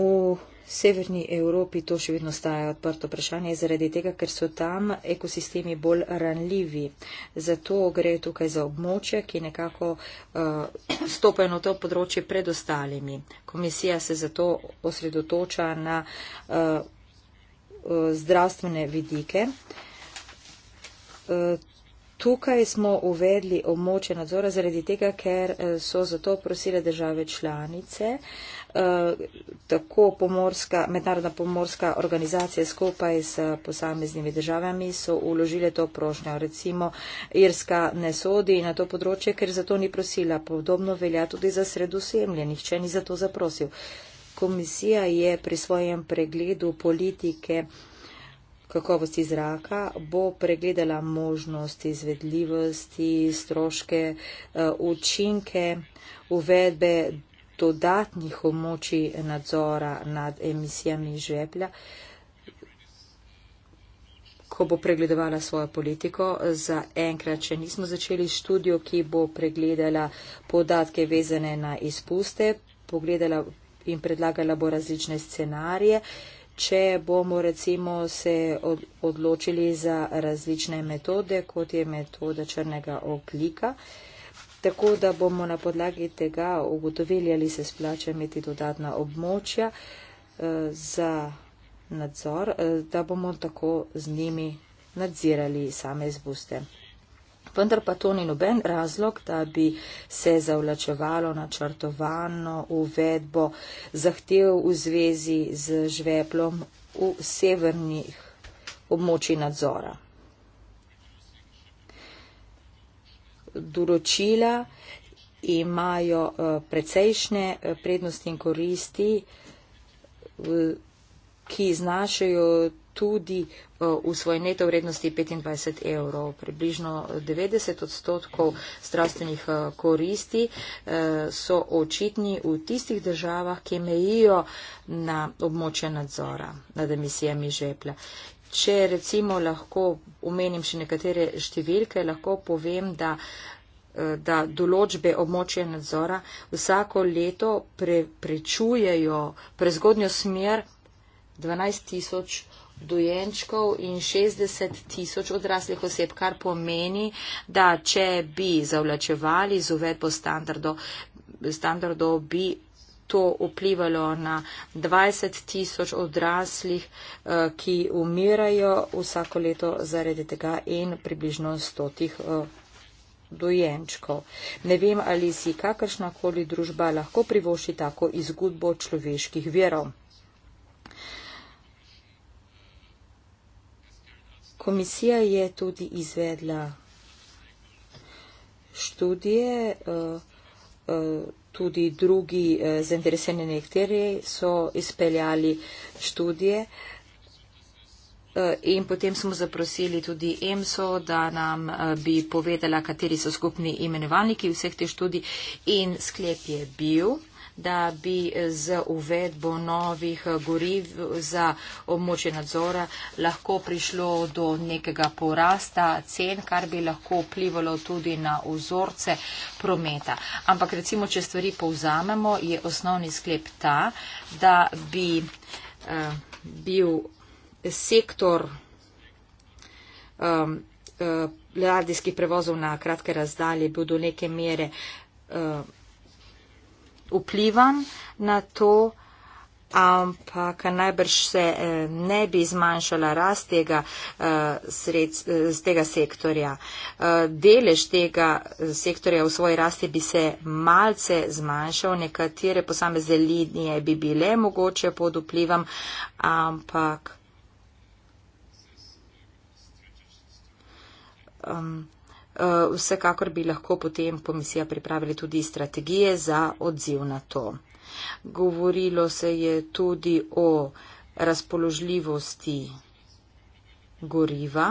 V V severni Evropi to še vedno staje odprto vprašanje zaradi tega, ker so tam ekosistemi bolj ranljivi. Zato gre tukaj za območje, ki nekako uh, stopajo na to področje pred ostalimi. Komisija se zato osredotoča na uh, uh, zdravstvene vidike. Uh, Tukaj smo uvedli območje nadzora zaradi tega, ker so za to prosile države članice. Uh, Eh, tako pomorska, mednarodna pomorska organizacija skupaj s posameznimi državami so uložile to prošnjo. Recimo Irska ne sodi na to področje, ker zato ni prosila. Podobno velja tudi za sredosemlje. Nihče ni zato zaprosil. Komisija je pri svojem pregledu politike kakovosti zraka, bo pregledala možnosti, izvedljivosti, stroške, eh, učinke, uvedbe dodatnih območij nadzora nad emisijami žveplja, ko bo pregledovala svojo politiko. Za enkrat še nismo začeli študijo, ki bo pregledala podatke vezane na izpuste, pogledala in predlagala bo različne scenarije. Če bomo recimo se odločili za različne metode, kot je metoda črnega oklika, uh, tako da bomo na podlagi tega ugotovili, ali se splača imeti dodatna območja eh, za nadzor, eh, da bomo tako z njimi nadzirali same izbuste. Vendar pa to ni noben razlog, da bi se zavlačevalo načrtovano uvedbo zahtev v zvezi z žveplom v severnih območjih nadzora. določila imajo eh, precejšnje eh, prednosti in koristi, ki znašajo tudi eh, v svoji neto vrednosti 25 evrov. Približno 90 odstotkov zdravstvenih koristi so očitni v tistih državah, ki mejijo na območje nadzora nad emisijami žeplja. Če recimo lahko omenim še nekatere številke, lahko povem, da, eh, da določbe območja nadzora vsako leto pre, prečujejo prezgodnjo smer 12 tisoč dojenčkov in 60 tisoč odraslih oseb, kar pomeni, da če bi zavlačevali z uvedbo standardov, standardo bi to vplivalo na 20 tisoč odraslih, eh, ki umirajo vsako leto zaradi tega in približno stotih eh, dojenčkov. Ne vem, ali si kakršnakoli družba lahko privoši tako izgubo človeških verov. Komisija je tudi izvedla študije uh, uh, tudi drugi eh, zainteresirani nekateri so izpeljali študije eh, in potem smo zaprosili tudi EMSO, da nam eh, bi povedala, kateri so skupni imenovalniki vseh teh študij in sklep je bil da bi z uvedbo novih goriv za območje nadzora lahko prišlo do nekega porasta cen, kar bi lahko vplivalo tudi na vzorce prometa. Ampak recimo, če stvari povzamemo, je osnovni sklep ta, da bi eh, bil sektor um, eh, radijskih prevozov na kratke razdalje bil do neke mere. Eh, vplivan na to, ampak najbrž se eh, ne bi zmanjšala rast tega, eh, sredst, eh, tega sektorja. Delež tega sektorja v svoji rasti bi se malce zmanjšal, nekatere posamezne linije bi bile mogoče pod vplivom, ampak. Um, Eh, vsekakor bi lahko potem komisija pripravili tudi strategije za odziv na to. Govorilo se je tudi o razpoložljivosti goriva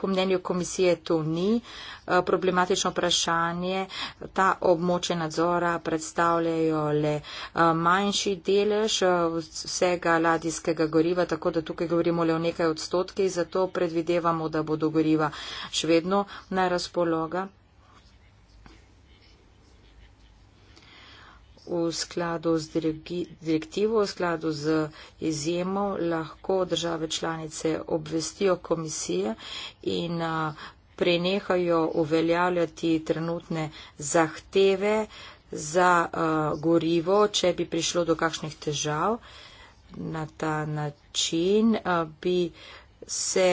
po mnenju komisije to ni eh, problematično vprašanje. Ta območje nadzora predstavljajo le eh, manjši delež eh, vsega ladijskega goriva, tako da tukaj govorimo le o nekaj odstotkih, zato predvidevamo, da bodo goriva še vedno na razpolaga. v skladu z direktivo, v skladu z izjemo, lahko države članice obvestijo komisije in prenehajo uveljavljati trenutne zahteve za gorivo, če bi prišlo do kakšnih težav. Na ta način bi se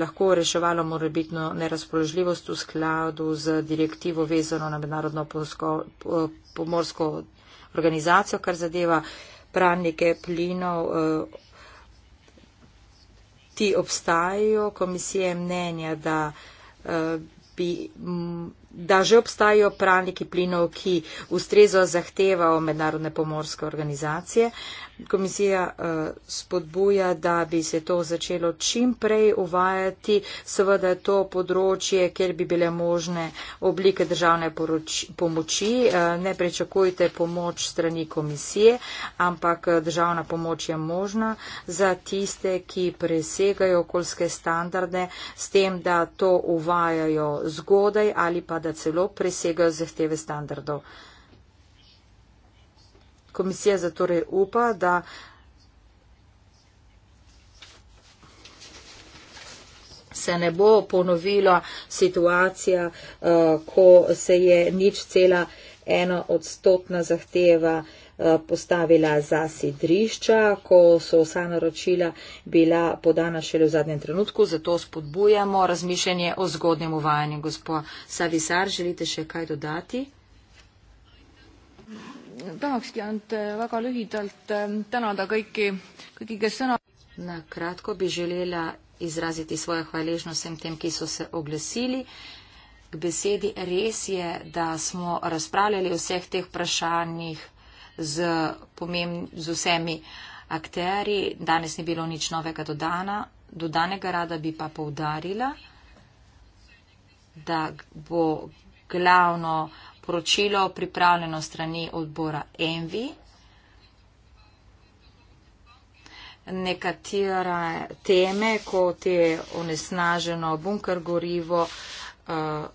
lahko reševalo morebitno nerazpoložljivost v skladu z direktivo vezano na mednarodno pomorsko organizacijo, kar zadeva pralnike plinov. Eh, ti obstajajo, komisije mnenja, da eh, bi da že obstajajo pralniki plinov, ki ustrezo zahtevajo mednarodne pomorske organizacije. Komisija uh, spodbuja, da bi se to začelo čim prej uvajati. Seveda je to področje, kjer bi bile možne oblike državne poroč, pomoči. Uh, ne prečakujte pomoč strani komisije, ampak eh, državna pomoč je možna za tiste, ki presegajo okoljske standarde s tem, da to uvajajo zgodaj ali pa da celo presegajo zahteve standardov. Komisija zatorej upa, da se ne bo ponovila situacija, eh, ko se je nič cela ena odstotna zahteva uh, Eh, postavila za sidrišča, ko so vsa naročila bila podana šele v zadnjem trenutku, zato spodbujamo razmišljanje o zgodnem uvajanju. Gospod Savisar, želite še kaj dodati? Tahakski ant eh, väga lühidalt eh, tänada kõiki, kõiki, kes sõna. Na kratko bi želela izraziti svojo hvaležnost vsem tem, ki so se oglesili. K besedi res je, da smo razpravljali o vseh teh vprašanjih z, pomembn, z vsemi akteri. Danes ni bilo nič novega dodana. dodanega, rada bi pa povdarila, da bo glavno poročilo pripravljeno strani odbora Envi. Nekatere teme, kot je onesnaženo bunker gorivo, eh,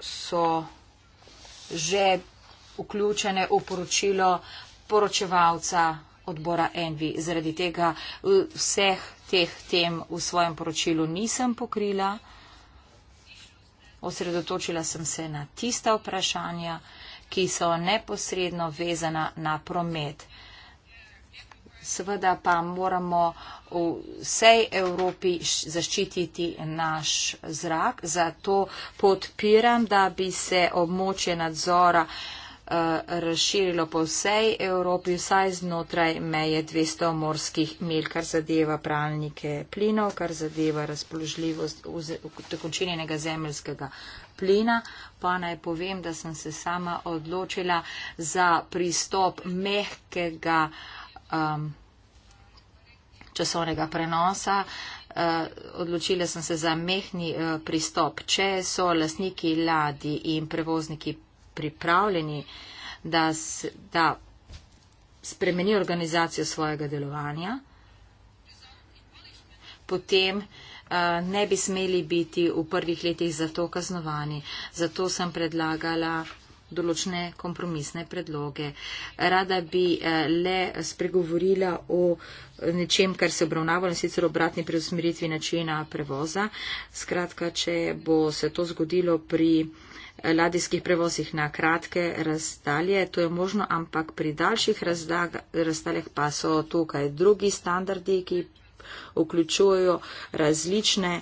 so že vključene v poročilo poročevalca odbora Envi. Zaradi tega eh, vseh teh tem v svojem poročilu nisem pokrila. Osredotočila sem se na tista vprašanja, ki so neposredno vezana na promet. Seveda pa moramo v vsej Evropi zaščititi naš zrak, zato podpiram, da bi se območje nadzora uh, Eh, razširilo po vsej Evropi, vsaj znotraj meje 200 morskih mil, kar zadeva pralnike plinov, kar zadeva razpoložljivost tekočinjenega zemljskega plina. Pa naj povem, da sem se sama odločila za pristop mehkega um, časovnega prenosa. Eh, odločila sem se za mehni eh, pristop. Če so lasniki ladi in prevozniki pripravljeni, da, s, da spremeni organizacijo svojega delovanja, potem uh, ne bi smeli biti v prvih letih za to kaznovani. Zato sem predlagala določne kompromisne predloge. Rada bi eh, le spregovorila o nečem, kar se obravnava in sicer obratni preusmeritvi načina prevoza. Skratka, če bo se to zgodilo pri ladijskih prevozih na kratke razdalje. To je možno, ampak pri daljših razdaljah pa so tukaj drugi standardi, ki vključujejo različne,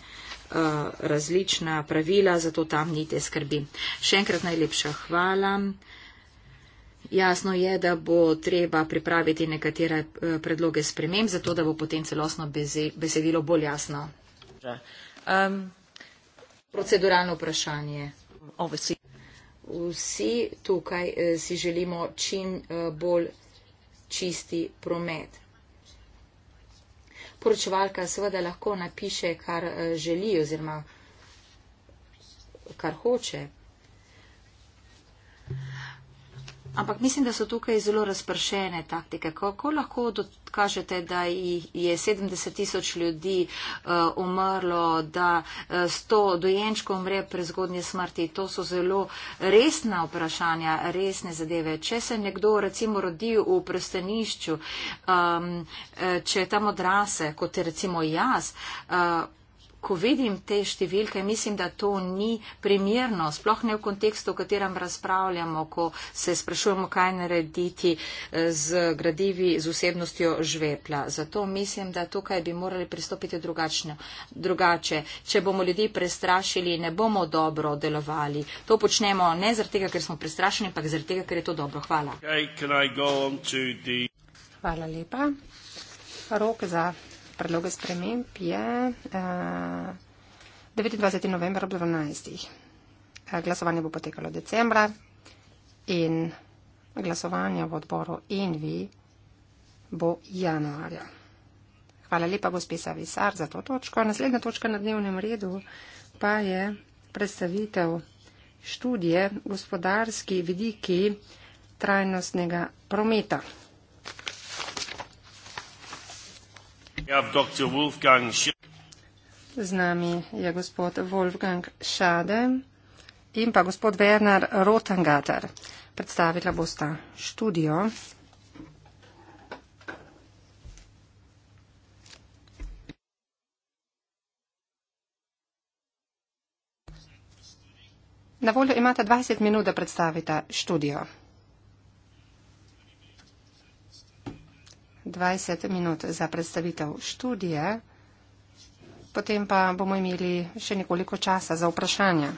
uh, različna pravila, zato tam ni te skrbi. Še enkrat najlepša hvala. Jasno je, da bo treba pripraviti nekatere eh, predloge sprememb, zato da bo potem celosno besedilo bolj jasno. Um, proceduralno vprašanje. Vsi tukaj eh, si želimo čim eh, bolj čisti promet. Poročevalka seveda lahko napiše, kar eh, želi oziroma kar hoče, Ampak mislim, da so tukaj zelo razpršene taktike. Kako lahko dokažete, da je 70 tisoč ljudi uh, umrlo, da 100 eh, dojenčkov umre prezgodnje smrti? To so zelo resna vprašanja, resne zadeve. Če se nekdo recimo rodi v prstenišču, um, eh, če tam odrase, kot je recimo jaz, uh, ko vidim te številke, mislim, da to ni primerno, sploh ne v kontekstu, v katerem razpravljamo, ko se sprašujemo, kaj narediti eh, z gradivi, z osebnostjo žvepla. Zato mislim, da tukaj bi morali pristopiti drugačne, drugače. Če bomo ljudi prestrašili, ne bomo dobro delovali. To počnemo ne zaradi tega, ker smo prestrašeni, ampak zaradi tega, ker je to dobro. Hvala. Okay, Hvala lepa. Rok za predloge sprememb je uh, eh, 29. november ob 12. Uh, eh, glasovanje bo potekalo decembra in glasovanje v odboru INVI bo januarja. Hvala lepa, gospe Savisar, za to točko. Naslednja točka na dnevnem redu pa je predstavitev študije gospodarski vidiki trajnostnega prometa. Ja, Z nami je gospod Wolfgang Schade in pa gospod Werner Rotengater. Predstavila bosta študijo. Na voljo imate 20 minut, da predstavite študijo. 20 minut za predstavitev študije, potem pa bomo imeli še nekoliko časa za vprašanja.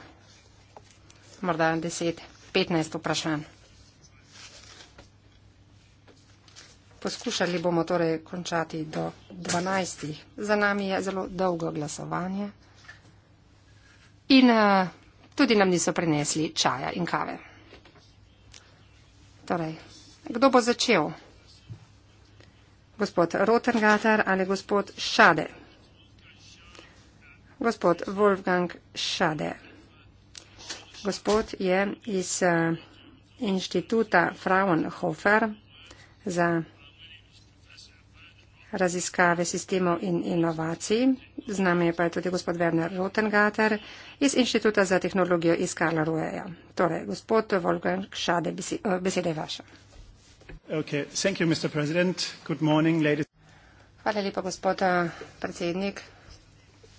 Morda 10-15 vprašanj. Poskušali bomo torej končati do 12. Za nami je zelo dolgo glasovanje in uh, tudi nam niso prinesli čaja in kave. Torej, kdo bo začel? Gospod Rotengater ali gospod Šade? Gospod Wolfgang Šade. Gospod je iz eh, inštituta Fraunhofer za raziskave sistemov in inovacij. Z nami je pa je tudi gospod Werner Rotengater iz inštituta za tehnologijo iz Karla Rueja. Torej, gospod Wolfgang Šade, eh, besede je vaša. Okay. Thank you, Mr. President. Good morning, ladies. Hvala lepa, gospod eh, predsednik.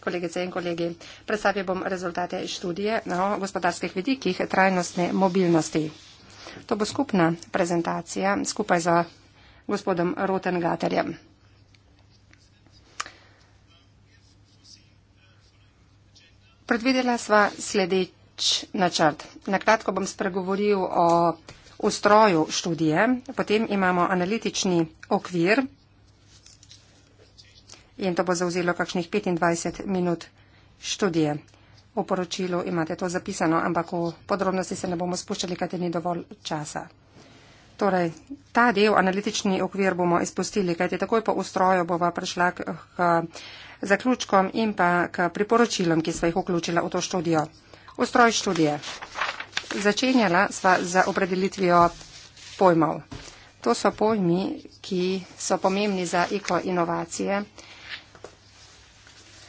Kolegice in kolegi, predstavil bom rezultate študije na gospodarskih vidikih trajnostne mobilnosti. To bo skupna prezentacija skupaj za gospodom Rotengaterjem. Predvidela sva sledeč načrt. Nakratko bom spregovoril o ustroju študije, potem imamo analitični okvir in to bo zauzelo kakšnih 25 minut študije. V poročilu imate to zapisano, ampak v podrobnosti se ne bomo spuščali, kajti ni dovolj časa. Torej, ta del, analitični okvir, bomo izpustili, kajti takoj po ustroju bova prišla k, k zaključkom in pa k priporočilom, ki smo jih vključila v to študijo. Ustroj študije začenjala sva z opredelitvijo pojmov. To so pojmi, ki so pomembni za eko inovacije.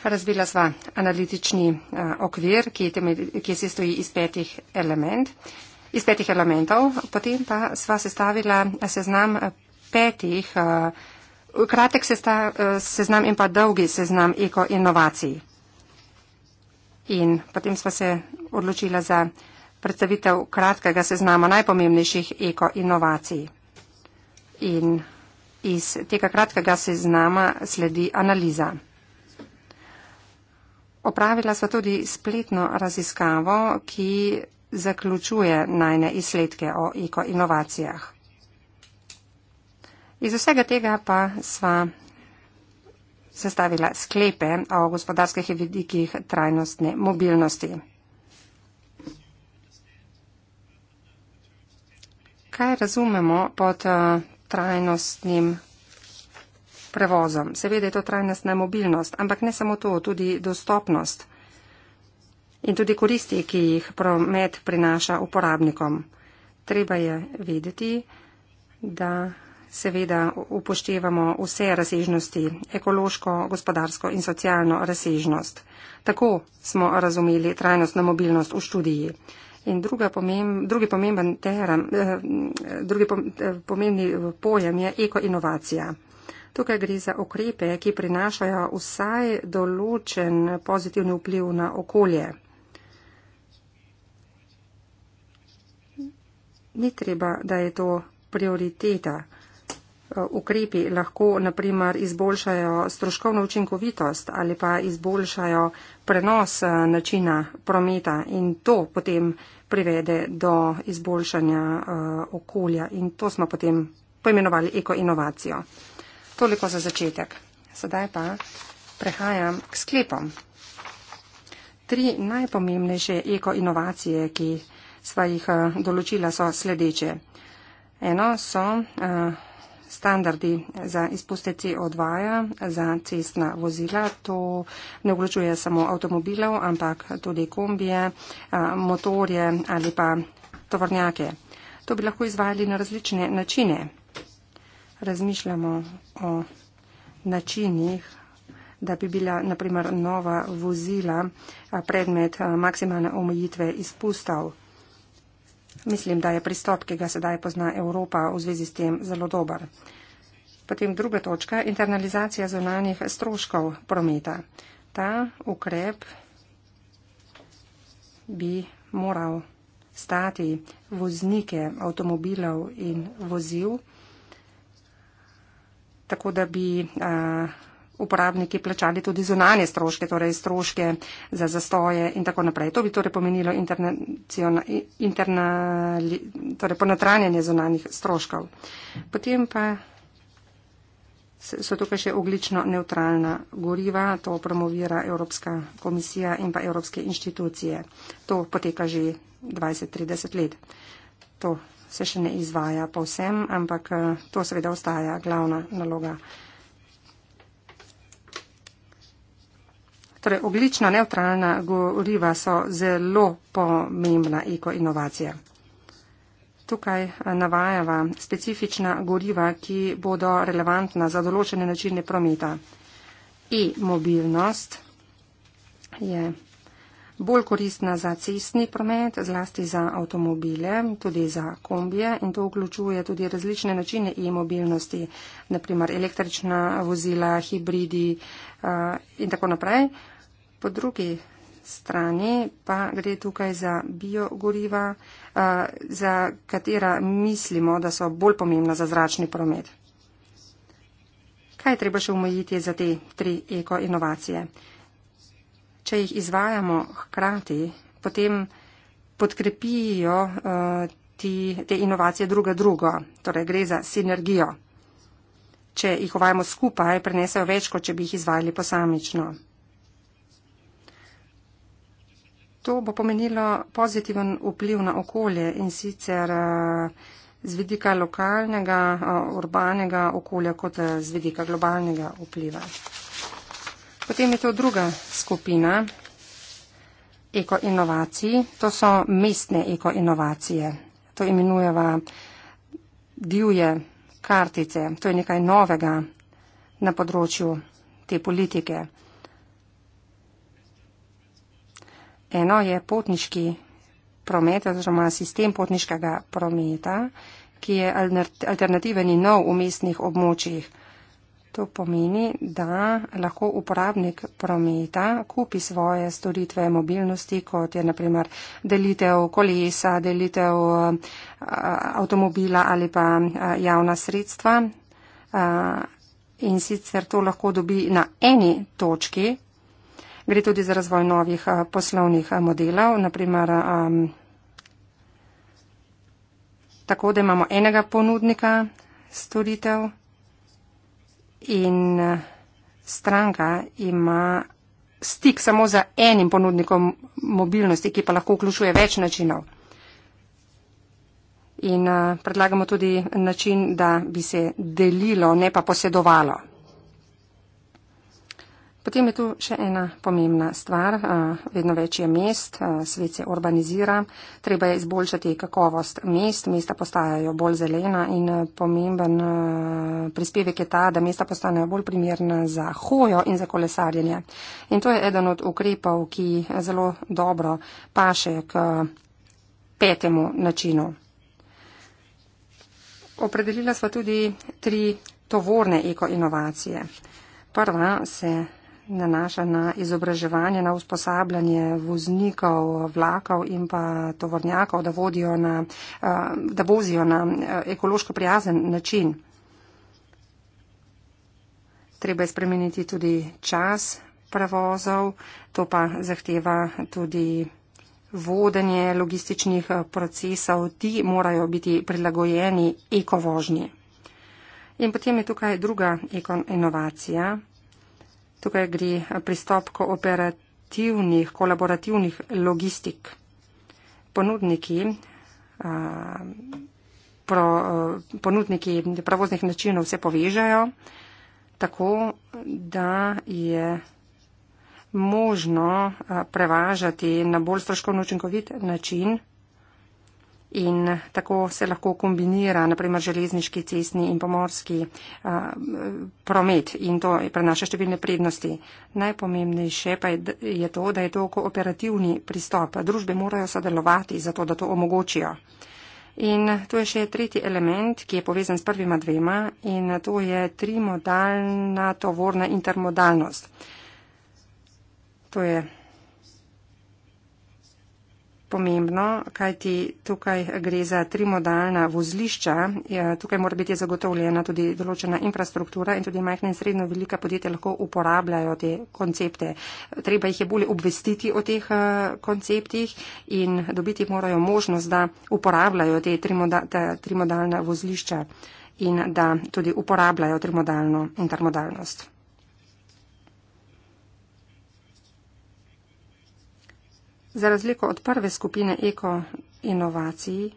Razvila sva analitični uh, okvir, ki, temel, ki se stoji iz petih, element, iz petih elementov. Potem pa sva sestavila eh, seznam eh, petih, uh, kratek sestav, uh, seznam in pa dolgi seznam eko inovacij. In potem sva se odločila za. Uh, predstavitev kratkega seznama najpomembnejših ekoinovacij. In iz tega kratkega seznama sledi analiza. Opravila so tudi spletno raziskavo, ki zaključuje najne izsledke o ekoinovacijah. Iz vsega tega pa sva sestavila sklepe o gospodarskih vidikih trajnostne mobilnosti. kaj razumemo pod uh, trajnostnim prevozom. Seveda je to trajnostna mobilnost, ampak ne samo to, tudi dostopnost in tudi koristi, ki jih promet prinaša uporabnikom. Treba je vedeti, da seveda upoštevamo vse razsežnosti, ekološko, gospodarsko in socialno razsežnost. Tako smo razumeli trajnostno mobilnost v študiji. In druga pomemb, drugi, pomemben teram, eh, drugi eh, pomembni eh, pojem je ekoinovacija. Tukaj gre za okrepe, ki prinašajo vsaj določen pozitivni vpliv na okolje. Ni treba, da je to prioriteta. Eh, ukrepi lahko naprimer izboljšajo stroškovno učinkovitost ali pa izboljšajo prenos eh, načina prometa in to potem privede do izboljšanja eh, okolja in to smo potem poimenovali ekoinovacijo. Toliko za začetek. Sedaj pa prehajam k sklepom. Tri najpomembnejše ekoinovacije, ki sva jih določila, so sledeče. Eno so uh, standardi za izpuste CO2 -ja za cestna vozila. To ne vključuje samo avtomobilov, ampak tudi kombije, motorje ali pa tovornjake. To bi lahko izvajali na različne načine. Razmišljamo o načinih, da bi bila naprimer nova vozila predmet maksimalne omejitve izpustov. Mislim, da je pristop, ki ga sedaj pozna Evropa v zvezi s tem, zelo dober. Potem druga točka, internalizacija zunanjih stroškov prometa. Ta ukrep bi moral stati voznike avtomobilov in vozil, tako da bi. A, uporabniki plačali tudi zunanje stroške, torej stroške za zastoje in tako naprej. To bi torej pomenilo torej ponotranjanje zunanih stroškov. Potem pa so tukaj še oglično neutralna goriva, to promovira Evropska komisija in pa Evropske inštitucije. To poteka že 20-30 let. To se še ne izvaja povsem, ampak to seveda ostaja glavna naloga. Torej, oglično neutralna goriva so zelo pomembna ekoinovacija. Tukaj eh, navajava specifična goriva, ki bodo relevantna za določene načine prometa. E-mobilnost je bolj koristna za cestni promet, zlasti za avtomobile, tudi za kombije in to vključuje tudi različne načine e-mobilnosti, naprimer električna vozila, hibridi uh, in tako naprej. Uh, Po drugi strani pa gre tukaj za biogoriva, za katera mislimo, da so bolj pomembna za zračni promet. Kaj je treba še umojiti za te tri ekoinovacije? Če jih izvajamo hkrati, potem podkrepijo ti, te inovacije druga drugo, torej gre za sinergijo. Če jih uvajamo skupaj, prenesejo več, kot če bi jih izvajali posamično. To bo pomenilo pozitiven vpliv na okolje in sicer eh, z vidika lokalnega, eh, urbanega okolja kot eh, z vidika globalnega vpliva. Potem je to druga skupina ekoinovacij, to so mestne ekoinovacije. To imenujeva divje kartice, to je nekaj novega na področju te politike. Eno je potniški promet oziroma sistem potniškega prometa, ki je alternativen in nov v mestnih območjih. To pomeni, da lahko uporabnik prometa kupi svoje storitve mobilnosti, kot je naprimer delitev kolesa, delitev eh, avtomobila ali pa eh, javna sredstva. Eh, in sicer to lahko dobi na eni točki Gre tudi za razvoj novih poslovnih modelov, naprimer tako, da imamo enega ponudnika storitev in stranka ima stik samo za enim ponudnikom mobilnosti, ki pa lahko vključuje več načinov. In predlagamo tudi način, da bi se delilo, ne pa posedovalo. Potem je tu še ena pomembna stvar. Vedno več je mest, svet se urbanizira, treba je izboljšati kakovost mest, mesta postajajo bolj zelena in pomemben prispevek je ta, da mesta postanejo bolj primerna za hojo in za kolesarjenje. In to je eden od ukrepov, ki zelo dobro paše k petemu načinu. Opredelila smo tudi tri tovorne ekoinovacije. Prva se nanaša na izobraževanje, na usposabljanje voznikov, vlakov in pa tovornjakov, da, na, eh, da vozijo na eh, ekološko prijazen način. Treba je spremeniti tudi čas prevozov, to pa zahteva tudi vodenje logističnih eh, procesov, ti morajo biti prilagojeni ekovožnji. In potem je tukaj druga ekon inovacija. Tukaj gre eh, pristop k operativnih, kolaborativnih logistik. Ponudniki, a, eh, pro, a, eh, ponudniki pravoznih načinov se povežajo tako, da je možno a, prevažati na bolj stroškovno učinkovit način in tako se lahko kombinira naprimer železniški, cestni in pomorski a, promet in to prenaša številne prednosti. Najpomembnejše pa je, je to, da je to kooperativni pristop. Družbe morajo sodelovati za to, da to omogočijo. In tu je še tretji element, ki je povezan s prvima dvema in to je trimodalna tovorna intermodalnost. To je pomembno, kajti tukaj gre za trimodalna vozlišča. Ja, tukaj mora biti zagotovljena tudi določena infrastruktura in tudi majhne in srednjo velika podjetja lahko uporabljajo te koncepte. Treba jih je bolje obvestiti o teh eh, konceptih in dobiti morajo možnost, da uporabljajo te trimodalna vozlišča in da tudi uporabljajo trimodalno intermodalnost. Za razliko od prve skupine ekoinovacij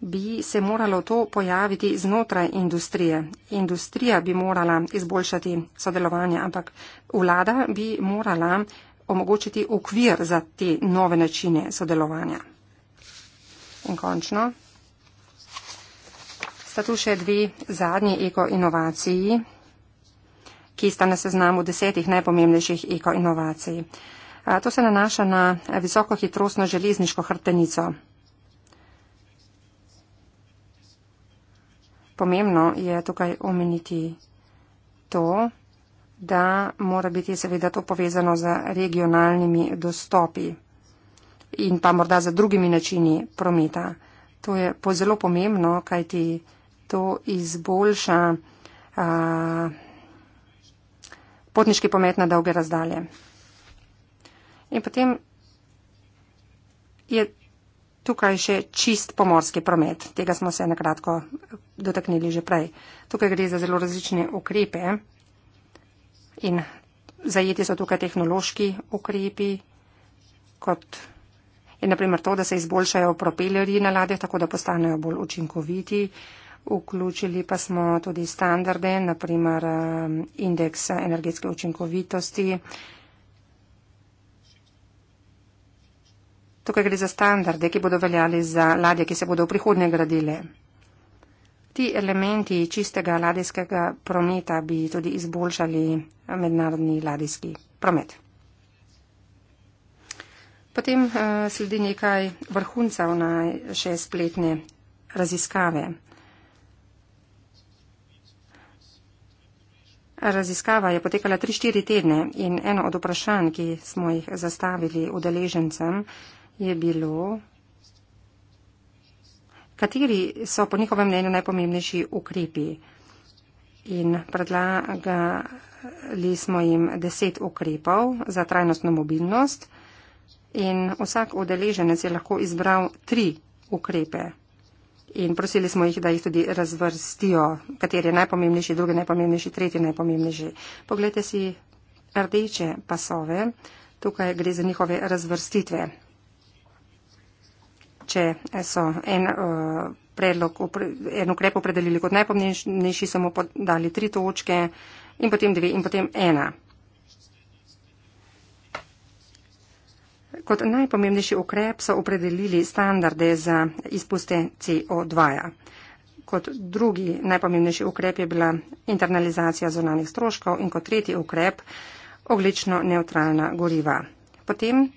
bi se moralo to pojaviti znotraj industrije. Industrija bi morala izboljšati sodelovanje, ampak vlada bi morala omogočiti okvir za te nove načine sodelovanja. In končno. Sta tu še dve zadnji ekoinovaciji, ki sta na seznamu desetih najpomembnejših ekoinovacij. To se nanaša na visokohitrostno železniško hrbtenico. Pomembno je tukaj omeniti to, da mora biti seveda to povezano z regionalnimi dostopi in pa morda z drugimi načini prometa. To je po zelo pomembno, kajti to izboljša a, potniški pomet na dolge razdalje. In potem je tukaj še čist pomorski promet. Tega smo se nakratko dotaknili že prej. Tukaj gre za zelo različne ukrepe in zajeti so tukaj tehnološki ukrepi, kot je naprimer to, da se izboljšajo propelerji na ladjah, tako da postanejo bolj učinkoviti. Vključili pa smo tudi standarde, naprimer um, indeks energetske učinkovitosti, Tukaj gre za standarde, ki bodo veljali za ladje, ki se bodo v prihodnje gradile. Ti elementi čistega ladijskega prometa bi tudi izboljšali mednarodni ladijski promet. Potem uh, sledi nekaj vrhuncev na še spletne raziskave. Raziskava je potekala 3-4 tedne in eno od vprašanj, ki smo jih zastavili udeležencem, uh, je bilo, kateri so po njihovem mnenju najpomembnejši ukrepi. In predlagali smo jim deset ukrepov za trajnostno mobilnost in vsak udeleženec je lahko izbral tri ukrepe. In prosili smo jih, da jih tudi razvrstijo, kateri je najpomembnejši, drugi najpomembnejši, tretji najpomembnejši. Poglejte si rdeče pasove, tukaj gre za njihove razvrstitve če so en, uh, predlog, en ukrep opredelili kot najpomembnejši, so mu podali tri točke in potem dve in potem ena. Kot najpomembnejši ukrep so opredelili standarde za izpuste CO2. -ja. Kot drugi najpomembnejši ukrep je bila internalizacija zonanih stroškov in kot tretji ukrep oglično neutralna goriva. Potem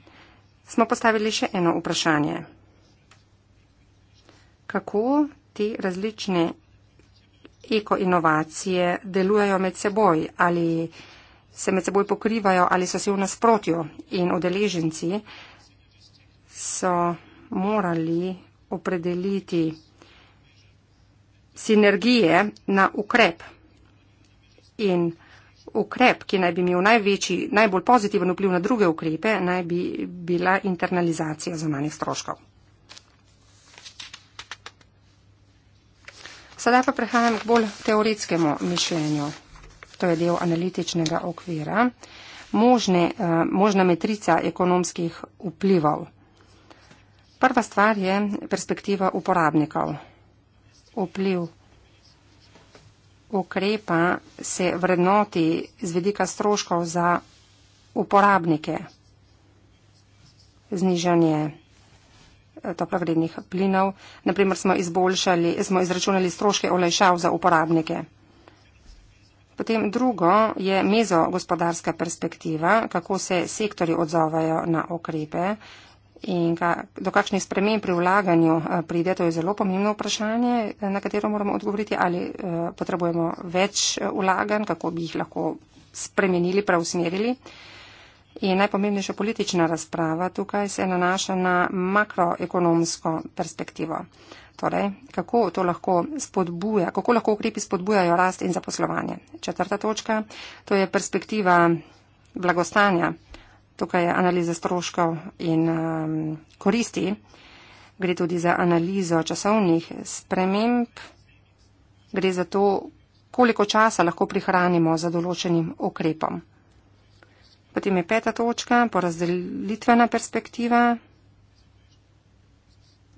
smo postavili še eno vprašanje kako te različne ekoinovacije delujejo med seboj, ali se med seboj pokrivajo, ali so se v nasprotju. In udeleženci so morali opredeliti sinergije na ukrep. In ukrep, ki naj bi imel največji, najbolj pozitiven vpliv na druge ukrepe, naj bi bila internalizacija zunanjih stroškov. Sedaj pa prehajam k bolj teoretskemu mišljenju. To je del analitičnega okvira. Možne, eh, možna metrica ekonomskih vplivov. Prva stvar je perspektiva uporabnikov. Vpliv ukrepa se vrednoti z vedika stroškov za uporabnike. Znižanje toplovrednih plinov. Naprimer smo izboljšali, smo izračunali stroške olajšav za uporabnike. Potem drugo je mezo gospodarska perspektiva, kako se sektori odzovajo na okrepe in ka, do kakšnih sprememb pri vlaganju eh, pride. To je zelo pomembno vprašanje, eh, na katero moramo odgovoriti, ali eh, potrebujemo več vlaganj, kako bi jih lahko spremenili, preusmerili. In najpomembnejša politična razprava tukaj se nanaša na makroekonomsko perspektivo. Torej, kako to lahko spodbuja, kako lahko ukrepi spodbujajo rast in zaposlovanje. Četrta točka, to je perspektiva blagostanja. Tukaj je analiza stroškov in um, koristi. Gre tudi za analizo časovnih sprememb. Gre za to, koliko časa lahko prihranimo za določenim ukrepom. Potem je peta točka, porazdelitvena perspektiva.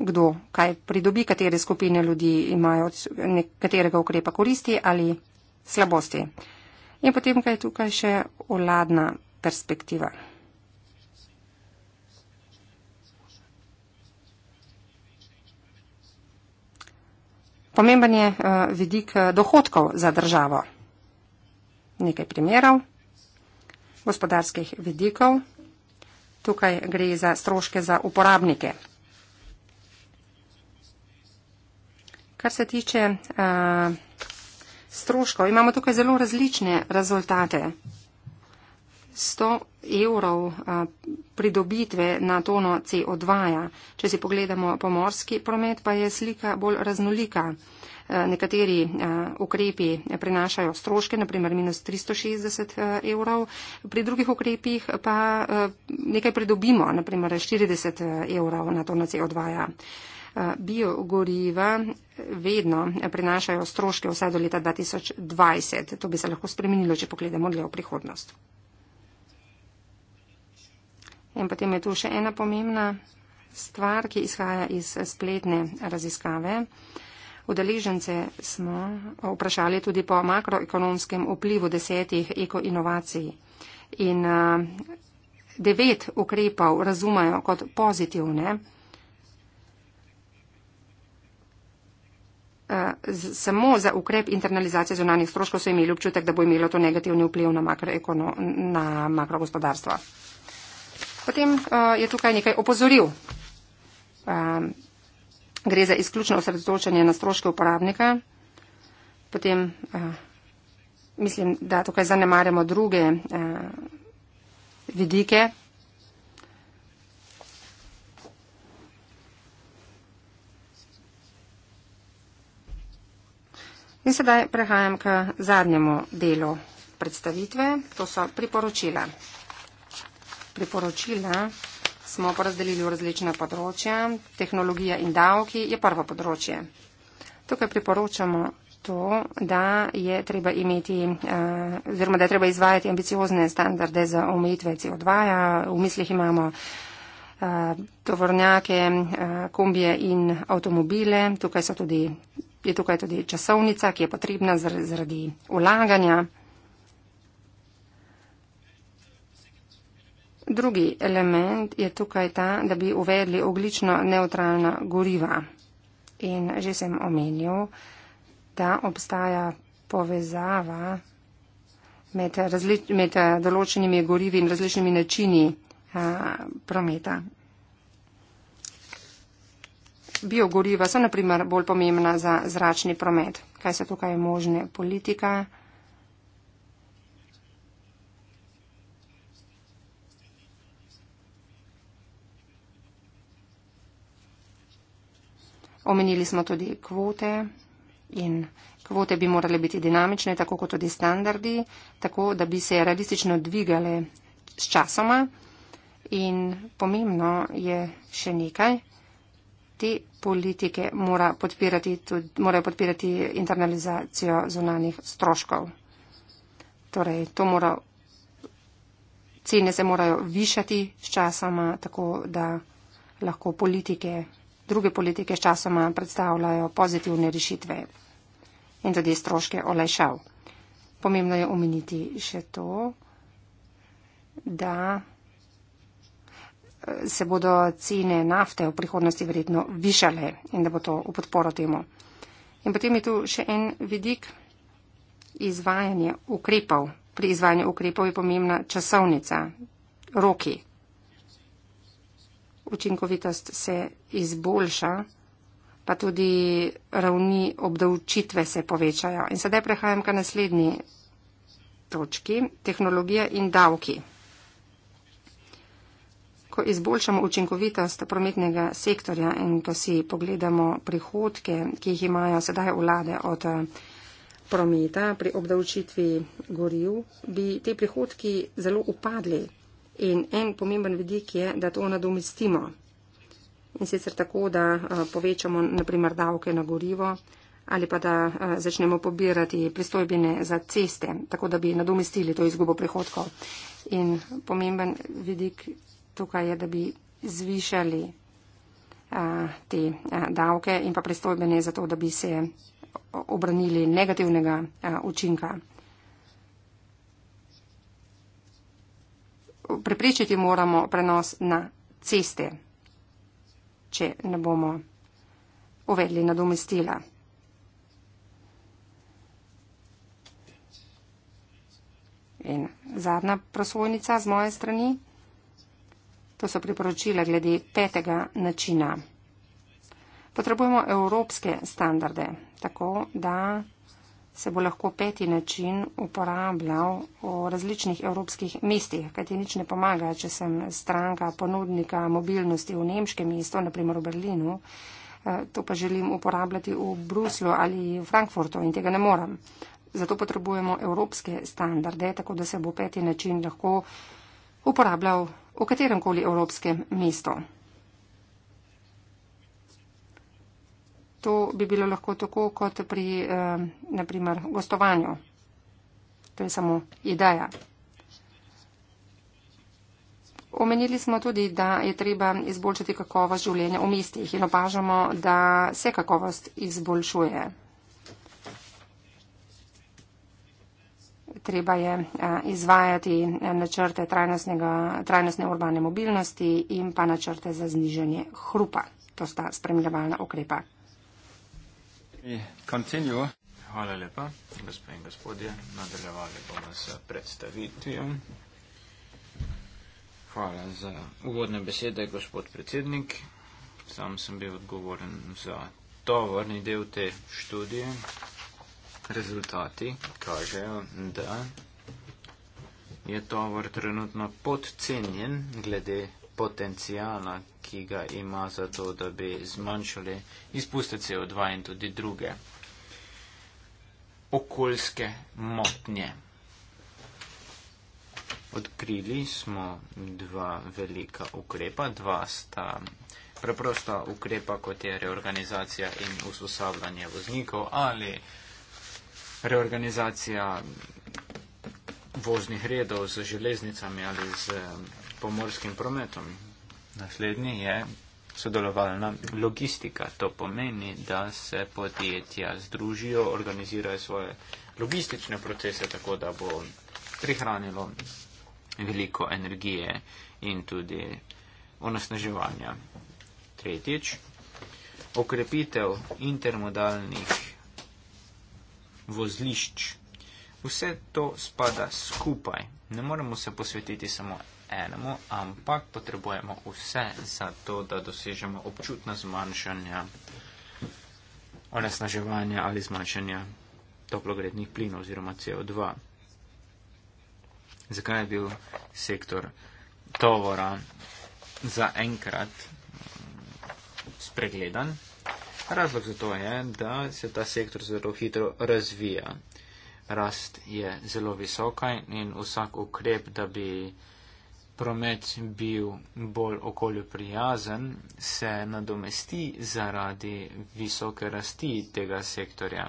Kdo, kaj pridobi, katere skupine ljudi imajo od nekaterega ukrepa koristi ali slabosti. In potem, kaj je tukaj še vladna perspektiva. Pomemben je uh, vidik eh, dohodkov za državo. Nekaj primerov gospodarskih vidikov. Tukaj gre za stroške za uporabnike. Kar se tiče uh, stroškov, imamo tukaj zelo različne rezultate. 100 evrov pridobitve na tono CO2. -ja. Če si pogledamo pomorski promet, pa je slika bolj raznolika. Nekateri ukrepi prinašajo stroške, naprimer minus 360 evrov, pri drugih ukrepih pa nekaj pridobimo, naprimer 40 evrov na tono CO2. -ja. Biogoriva vedno prinašajo stroške vse do leta 2020. To bi se lahko spremenilo, če pogledamo dlje v prihodnost. In potem je tu še ena pomembna stvar, ki izhaja iz spletne raziskave. Udeležence smo vprašali tudi po makroekonomskem vplivu desetih ekoinovacij. In uh, devet ukrepov razumajo kot pozitivne. Samo za ukrep internalizacije zunanih stroškov so imeli občutek, da bo imelo to negativni vpliv na makrogospodarstvo. Ekono- potem uh, je tukaj nekaj opozoril. Um, gre za izključno osredotočenje na stroške uporabnika. Potem uh, mislim, da tukaj zanemarjamo druge uh, vidike. In sedaj prehajam k zadnjemu delu predstavitve, to so priporočila priporočil ne, smo pa razdelili v različna področja. Tehnologija in davki je prvo področje. Tukaj priporočamo to, da je treba imeti, eh, oziroma da je treba izvajati ambiciozne standarde za omejitve CO2. -ja. V mislih imamo eh, tovornjake, eh, kombije in avtomobile. Tukaj so tudi. Je tukaj tudi časovnica, ki je potrebna zaradi ulaganja. Drugi element je tukaj ta, da bi uvedli oglično neutralna goriva. In že sem omenil, da obstaja povezava med, različ, med eh, določenimi gorivi in različnimi načini a, eh, prometa. Biogoriva so naprimer bolj pomembna za zračni promet. Kaj so tukaj možne politika? Omenili smo tudi kvote in kvote bi morale biti dinamične, tako kot tudi standardi, tako da bi se realistično dvigale s časoma. In pomembno je še nekaj, te politike mora podpirati, tudi, morajo podpirati internalizacijo zunanih stroškov. Torej, to mora, cene se morajo višati s časoma, tako da lahko politike druge politike sčasoma eh, predstavljajo pozitivne rešitve in tudi stroške olajšav. Pomembno je omeniti še to, da eh, se bodo cene nafte v prihodnosti verjetno višale in da bo to v podporo temu. In potem je tu še en vidik izvajanja ukrepov. Pri izvajanju ukrepov je pomembna časovnica, roki, učinkovitost se izboljša, pa tudi ravni obdavčitve se povečajo. In sedaj prehajam ka naslednji točki, tehnologija in davki. Ko izboljšamo učinkovitost prometnega sektorja in ko si pogledamo prihodke, ki jih imajo sedaj vlade od eh, prometa pri obdavčitvi goril, bi te prihodki zelo upadli. In en pomemben vidik je, da to nadomestimo. In sicer tako, da eh, povečamo naprimer davke na gorivo ali pa da eh, začnemo pobirati pristojbine za ceste, tako da bi nadomestili to izgubo prihodkov. In pomemben vidik tukaj je, da bi zvišali eh, te davke in pa pristojbene za to, da bi se obranili negativnega učinka. preprečiti moramo prenos na ceste, če ne bomo uvedli nadomestila. In zadnja prosvojnica z moje strani. To so priporočila glede petega načina. Potrebujemo evropske standarde, tako da se bo lahko peti način uporabljal v različnih evropskih mestih, kajti nič ne pomaga, če sem stranka ponudnika mobilnosti v nemškem mestu, naprimer v Berlinu, eh, to pa želim uporabljati v Bruslu ali v Frankfurtu in tega ne moram. Zato potrebujemo evropske standarde, tako da se bo peti način lahko uporabljal v kateremkoli evropskem mestu. to bi bilo lahko tako kot pri, eh, naprimer, gostovanju. To je samo ideja. Omenili smo tudi, da je treba izboljšati kakovost življenja v mestih in opažamo, da se kakovost izboljšuje. Treba je eh, izvajati načrte trajnostne urbane mobilnosti in pa načrte za znižanje hrupa. To sta spremljevalna okrepa. Hvala lepa, gospod in gospodje. Nadaljevali bomo s predstavitvijo. Hvala za uvodne besede, gospod predsednik. Sam sem bil odgovoren za tovorni del te študije. Rezultati kažejo, da je tovor trenutno podcenjen glede potencijala, ki ga ima za to, da bi zmanjšali izpuste CO2 in tudi druge okoljske motnje. Odkrili smo dva velika ukrepa, dva sta preprosta ukrepa, kot je reorganizacija in usposabljanje voznikov ali reorganizacija voznih redov z železnicami ali z pomorskim prometom. Naslednji je sodelovalna logistika. To pomeni, da se podjetja združijo, organizirajo svoje logistične procese tako, da bo prihranilo veliko energije in tudi onosnaževanja. Tretjič, okrepitev intermodalnih vozlišč. Vse to spada skupaj. Ne moremo se posvetiti samo enemu, ampak potrebujemo vse za to, da dosežemo občutna zmanjšanja onesnaževanja ali zmanjšanja toplogrednih plinov oziroma CO2. Zakaj je bil sektor tovora zaenkrat mm, spregledan? Razlog za to je, da se ta sektor zelo hitro razvija. Rast je zelo visoka in vsak ukrep, da bi promet bil bolj okolju prijazen, se nadomesti zaradi visoke rasti tega sektorja.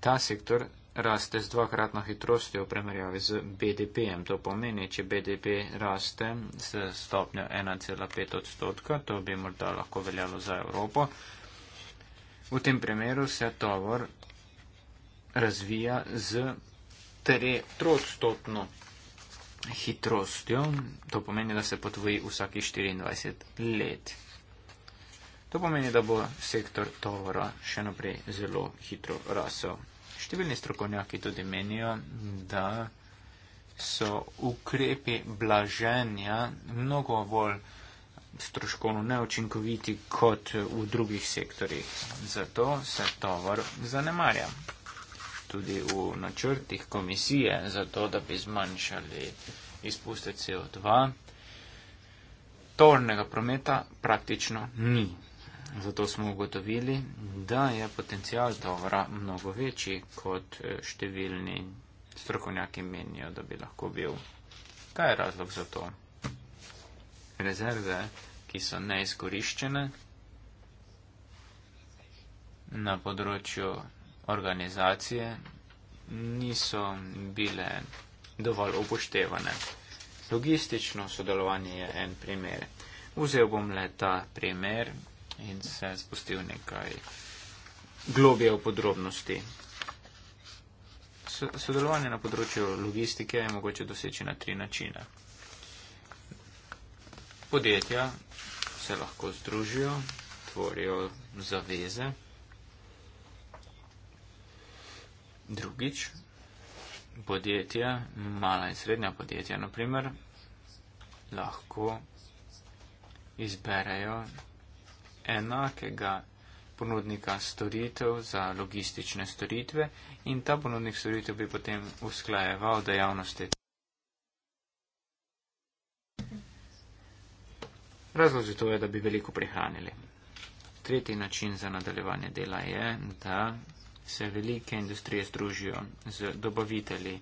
Ta sektor raste z dvakratno hitrostjo v primerjavi z BDP-em. To pomeni, če BDP raste s stopnjo 1,5 odstotka, to bi morda lahko veljalo za Evropo. V tem primeru se tovor razvija z 3 odstotno hitrostjo, to pomeni, da se potvoji vsaki 24 let. To pomeni, da bo sektor tovora še naprej zelo hitro rasel. Številni strokovnjaki tudi menijo, da so ukrepi blaženja mnogo bolj stroškovno neučinkoviti kot v drugih sektorjih. Zato se tovor zanemarja tudi v načrtih komisije za to, da bi zmanjšali izpuste CO2. Tornega prometa praktično ni. Zato smo ugotovili, da je potencial tovora mnogo večji, kot eh, številni strokovnjaki menijo, da bi lahko bil. Kaj je razlog za to? Rezerve, ki so neizkoriščene na področju organizacije niso bile dovolj upoštevane. Logistično sodelovanje je en primer. Vzel bom le ta primer in se spustil nekaj globije v podrobnosti. Sodelovanje na področju logistike je mogoče doseči na tri načine. Podjetja se lahko združijo, tvorijo zaveze. Drugič, podjetja, mala in srednja podjetja, naprimer, lahko izberejo enakega ponudnika storitev za logistične storitve in ta ponudnik storitev bi potem usklajeval dejavnosti. Razlog za to je, da bi veliko prihranili. Tretji način za nadaljevanje dela je, da se velike industrije združijo z dobavitelji.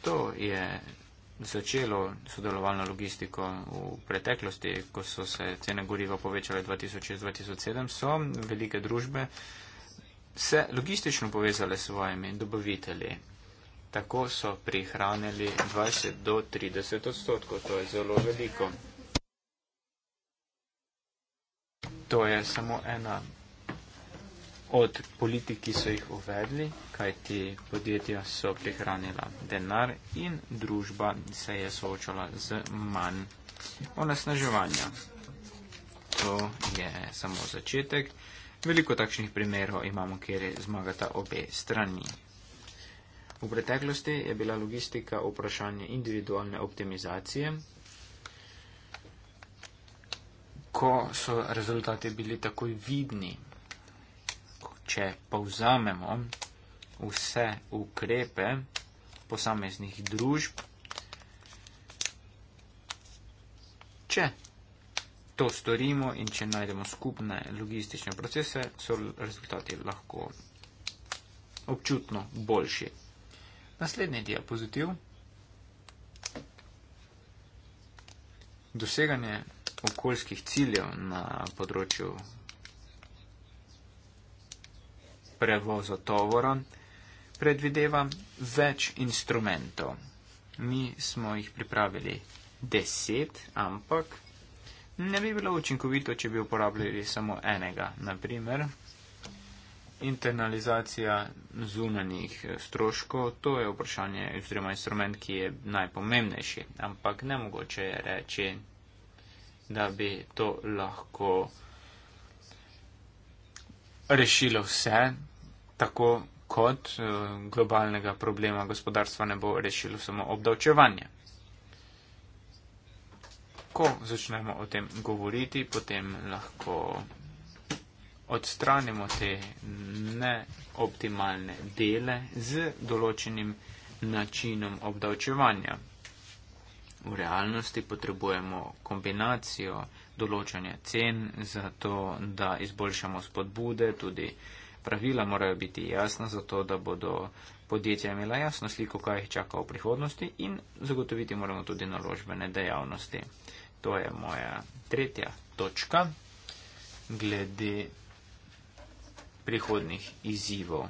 To je začelo sodelovalno logistiko v preteklosti, ko so se cene goriva povečale 2006-2007, so velike družbe se logistično povezale s svojimi dobavitelji. Tako so prihranili 20 do 30 odstotkov, to je zelo veliko. To je samo ena od politik, ki so jih uvedli, kaj ti podjetja so prihranila denar in družba se je soočala z manj onesnaževanja. To je samo začetek. Veliko takšnih primerov imamo, kjer zmagata obe strani. V preteklosti je bila logistika vprašanje individualne optimizacije. Ko so rezultati bili takoj vidni, če povzamemo vse ukrepe posameznih družb, če to storimo in če najdemo skupne logistične procese, so rezultati lahko občutno boljši. Naslednji diapozitiv. Doseganje okoljskih ciljev na področju prevozu tovora predvideva več instrumentov. Mi smo jih pripravili deset, ampak ne bi bilo učinkovito, če bi uporabljali samo enega. Naprimer, internalizacija zunanjih stroškov, to je vprašanje oziroma instrument, ki je najpomembnejši, ampak nemogoče je reči, da bi to lahko rešilo vse, tako kot eh, globalnega problema gospodarstva ne bo rešilo samo obdavčevanje. Ko začnemo o tem govoriti, potem lahko odstranimo te neoptimalne dele z določenim načinom obdavčevanja. V realnosti potrebujemo kombinacijo določanja cen, zato da izboljšamo spodbude, tudi uh, pravila morajo biti jasna, zato da bodo podjetja imela jasno sliko, kaj jih čaka v prihodnosti in zagotoviti moramo tudi naložbene dejavnosti. To je moja tretja točka glede prihodnih izzivov.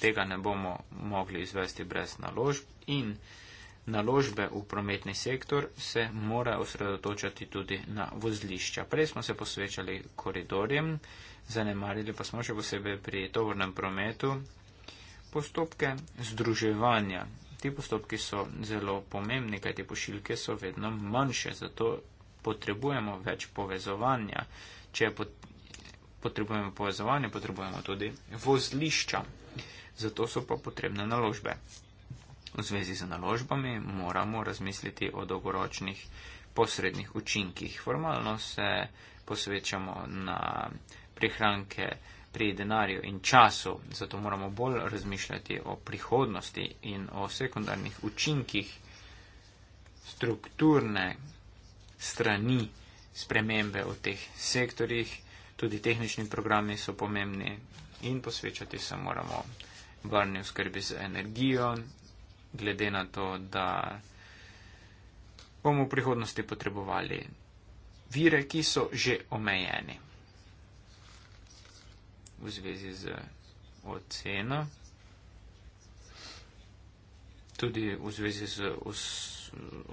Tega ne bomo mogli izvesti brez naložb in naložbe v prometni sektor se mora osredotočati tudi na vozlišča. Prej smo se posvečali koridorjem zanemarili pa smo še posebej pri tovornem prometu postopke združevanja. Ti postopki so zelo pomembni, kaj te pošiljke so vedno manjše, zato potrebujemo več povezovanja. Če potrebujemo povezovanje, potrebujemo tudi vozlišča. Zato so pa potrebne naložbe. V zvezi z naložbami moramo razmisliti o dolgoročnih posrednih učinkih. Formalno se posvečamo na prihranke pri denarju in času, zato moramo bolj razmišljati o prihodnosti in o sekundarnih učinkih strukturne strani spremembe v teh sektorjih. Tudi tehnični programi so pomembni in posvečati se moramo varni v skrbi z energijo, glede na to, da bomo v prihodnosti potrebovali vire, ki so že omejeni v zvezi z oceno, tudi v zvezi z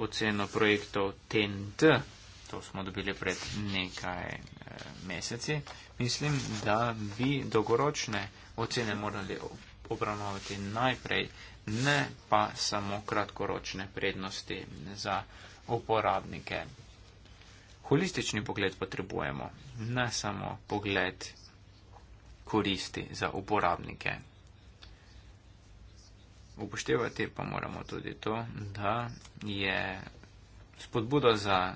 oceno projektov TNT, to smo dobili pred nekaj eh, meseci, mislim, da bi dolgoročne ocene morali obravnavati najprej, ne pa samo kratkoročne prednosti za uporabnike. Holistični pogled potrebujemo, ne samo pogled koristi za uporabnike. Upoštevati pa moramo tudi to, da je spodbuda za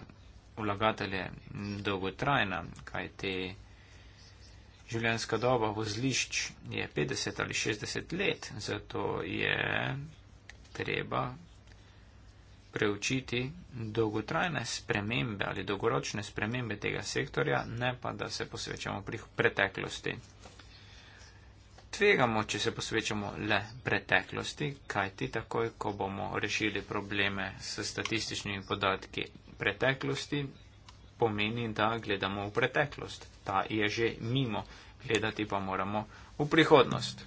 vlagatelje dolgotrajna, kaj te življenjska doba vozlišč je 50 ali 60 let, zato je treba preučiti dolgotrajne spremembe ali dolgoročne spremembe tega sektorja, ne pa da se posvečamo pri preteklosti tvegamo, če se posvečamo le preteklosti, kajti takoj, ko bomo rešili probleme s statističnimi podatki preteklosti, pomeni, da gledamo v preteklost. Ta je že mimo, gledati pa moramo v prihodnost.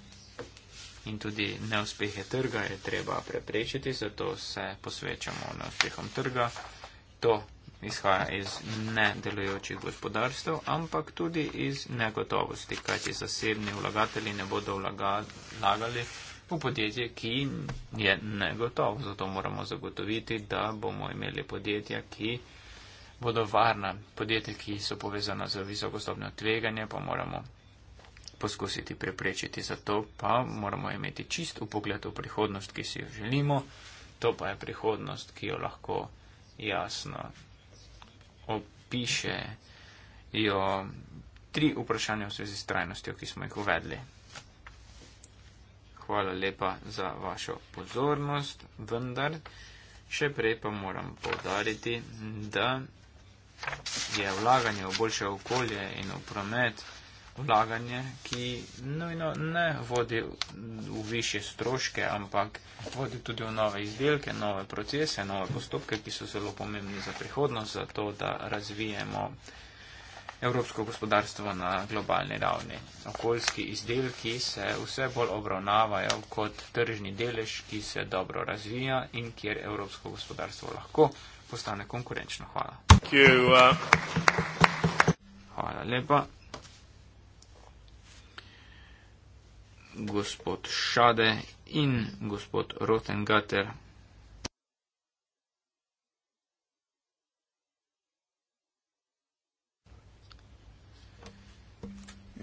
In tudi neuspehe trga je treba preprečiti, zato se posvečamo neuspehom trga. To izhaja iz nedelujočih gospodarstv, ampak tudi iz negotovosti, kajti zasebni vlagatelji ne bodo vlagali v podjetje, ki je negotovo. Zato moramo zagotoviti, da bomo imeli podjetja, ki bodo varna. Podjetja, ki so povezana z visoko stopnjo tveganja, pa moramo poskusiti preprečiti. Zato pa moramo imeti čist upogled v prihodnost, ki si jo želimo. To pa je prihodnost, ki jo lahko jasno opišejo tri vprašanja v zvezi s trajnostjo, ki smo jih uvedli. Hvala lepa za vašo pozornost, vendar še prej pa moram povdariti, da je vlaganje v boljše okolje in v promet vlaganje, ki nujno ne vodi v više stroške, ampak vodi tudi v nove izdelke, nove procese, nove postopke, ki so zelo pomembni za prihodnost, za to, da razvijemo evropsko gospodarstvo na globalni ravni. Okoljski izdelki se vse bolj obravnavajo kot tržni delež, ki se dobro razvija in kjer evropsko gospodarstvo lahko postane konkurenčno. Hvala. Uh. Hvala lepa. gospod Šade in gospod Rotengater.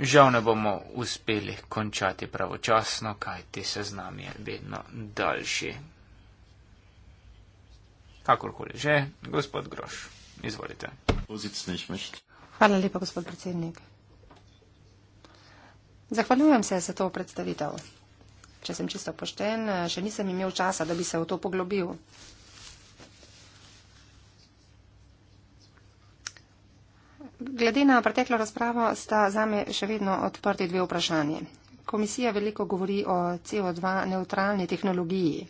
Žal ne bomo uspeli končati pravočasno, kajti seznam je vedno daljši. Kakorkoli že, gospod Groš, izvolite. Hvala lepa, gospod predsednik. Zahvaljujem se za to predstavitev. Če sem čisto pošten, še nisem imel časa, da bi se v to poglobil. Glede na preteklo razpravo sta zame še vedno odprti dve vprašanje. Komisija veliko govori o CO2 neutralni tehnologiji.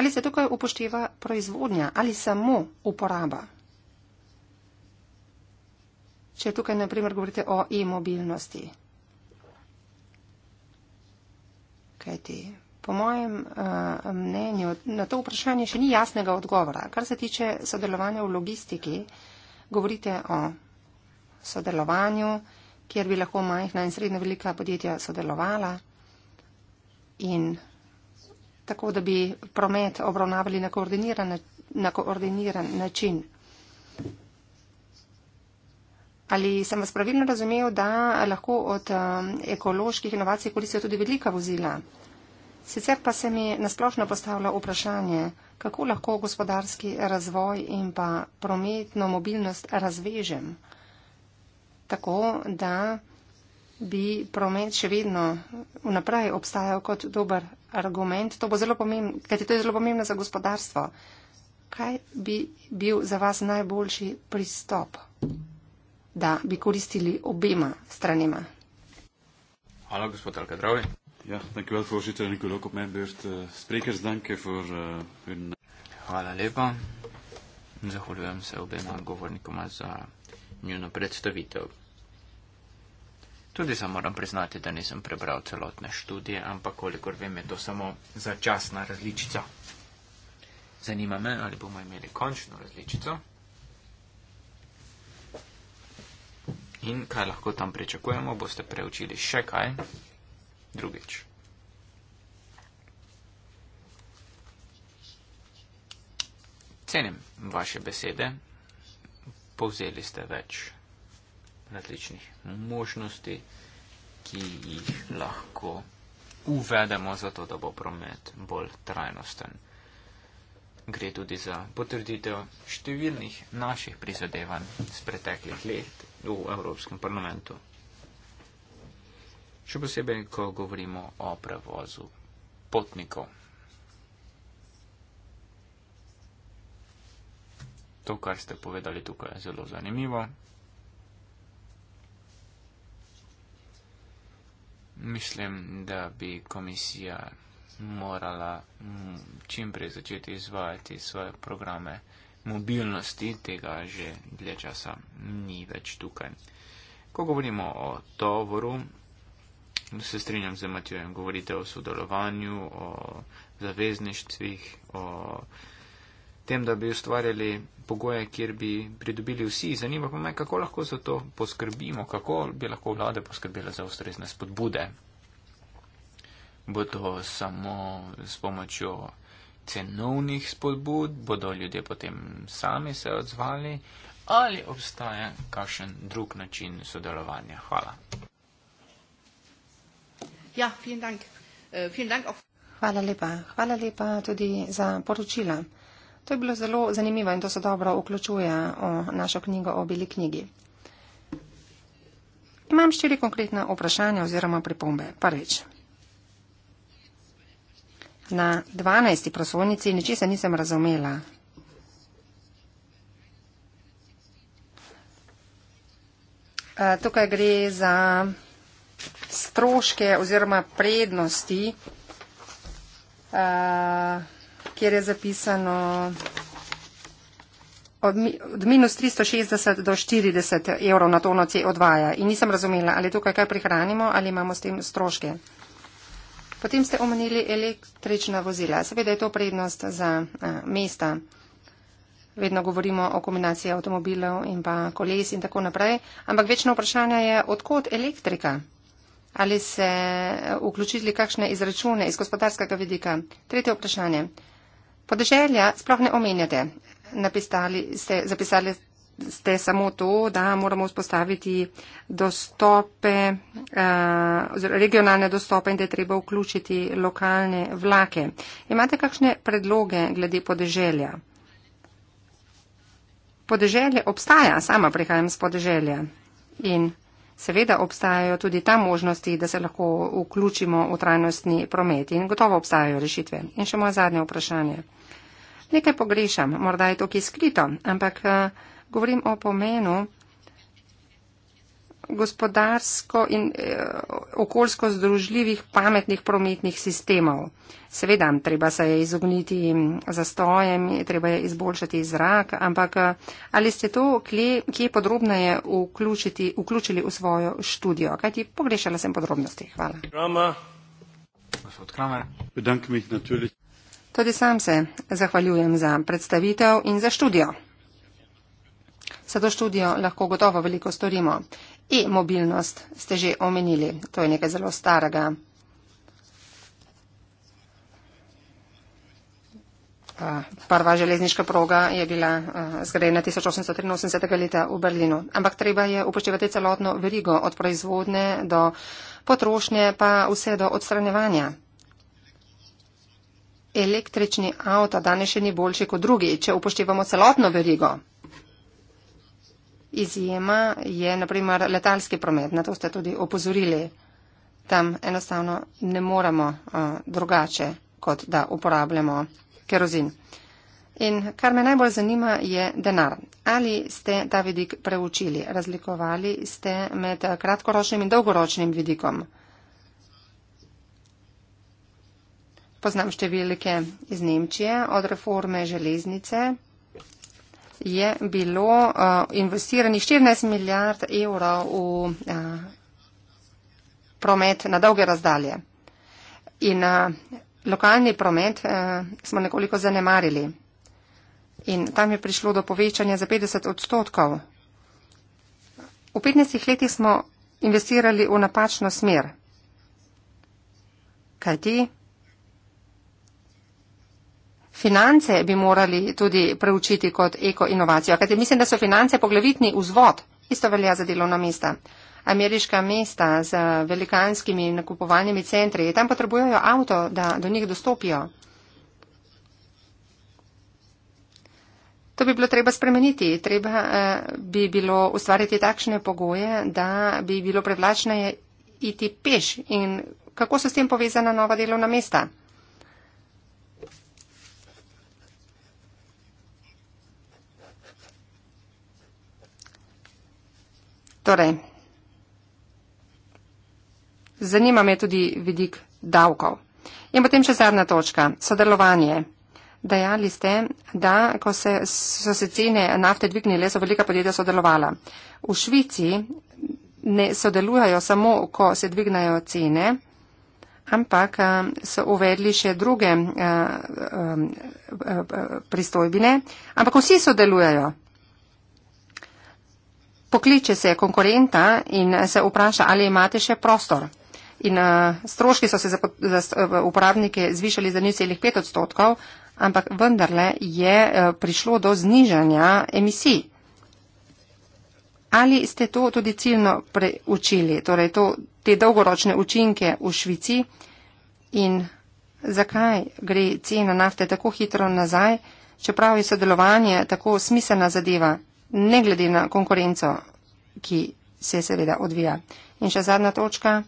Ali se tukaj upošteva proizvodnja ali samo uporaba? Če tukaj, na primer, govorite o e-mobilnosti, kajti po mojem uh, mnenju na to vprašanje še ni jasnega odgovora. Kar se tiče sodelovanja v logistiki, govorite o sodelovanju, kjer bi lahko majhna in srednja velika podjetja sodelovala in tako, da bi promet obravnavali na koordiniran, na koordiniran način. Ali sem vas pravilno razumel, da lahko od um, ekoloških inovacij koristijo tudi velika vozila? Sicer pa se mi nasplošno postavlja vprašanje, kako lahko gospodarski razvoj in pa prometno mobilnost razvežem, tako da bi promet še vedno vnaprej obstajal kot dober argument. To bo zelo pomembno, kajti to je zelo pomembno za gospodarstvo. Kaj bi bil za vas najboljši pristop? da bi koristili obema stranema. Hvala, gospod Alkadrovi. Ja, danke vel vorsitter, Nico Lok op mijn beurt uh, sprekers, danke voor uh, hun... Eh, Hvala lepa. Zahvaljujem se obema govornikoma za njuno predstavitev. Tudi sam moram priznati, da nisem prebral celotne študije, ampak kolikor vem, je to samo začasna različica. Zanima me, ali bomo imeli končno različico. in kaj lahko tam pričakujemo, boste preučili še kaj drugič. Cenim vaše besede, povzeli ste več različnih možnosti, ki jih lahko uvedemo, zato da bo promet bolj trajnosten. Gre tudi za potrditev številnih naših prizadevanj z preteklih let v Evropskem parlamentu. Še posebej, ko govorimo o prevozu potnikov. To, kar ste povedali tukaj, je zelo zanimivo. Mislim, da bi komisija morala mm, čimprej začeti izvajati svoje programe mobilnosti, tega že dlje časa ni več tukaj. Ko govorimo o tovoru, se strinjam z Matjojem, govorite o sodelovanju, o zavezništvih, o tem, da bi ustvarjali pogoje, kjer bi pridobili vsi. Zanima pa me, kako lahko za to poskrbimo, kako bi lahko vlade poskrbile za ustrezne spodbude. Bo to samo s pomočjo cenovnih spodbud, bodo ljudje potem sami se odzvali ali obstaja kakšen drug način sodelovanja. Hvala. Ja, vielen Dank. Äh, vielen Dank auf... Hvala lepa. Hvala lepa tudi za poročila. To je bilo zelo zanimivo in to se dobro vključuje v našo knjigo o bili knjigi. Imam štiri konkretna vprašanja oziroma pripombe. Prvič, na 12. prosvojnici in ničesar nisem razumela. Tukaj gre za stroške oziroma prednosti, kjer je zapisano od minus 360 do 40 evrov na tono CO2. In nisem razumela, ali tukaj kaj prihranimo ali imamo s tem stroške. Potem ste omenili električna vozila. Seveda je to prednost za eh, mesta. Vedno govorimo o kombinaciji avtomobilov in pa koles in tako naprej. Ampak večno vprašanje je, odkot elektrika? Ali se eh, vključili kakšne izračune iz gospodarskega vidika? Tretje vprašanje. Podeželja sploh ne omenjate. Napisali ste, zapisali ste samo to, da moramo vzpostaviti dostope, eh, regionalne dostope in da je treba vključiti lokalne vlake. Imate kakšne predloge glede podeželja? Podeželje obstaja, sama prihajam z podeželja in seveda obstajajo tudi ta možnosti, da se lahko vključimo v trajnostni promet in gotovo obstajajo rešitve. In še moja zadnja vprašanje. Nekaj pogrešam, morda je to ki skrito, ampak uh, govorim o pomenu gospodarsko in eh, okoljsko združljivih pametnih prometnih sistemov. Seveda, treba se je izogniti zastojem, treba je izboljšati zrak, ampak eh, ali ste to kje, kje podrobneje vključiti, vključili v svojo študijo? Kaj ti pogrešala sem podrobnosti? Hvala. Tudi sam se zahvaljujem za predstavitev in za študijo. Za to študijo lahko gotovo veliko storimo. E-mobilnost ste že omenili, to je nekaj zelo starega. Prva železniška proga je bila zgrajena 1883. leta v Berlinu, ampak treba je upoštevati celotno verigo od proizvodne do potrošnje pa vse do odstranjevanja. Električni avto danes še ni boljši kot drugi, če upoštevamo celotno verigo izjema je naprimer letalski promet, na to ste tudi opozorili. Tam enostavno ne moremo uh, drugače, kot da uporabljamo kerozin. In kar me najbolj zanima, je denar. Ali ste ta vidik preučili? Razlikovali ste med kratkoročnim in dolgoročnim vidikom? Poznam številke iz Nemčije od reforme železnice je bilo uh, investiranih 14 milijard evrov v uh, promet na dolge razdalje. In uh, lokalni promet uh, smo nekoliko zanemarili. In tam je prišlo do povečanja za 50 odstotkov. V 15 letih smo investirali v napačno smer. Kajti finance bi morali tudi preučiti kot ekoinovacijo. Kajti mislim, da so finance poglavitni vzvod, isto velja za delovna mesta. Ameriška mesta z velikanskimi nakupovalnimi centri, tam potrebujejo avto, da do njih dostopijo. To bi bilo treba spremeniti. Treba eh, bi bilo ustvariti takšne pogoje, da bi bilo privlačneje iti peš. In kako so s tem povezana nova delovna mesta? Torej, zanima me tudi vidik davkov. In potem še zadnja točka, sodelovanje. Dajali ste, da ko se, so se cene nafte dvignile, so velika podjetja sodelovala. V Švici ne sodelujajo samo, ko se dvignajo cene, ampak eh, so uvedli še druge uh, uh, uh, pristojbine, ampak vsi sodelujajo pokliče se konkurenta in se vpraša, ali imate še prostor. In eh, stroški so se za, za eh, uporabnike zvišali za 0,5 odstotkov, ampak vendarle je eh, prišlo do znižanja emisij. Ali ste to tudi ciljno preučili, torej to, te dolgoročne učinke v Švici in zakaj gre cena nafte tako hitro nazaj, čeprav je sodelovanje tako smiselna zadeva? ne glede na konkurenco, ki se seveda odvija. In še zadnja točka,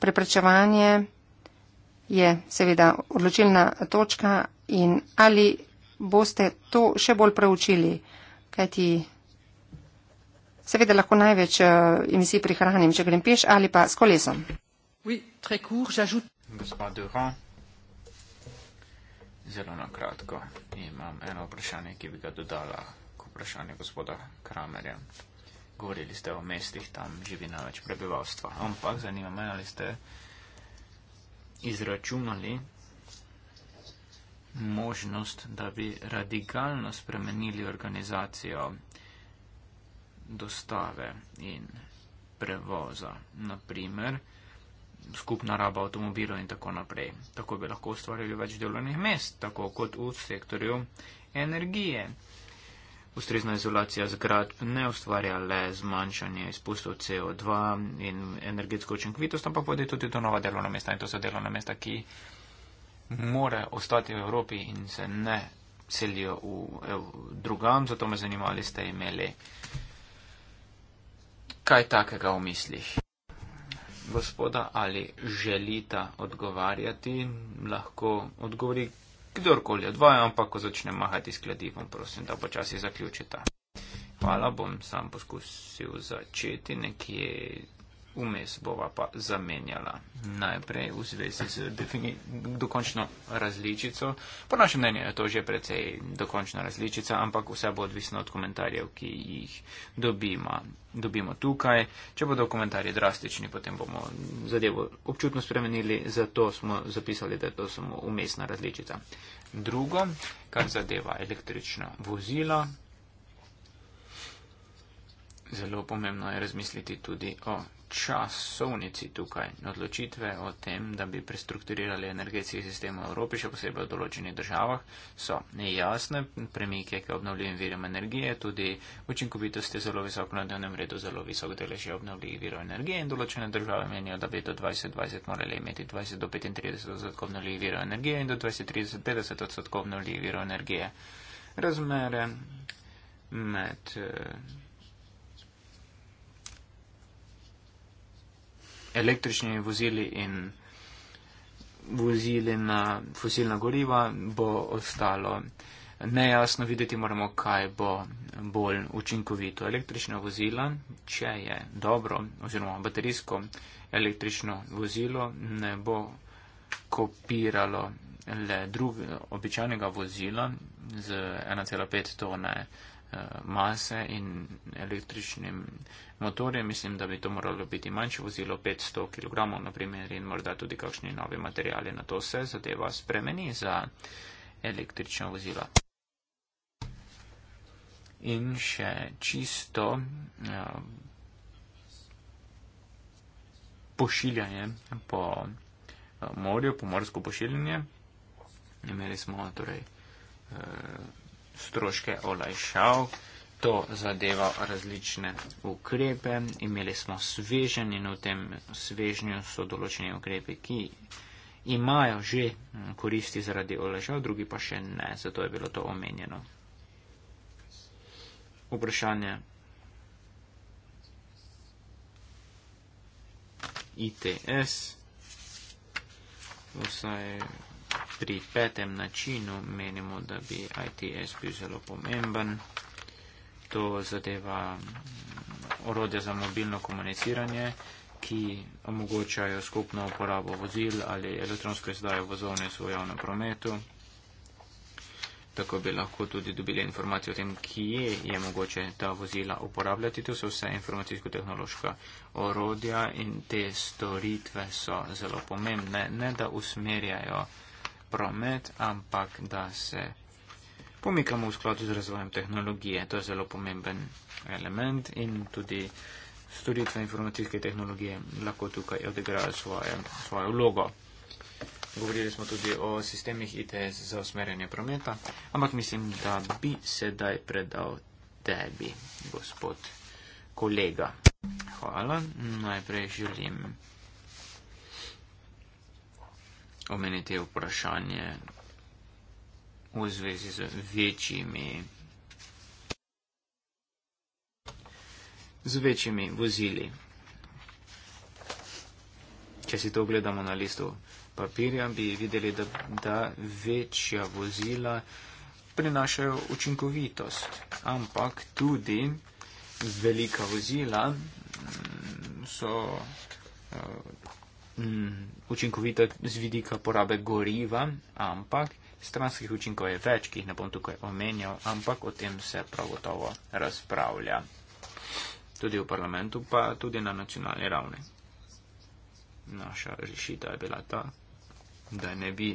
preprečevanje je seveda odločilna točka in ali boste to še bolj preučili, kajti seveda lahko največ eh, emisij prihranim, če grem peš ali pa s kolesom. Oui, court, Gospa Durand, zelo na kratko imam eno vprašanje, ki bi ga dodala vprašanje gospoda Kramerja. Govorili ste o mestih, tam živi največ prebivalstva. Ampak zanima me, ali ste izračunali možnost, da bi radikalno spremenili organizacijo dostave in prevoza. Naprimer, skupna raba avtomobilov in tako naprej. Tako bi lahko ustvarili več delovnih mest, tako kot v sektorju energije ustrezna izolacija zgrad ne ustvarja le zmanjšanje izpustov CO2 in energetsko učinkovitost, ampak vodi tudi do nova delovna mesta. In to so delovna mesta, ki more ostati v Evropi in se ne selijo v, v drugam. Zato me zanima, ali ste imeli kaj takega v mislih. Gospoda, ali želita odgovarjati, lahko odgovori Kdorkoli od vaju, ampak ko začne mahati s kladivom, prosim, da počasi zaključite. Hvala, bom sam poskusil začeti nekje vmes bova pa zamenjala. Najprej v zvezi z dokončno različico. Po našem mnenju je to že precej dokončna različica, ampak vse bo odvisno od komentarjev, ki jih dobima. dobimo tukaj. Če bodo komentarji drastični, potem bomo zadevo občutno spremenili, zato smo zapisali, da je to samo umestna različica. Drugo, kar zadeva električna vozila. Zelo pomembno je razmisliti tudi o časovnici tukaj odločitve o tem, da bi prestrukturirali energetski sistem v Evropi, še posebej v določenih državah, so nejasne. Premike k obnovljivim virom energije, tudi učinkovitost je zelo visoka na dnevnem redu, zelo visok delež je obnovljivih virov energije in določene države menijo, da bi do 2020 morali imeti 20 do 35 odstotkov obnovljivih virov energije in do 2030-50 odstotkov obnovljivih virov energije. Razmere med. Uh, električnimi vozili in vozili na fosilna goriva, bo ostalo nejasno. Videti moramo, kaj bo bolj učinkovito. Električna vozila, če je dobro oziroma baterijsko električno vozilo, ne bo kopiralo le drugega običajnega vozila z 1,5 tone mase in električnim motorjem. Mislim, da bi to moralo biti manjše vozilo, 500 kg naprimer in morda tudi kakšni novi materijali. Na to se zadeva spremeni za električna vozila. In še čisto uh, pošiljanje po uh, morju, pomorsko pošiljanje. Imeli smo torej uh, stroške olajšav. To zadeva različne ukrepe. Imeli smo svežen in v tem svežnju so določeni ukrepi, ki imajo že koristi zaradi olajšav, drugi pa še ne. Zato je bilo to omenjeno. Vprašanje. ITS. Vsaj pri petem načinu menimo, da bi ITS bil zelo pomemben. To zadeva mm, orodja za mobilno komuniciranje, ki omogočajo skupno uporabo vozil ali elektronsko izdajo vozovnic v javnem prometu. Tako bi lahko tudi dobili informacije o tem, kje je mogoče ta vozila uporabljati. To so vse informacijsko-tehnološka orodja in te storitve so zelo pomembne. Ne da usmerjajo promet, ampak da se pomikamo v skladu z razvojem tehnologije. To je zelo pomemben element in tudi storitve informacijske tehnologije lahko tukaj odigrajo svoje, svojo vlogo. Govorili smo tudi o sistemih ITS za usmerjanje prometa, ampak mislim, da bi sedaj predal tebi, gospod kolega. Hvala, najprej želim omeniti vprašanje v zvezi z večjimi, z večjimi vozili. Če si to ogledamo na listu papirja, bi videli, da, da večja vozila prinašajo učinkovitost, ampak tudi velika vozila mm, so eh, Mm, učinkovita z vidika porabe goriva, ampak stranskih učinkov je več, ki jih ne bom tukaj omenjal, ampak o tem se prav gotovo razpravlja. Tudi v parlamentu, pa tudi na nacionalni ravni. Naša rešitev je bila ta, da ne bi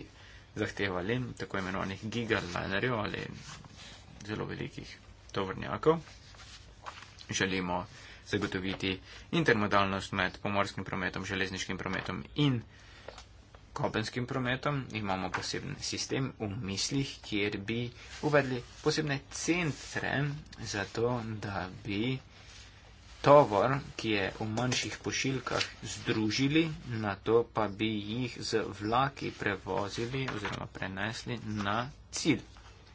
zahtevali tako imenovanih gigalinerjev ali zelo velikih tovrnjakov. Želimo zagotoviti intermodalnost med pomorskim prometom, železniškim prometom in kopenskim prometom. Imamo poseben sistem v mislih, kjer bi uvedli posebne centre za to, da bi tovor, ki je v manjših pošiljkah, združili, na to pa bi jih z vlaki prevozili oziroma prenesli na cilj.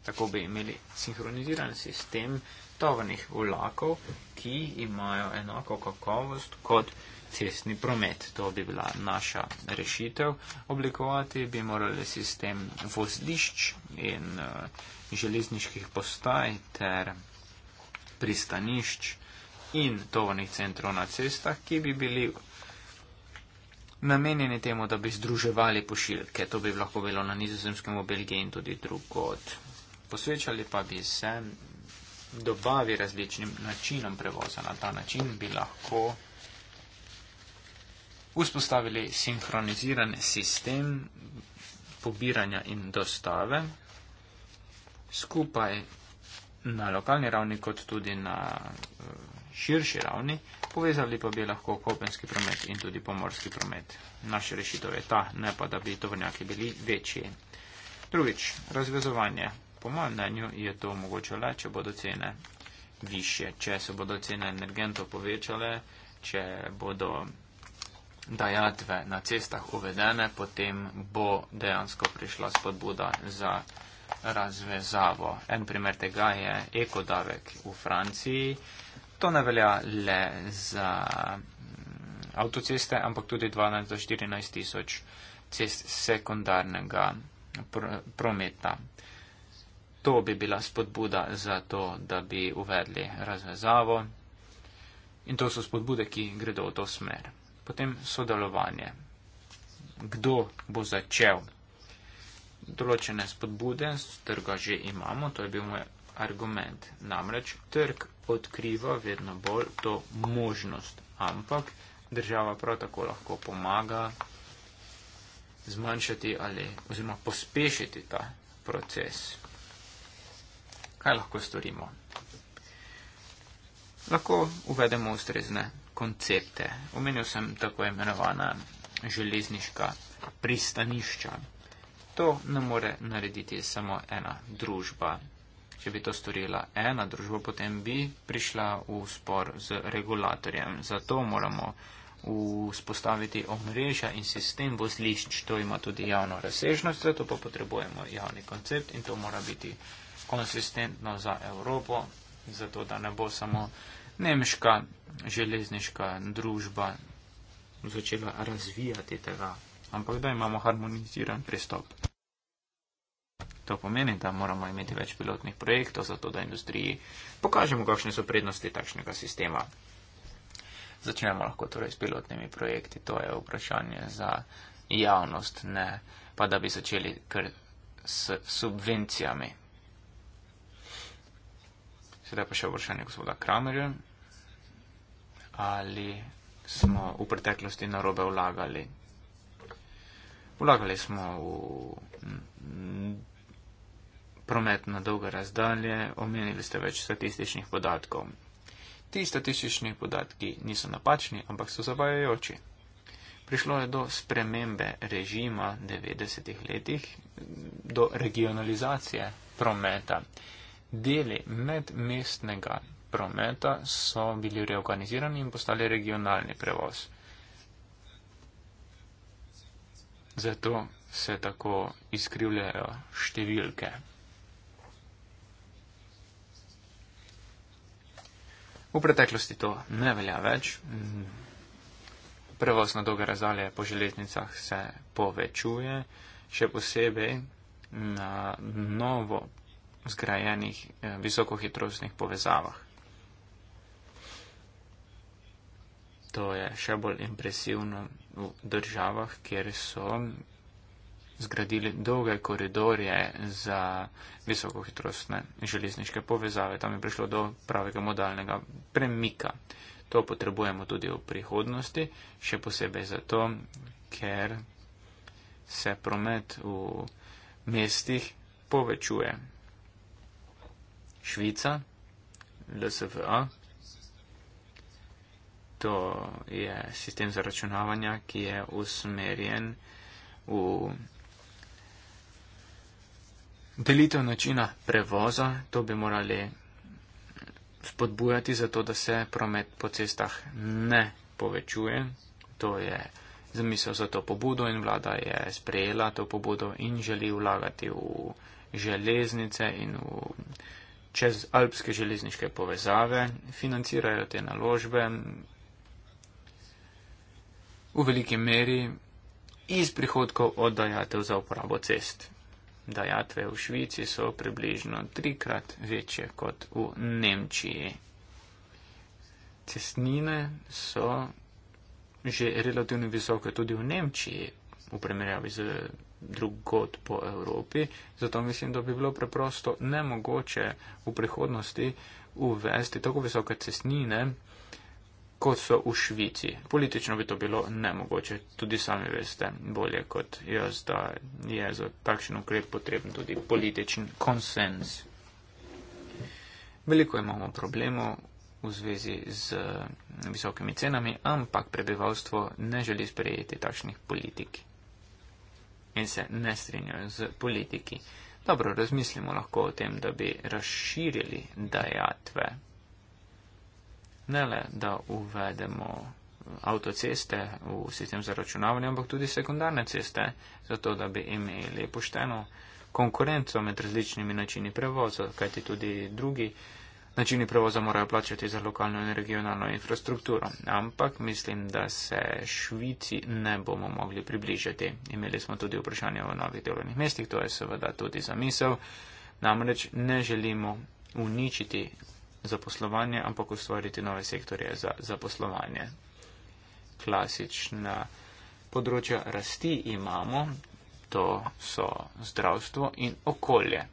Tako bi imeli sinhroniziran sistem tovornih vlakov ti imajo enako kakovost kot cestni promet. To bi bila naša rešitev. Oblikovati bi morali sistem vozlišč in eh, železniških postaj ter pristanišč in tovornih centrov na cestah, ki bi bili namenjeni temu, da bi združevali pošiljke. To bi lahko bilo na nizozemskem, v Belgiji in tudi drugod. Posvečali pa bi se dobavi različnim načinom prevoza. Na ta način bi lahko vzpostavili sinhroniziran sistem pobiranja in dostave skupaj na lokalni ravni kot tudi na eh, širši ravni, povezali pa bi lahko kopenski promet in tudi pomorski promet. Naša rešitev je ta, ne pa da bi tovrnjaki bili večji. Drugič, razvezovanje. Po mojem mnenju je to mogoče le, če bodo cene više, če se bodo cene energentov povečale, če bodo dajatve na cestah uvedene, potem bo dejansko prišla spodbuda za razvezavo. En primer tega je ekodavek v Franciji. To ne velja le za mm, avtoceste, ampak tudi 12 do 14 tisoč cest sekundarnega prometa to bi bila spodbuda za to, da bi uvedli razvezavo. In to so spodbude, ki gredo v to smer. Potem sodelovanje. Kdo bo začel? Določene spodbude z trga že imamo, to je bil moj argument. Namreč trg odkriva vedno bolj to možnost, ampak država prav tako lahko pomaga zmanjšati ali oziroma pospešiti ta proces kaj lahko storimo? Lahko uvedemo ustrezne koncepte. Omenil sem tako imenovana železniška pristanišča. To ne more narediti samo ena družba. Če bi to storila ena družba, potem bi prišla v spor z regulatorjem. Zato moramo vzpostaviti omrežja in sistem vozlišč. To ima tudi javno razsežnost, zato pa potrebujemo javni koncept in to mora biti konsistentno za Evropo, zato da ne bo samo nemška železniška družba začela razvijati tega, ampak da imamo harmoniziran pristop. To pomeni, da moramo imeti več pilotnih projektov, zato da industriji pokažemo, kakšne so prednosti takšnega sistema. Začnemo lahko torej s pilotnimi projekti, to je vprašanje za javnost, ne pa da bi začeli kar s subvencijami. Sedaj pa še vprašanje gospoda Kramerja. Ali smo v preteklosti narobe vlagali? Vlagali smo v promet na dolge razdalje, omenili ste več statističnih podatkov. Ti statistični podatki niso napačni, ampak so zavajajoči. Prišlo je do spremembe režima 90-ih letih, do regionalizacije prometa. Deli medmestnega prometa so bili reorganizirani in postali regionalni prevoz. Zato se tako izkrivljajo številke. V preteklosti to ne velja več. Prevoz na dolge razdalje po železnicah se povečuje, še posebej na novo zgrajenih eh, visokohitrostnih povezavah. To je še bolj impresivno v državah, kjer so zgradili dolge koridorje za visokohitrostne železniške povezave. Tam je prišlo do pravega modalnega premika. To potrebujemo tudi v prihodnosti, še posebej zato, ker se promet v mestih povečuje. Švica, LSVA. To je sistem zaračunavanja, ki je usmerjen v delitev načina prevoza. To bi morali spodbujati, zato da se promet po cestah ne povečuje. To je zamisel za to pobudo in vlada je sprejela to pobudo in želi vlagati v železnice in v čez alpske železniške povezave, financirajo te naložbe v veliki meri iz prihodkov od dajatev za uporabo cest. Dajatve v Švici so približno trikrat večje kot v Nemčiji. Cestnine so že relativno visoke tudi v Nemčiji v primerjavi z drugot po Evropi. Zato mislim, da bi bilo preprosto nemogoče v prihodnosti uvesti tako visoke cestnine, kot so v Švici. Politično bi to bilo nemogoče, tudi sami veste bolje kot jaz, da je za takšen ukrep potreben tudi političen konsens. Veliko imamo problemov v zvezi z eh, visokimi cenami, ampak prebivalstvo ne želi sprejeti takšnih politik in se ne strinjajo z politiki. Dobro, razmislimo lahko o tem, da bi razširili dajatve. Ne le, da uvedemo avtoceste v sistem zaračunavanja, ampak tudi sekundarne ceste, zato da bi imeli pošteno konkurenco med različnimi načini prevoza, kajti tudi drugi načini prevoza morajo plačati za lokalno in regionalno infrastrukturo. Ampak mislim, da se Švici ne bomo mogli približati. Imeli smo tudi vprašanje o novih delovnih mestih, to je seveda tudi zamisel. Namreč ne želimo uničiti zaposlovanje, ampak ustvariti nove sektorje za zaposlovanje. Klasična področja rasti imamo, to so zdravstvo in okolje.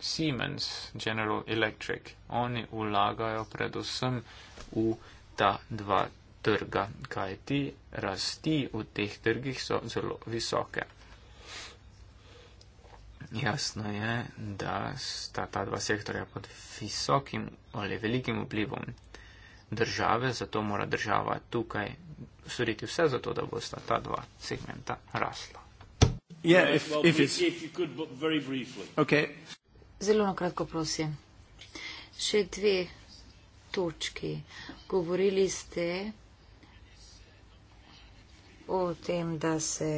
Siemens, General Electric. Oni vlagajo predvsem v ta dva trga, kaj ti rasti v teh trgih so zelo visoke. Jasno je, da sta ta dva sektorja pod visokim ali velikim vplivom države, zato mora država tukaj storiti vse za to, da bosta ta dva segmenta rasla. Yeah, if, if Zelo na kratko, prosim. Še dve točki. Govorili ste o tem, da se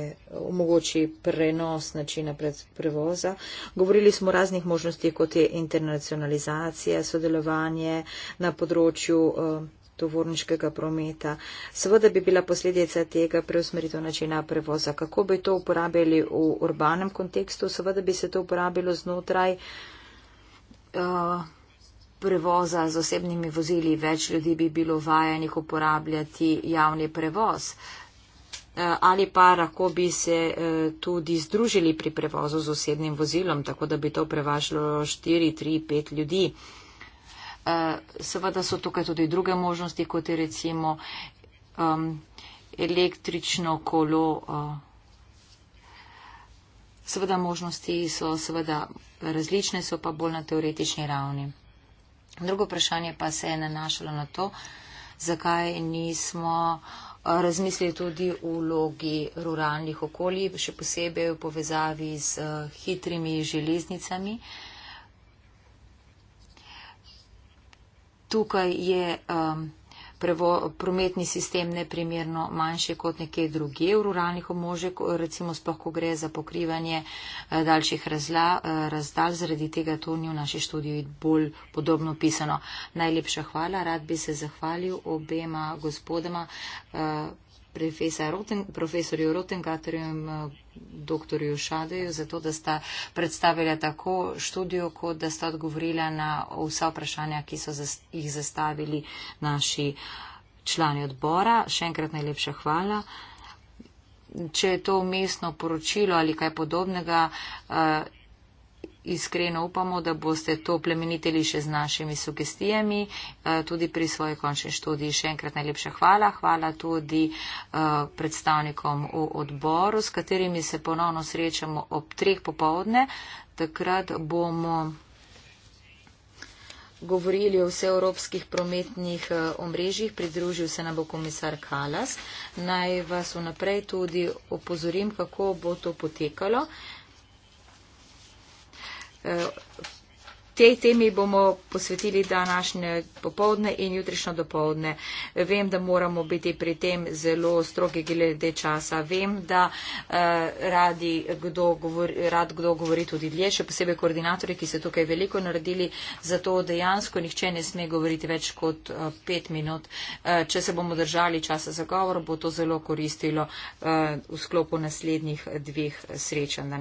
omogoči prenos načina prevoza. Govorili smo o raznih možnostih, kot je internacionalizacija, sodelovanje na področju. Uh, tovorniškega prometa. Seveda bi bila posledica tega preusmeritev načina prevoza. Kako bi to uporabili v urbanem kontekstu? Seveda bi se to uporabilo znotraj uh, prevoza z osebnimi vozili. Več ljudi bi bilo vajenih uporabljati javni prevoz. Eh, ali pa lahko bi se eh, tudi združili pri prevozu z osebnim vozilom, tako da bi to prevažalo 4, 3, 5 ljudi. Eh, seveda so tukaj tudi druge možnosti, kot je recimo um, električno kolo. Eh. Seveda možnosti so seveda različne, so pa bolj na teoretični ravni. Drugo vprašanje pa se je nanašalo na to, zakaj nismo eh, razmislili tudi o vlogi ruralnih okolij, še posebej v povezavi z hitrimi železnicami. Uh, tukaj je um, prevo, prometni sistem neprimerno manjši kot nekje drugje v ruralnih omožjih, recimo sploh, ko gre za pokrivanje uh, daljših razla, uh, razdalj, zaradi tega to ni v naši študiji bolj podobno pisano. Najlepša hvala, rad bi se zahvalil obema gospodama. Uh, eh, Roten, profesorju Rotengatorju in eh, doktorju Šadeju, zato da sta predstavila tako študijo, kot da sta odgovorila na vsa vprašanja, ki so jih zastavili naši člani odbora. Še enkrat najlepša hvala. Če je to umestno poročilo ali kaj podobnega, eh, iskreno upamo, da boste to plemeniteli še z našimi sugestijami, eh, tudi pri svoji končni študiji. Še enkrat najlepša hvala. Hvala tudi eh, predstavnikom v odboru, s katerimi se ponovno srečamo ob treh popovdne. Takrat bomo govorili o vseevropskih prometnih eh, omrežjih, pridružil se nam bo komisar Kalas. Naj vas vnaprej tudi opozorim, kako bo to potekalo. Tej temi bomo posvetili današnje popovdne in jutrišnjo dopovdne. Vem, da moramo biti pri tem zelo strogi glede časa. Vem, da uh, radi kdo govori, rad kdo govori tudi dlje, še posebej koordinatorji, ki so tukaj veliko naredili, zato dejansko nihče ne sme govoriti več kot uh, pet minut. Uh, če se bomo držali časa za govor, bo to zelo koristilo uh, v sklopu naslednjih dveh srečanj.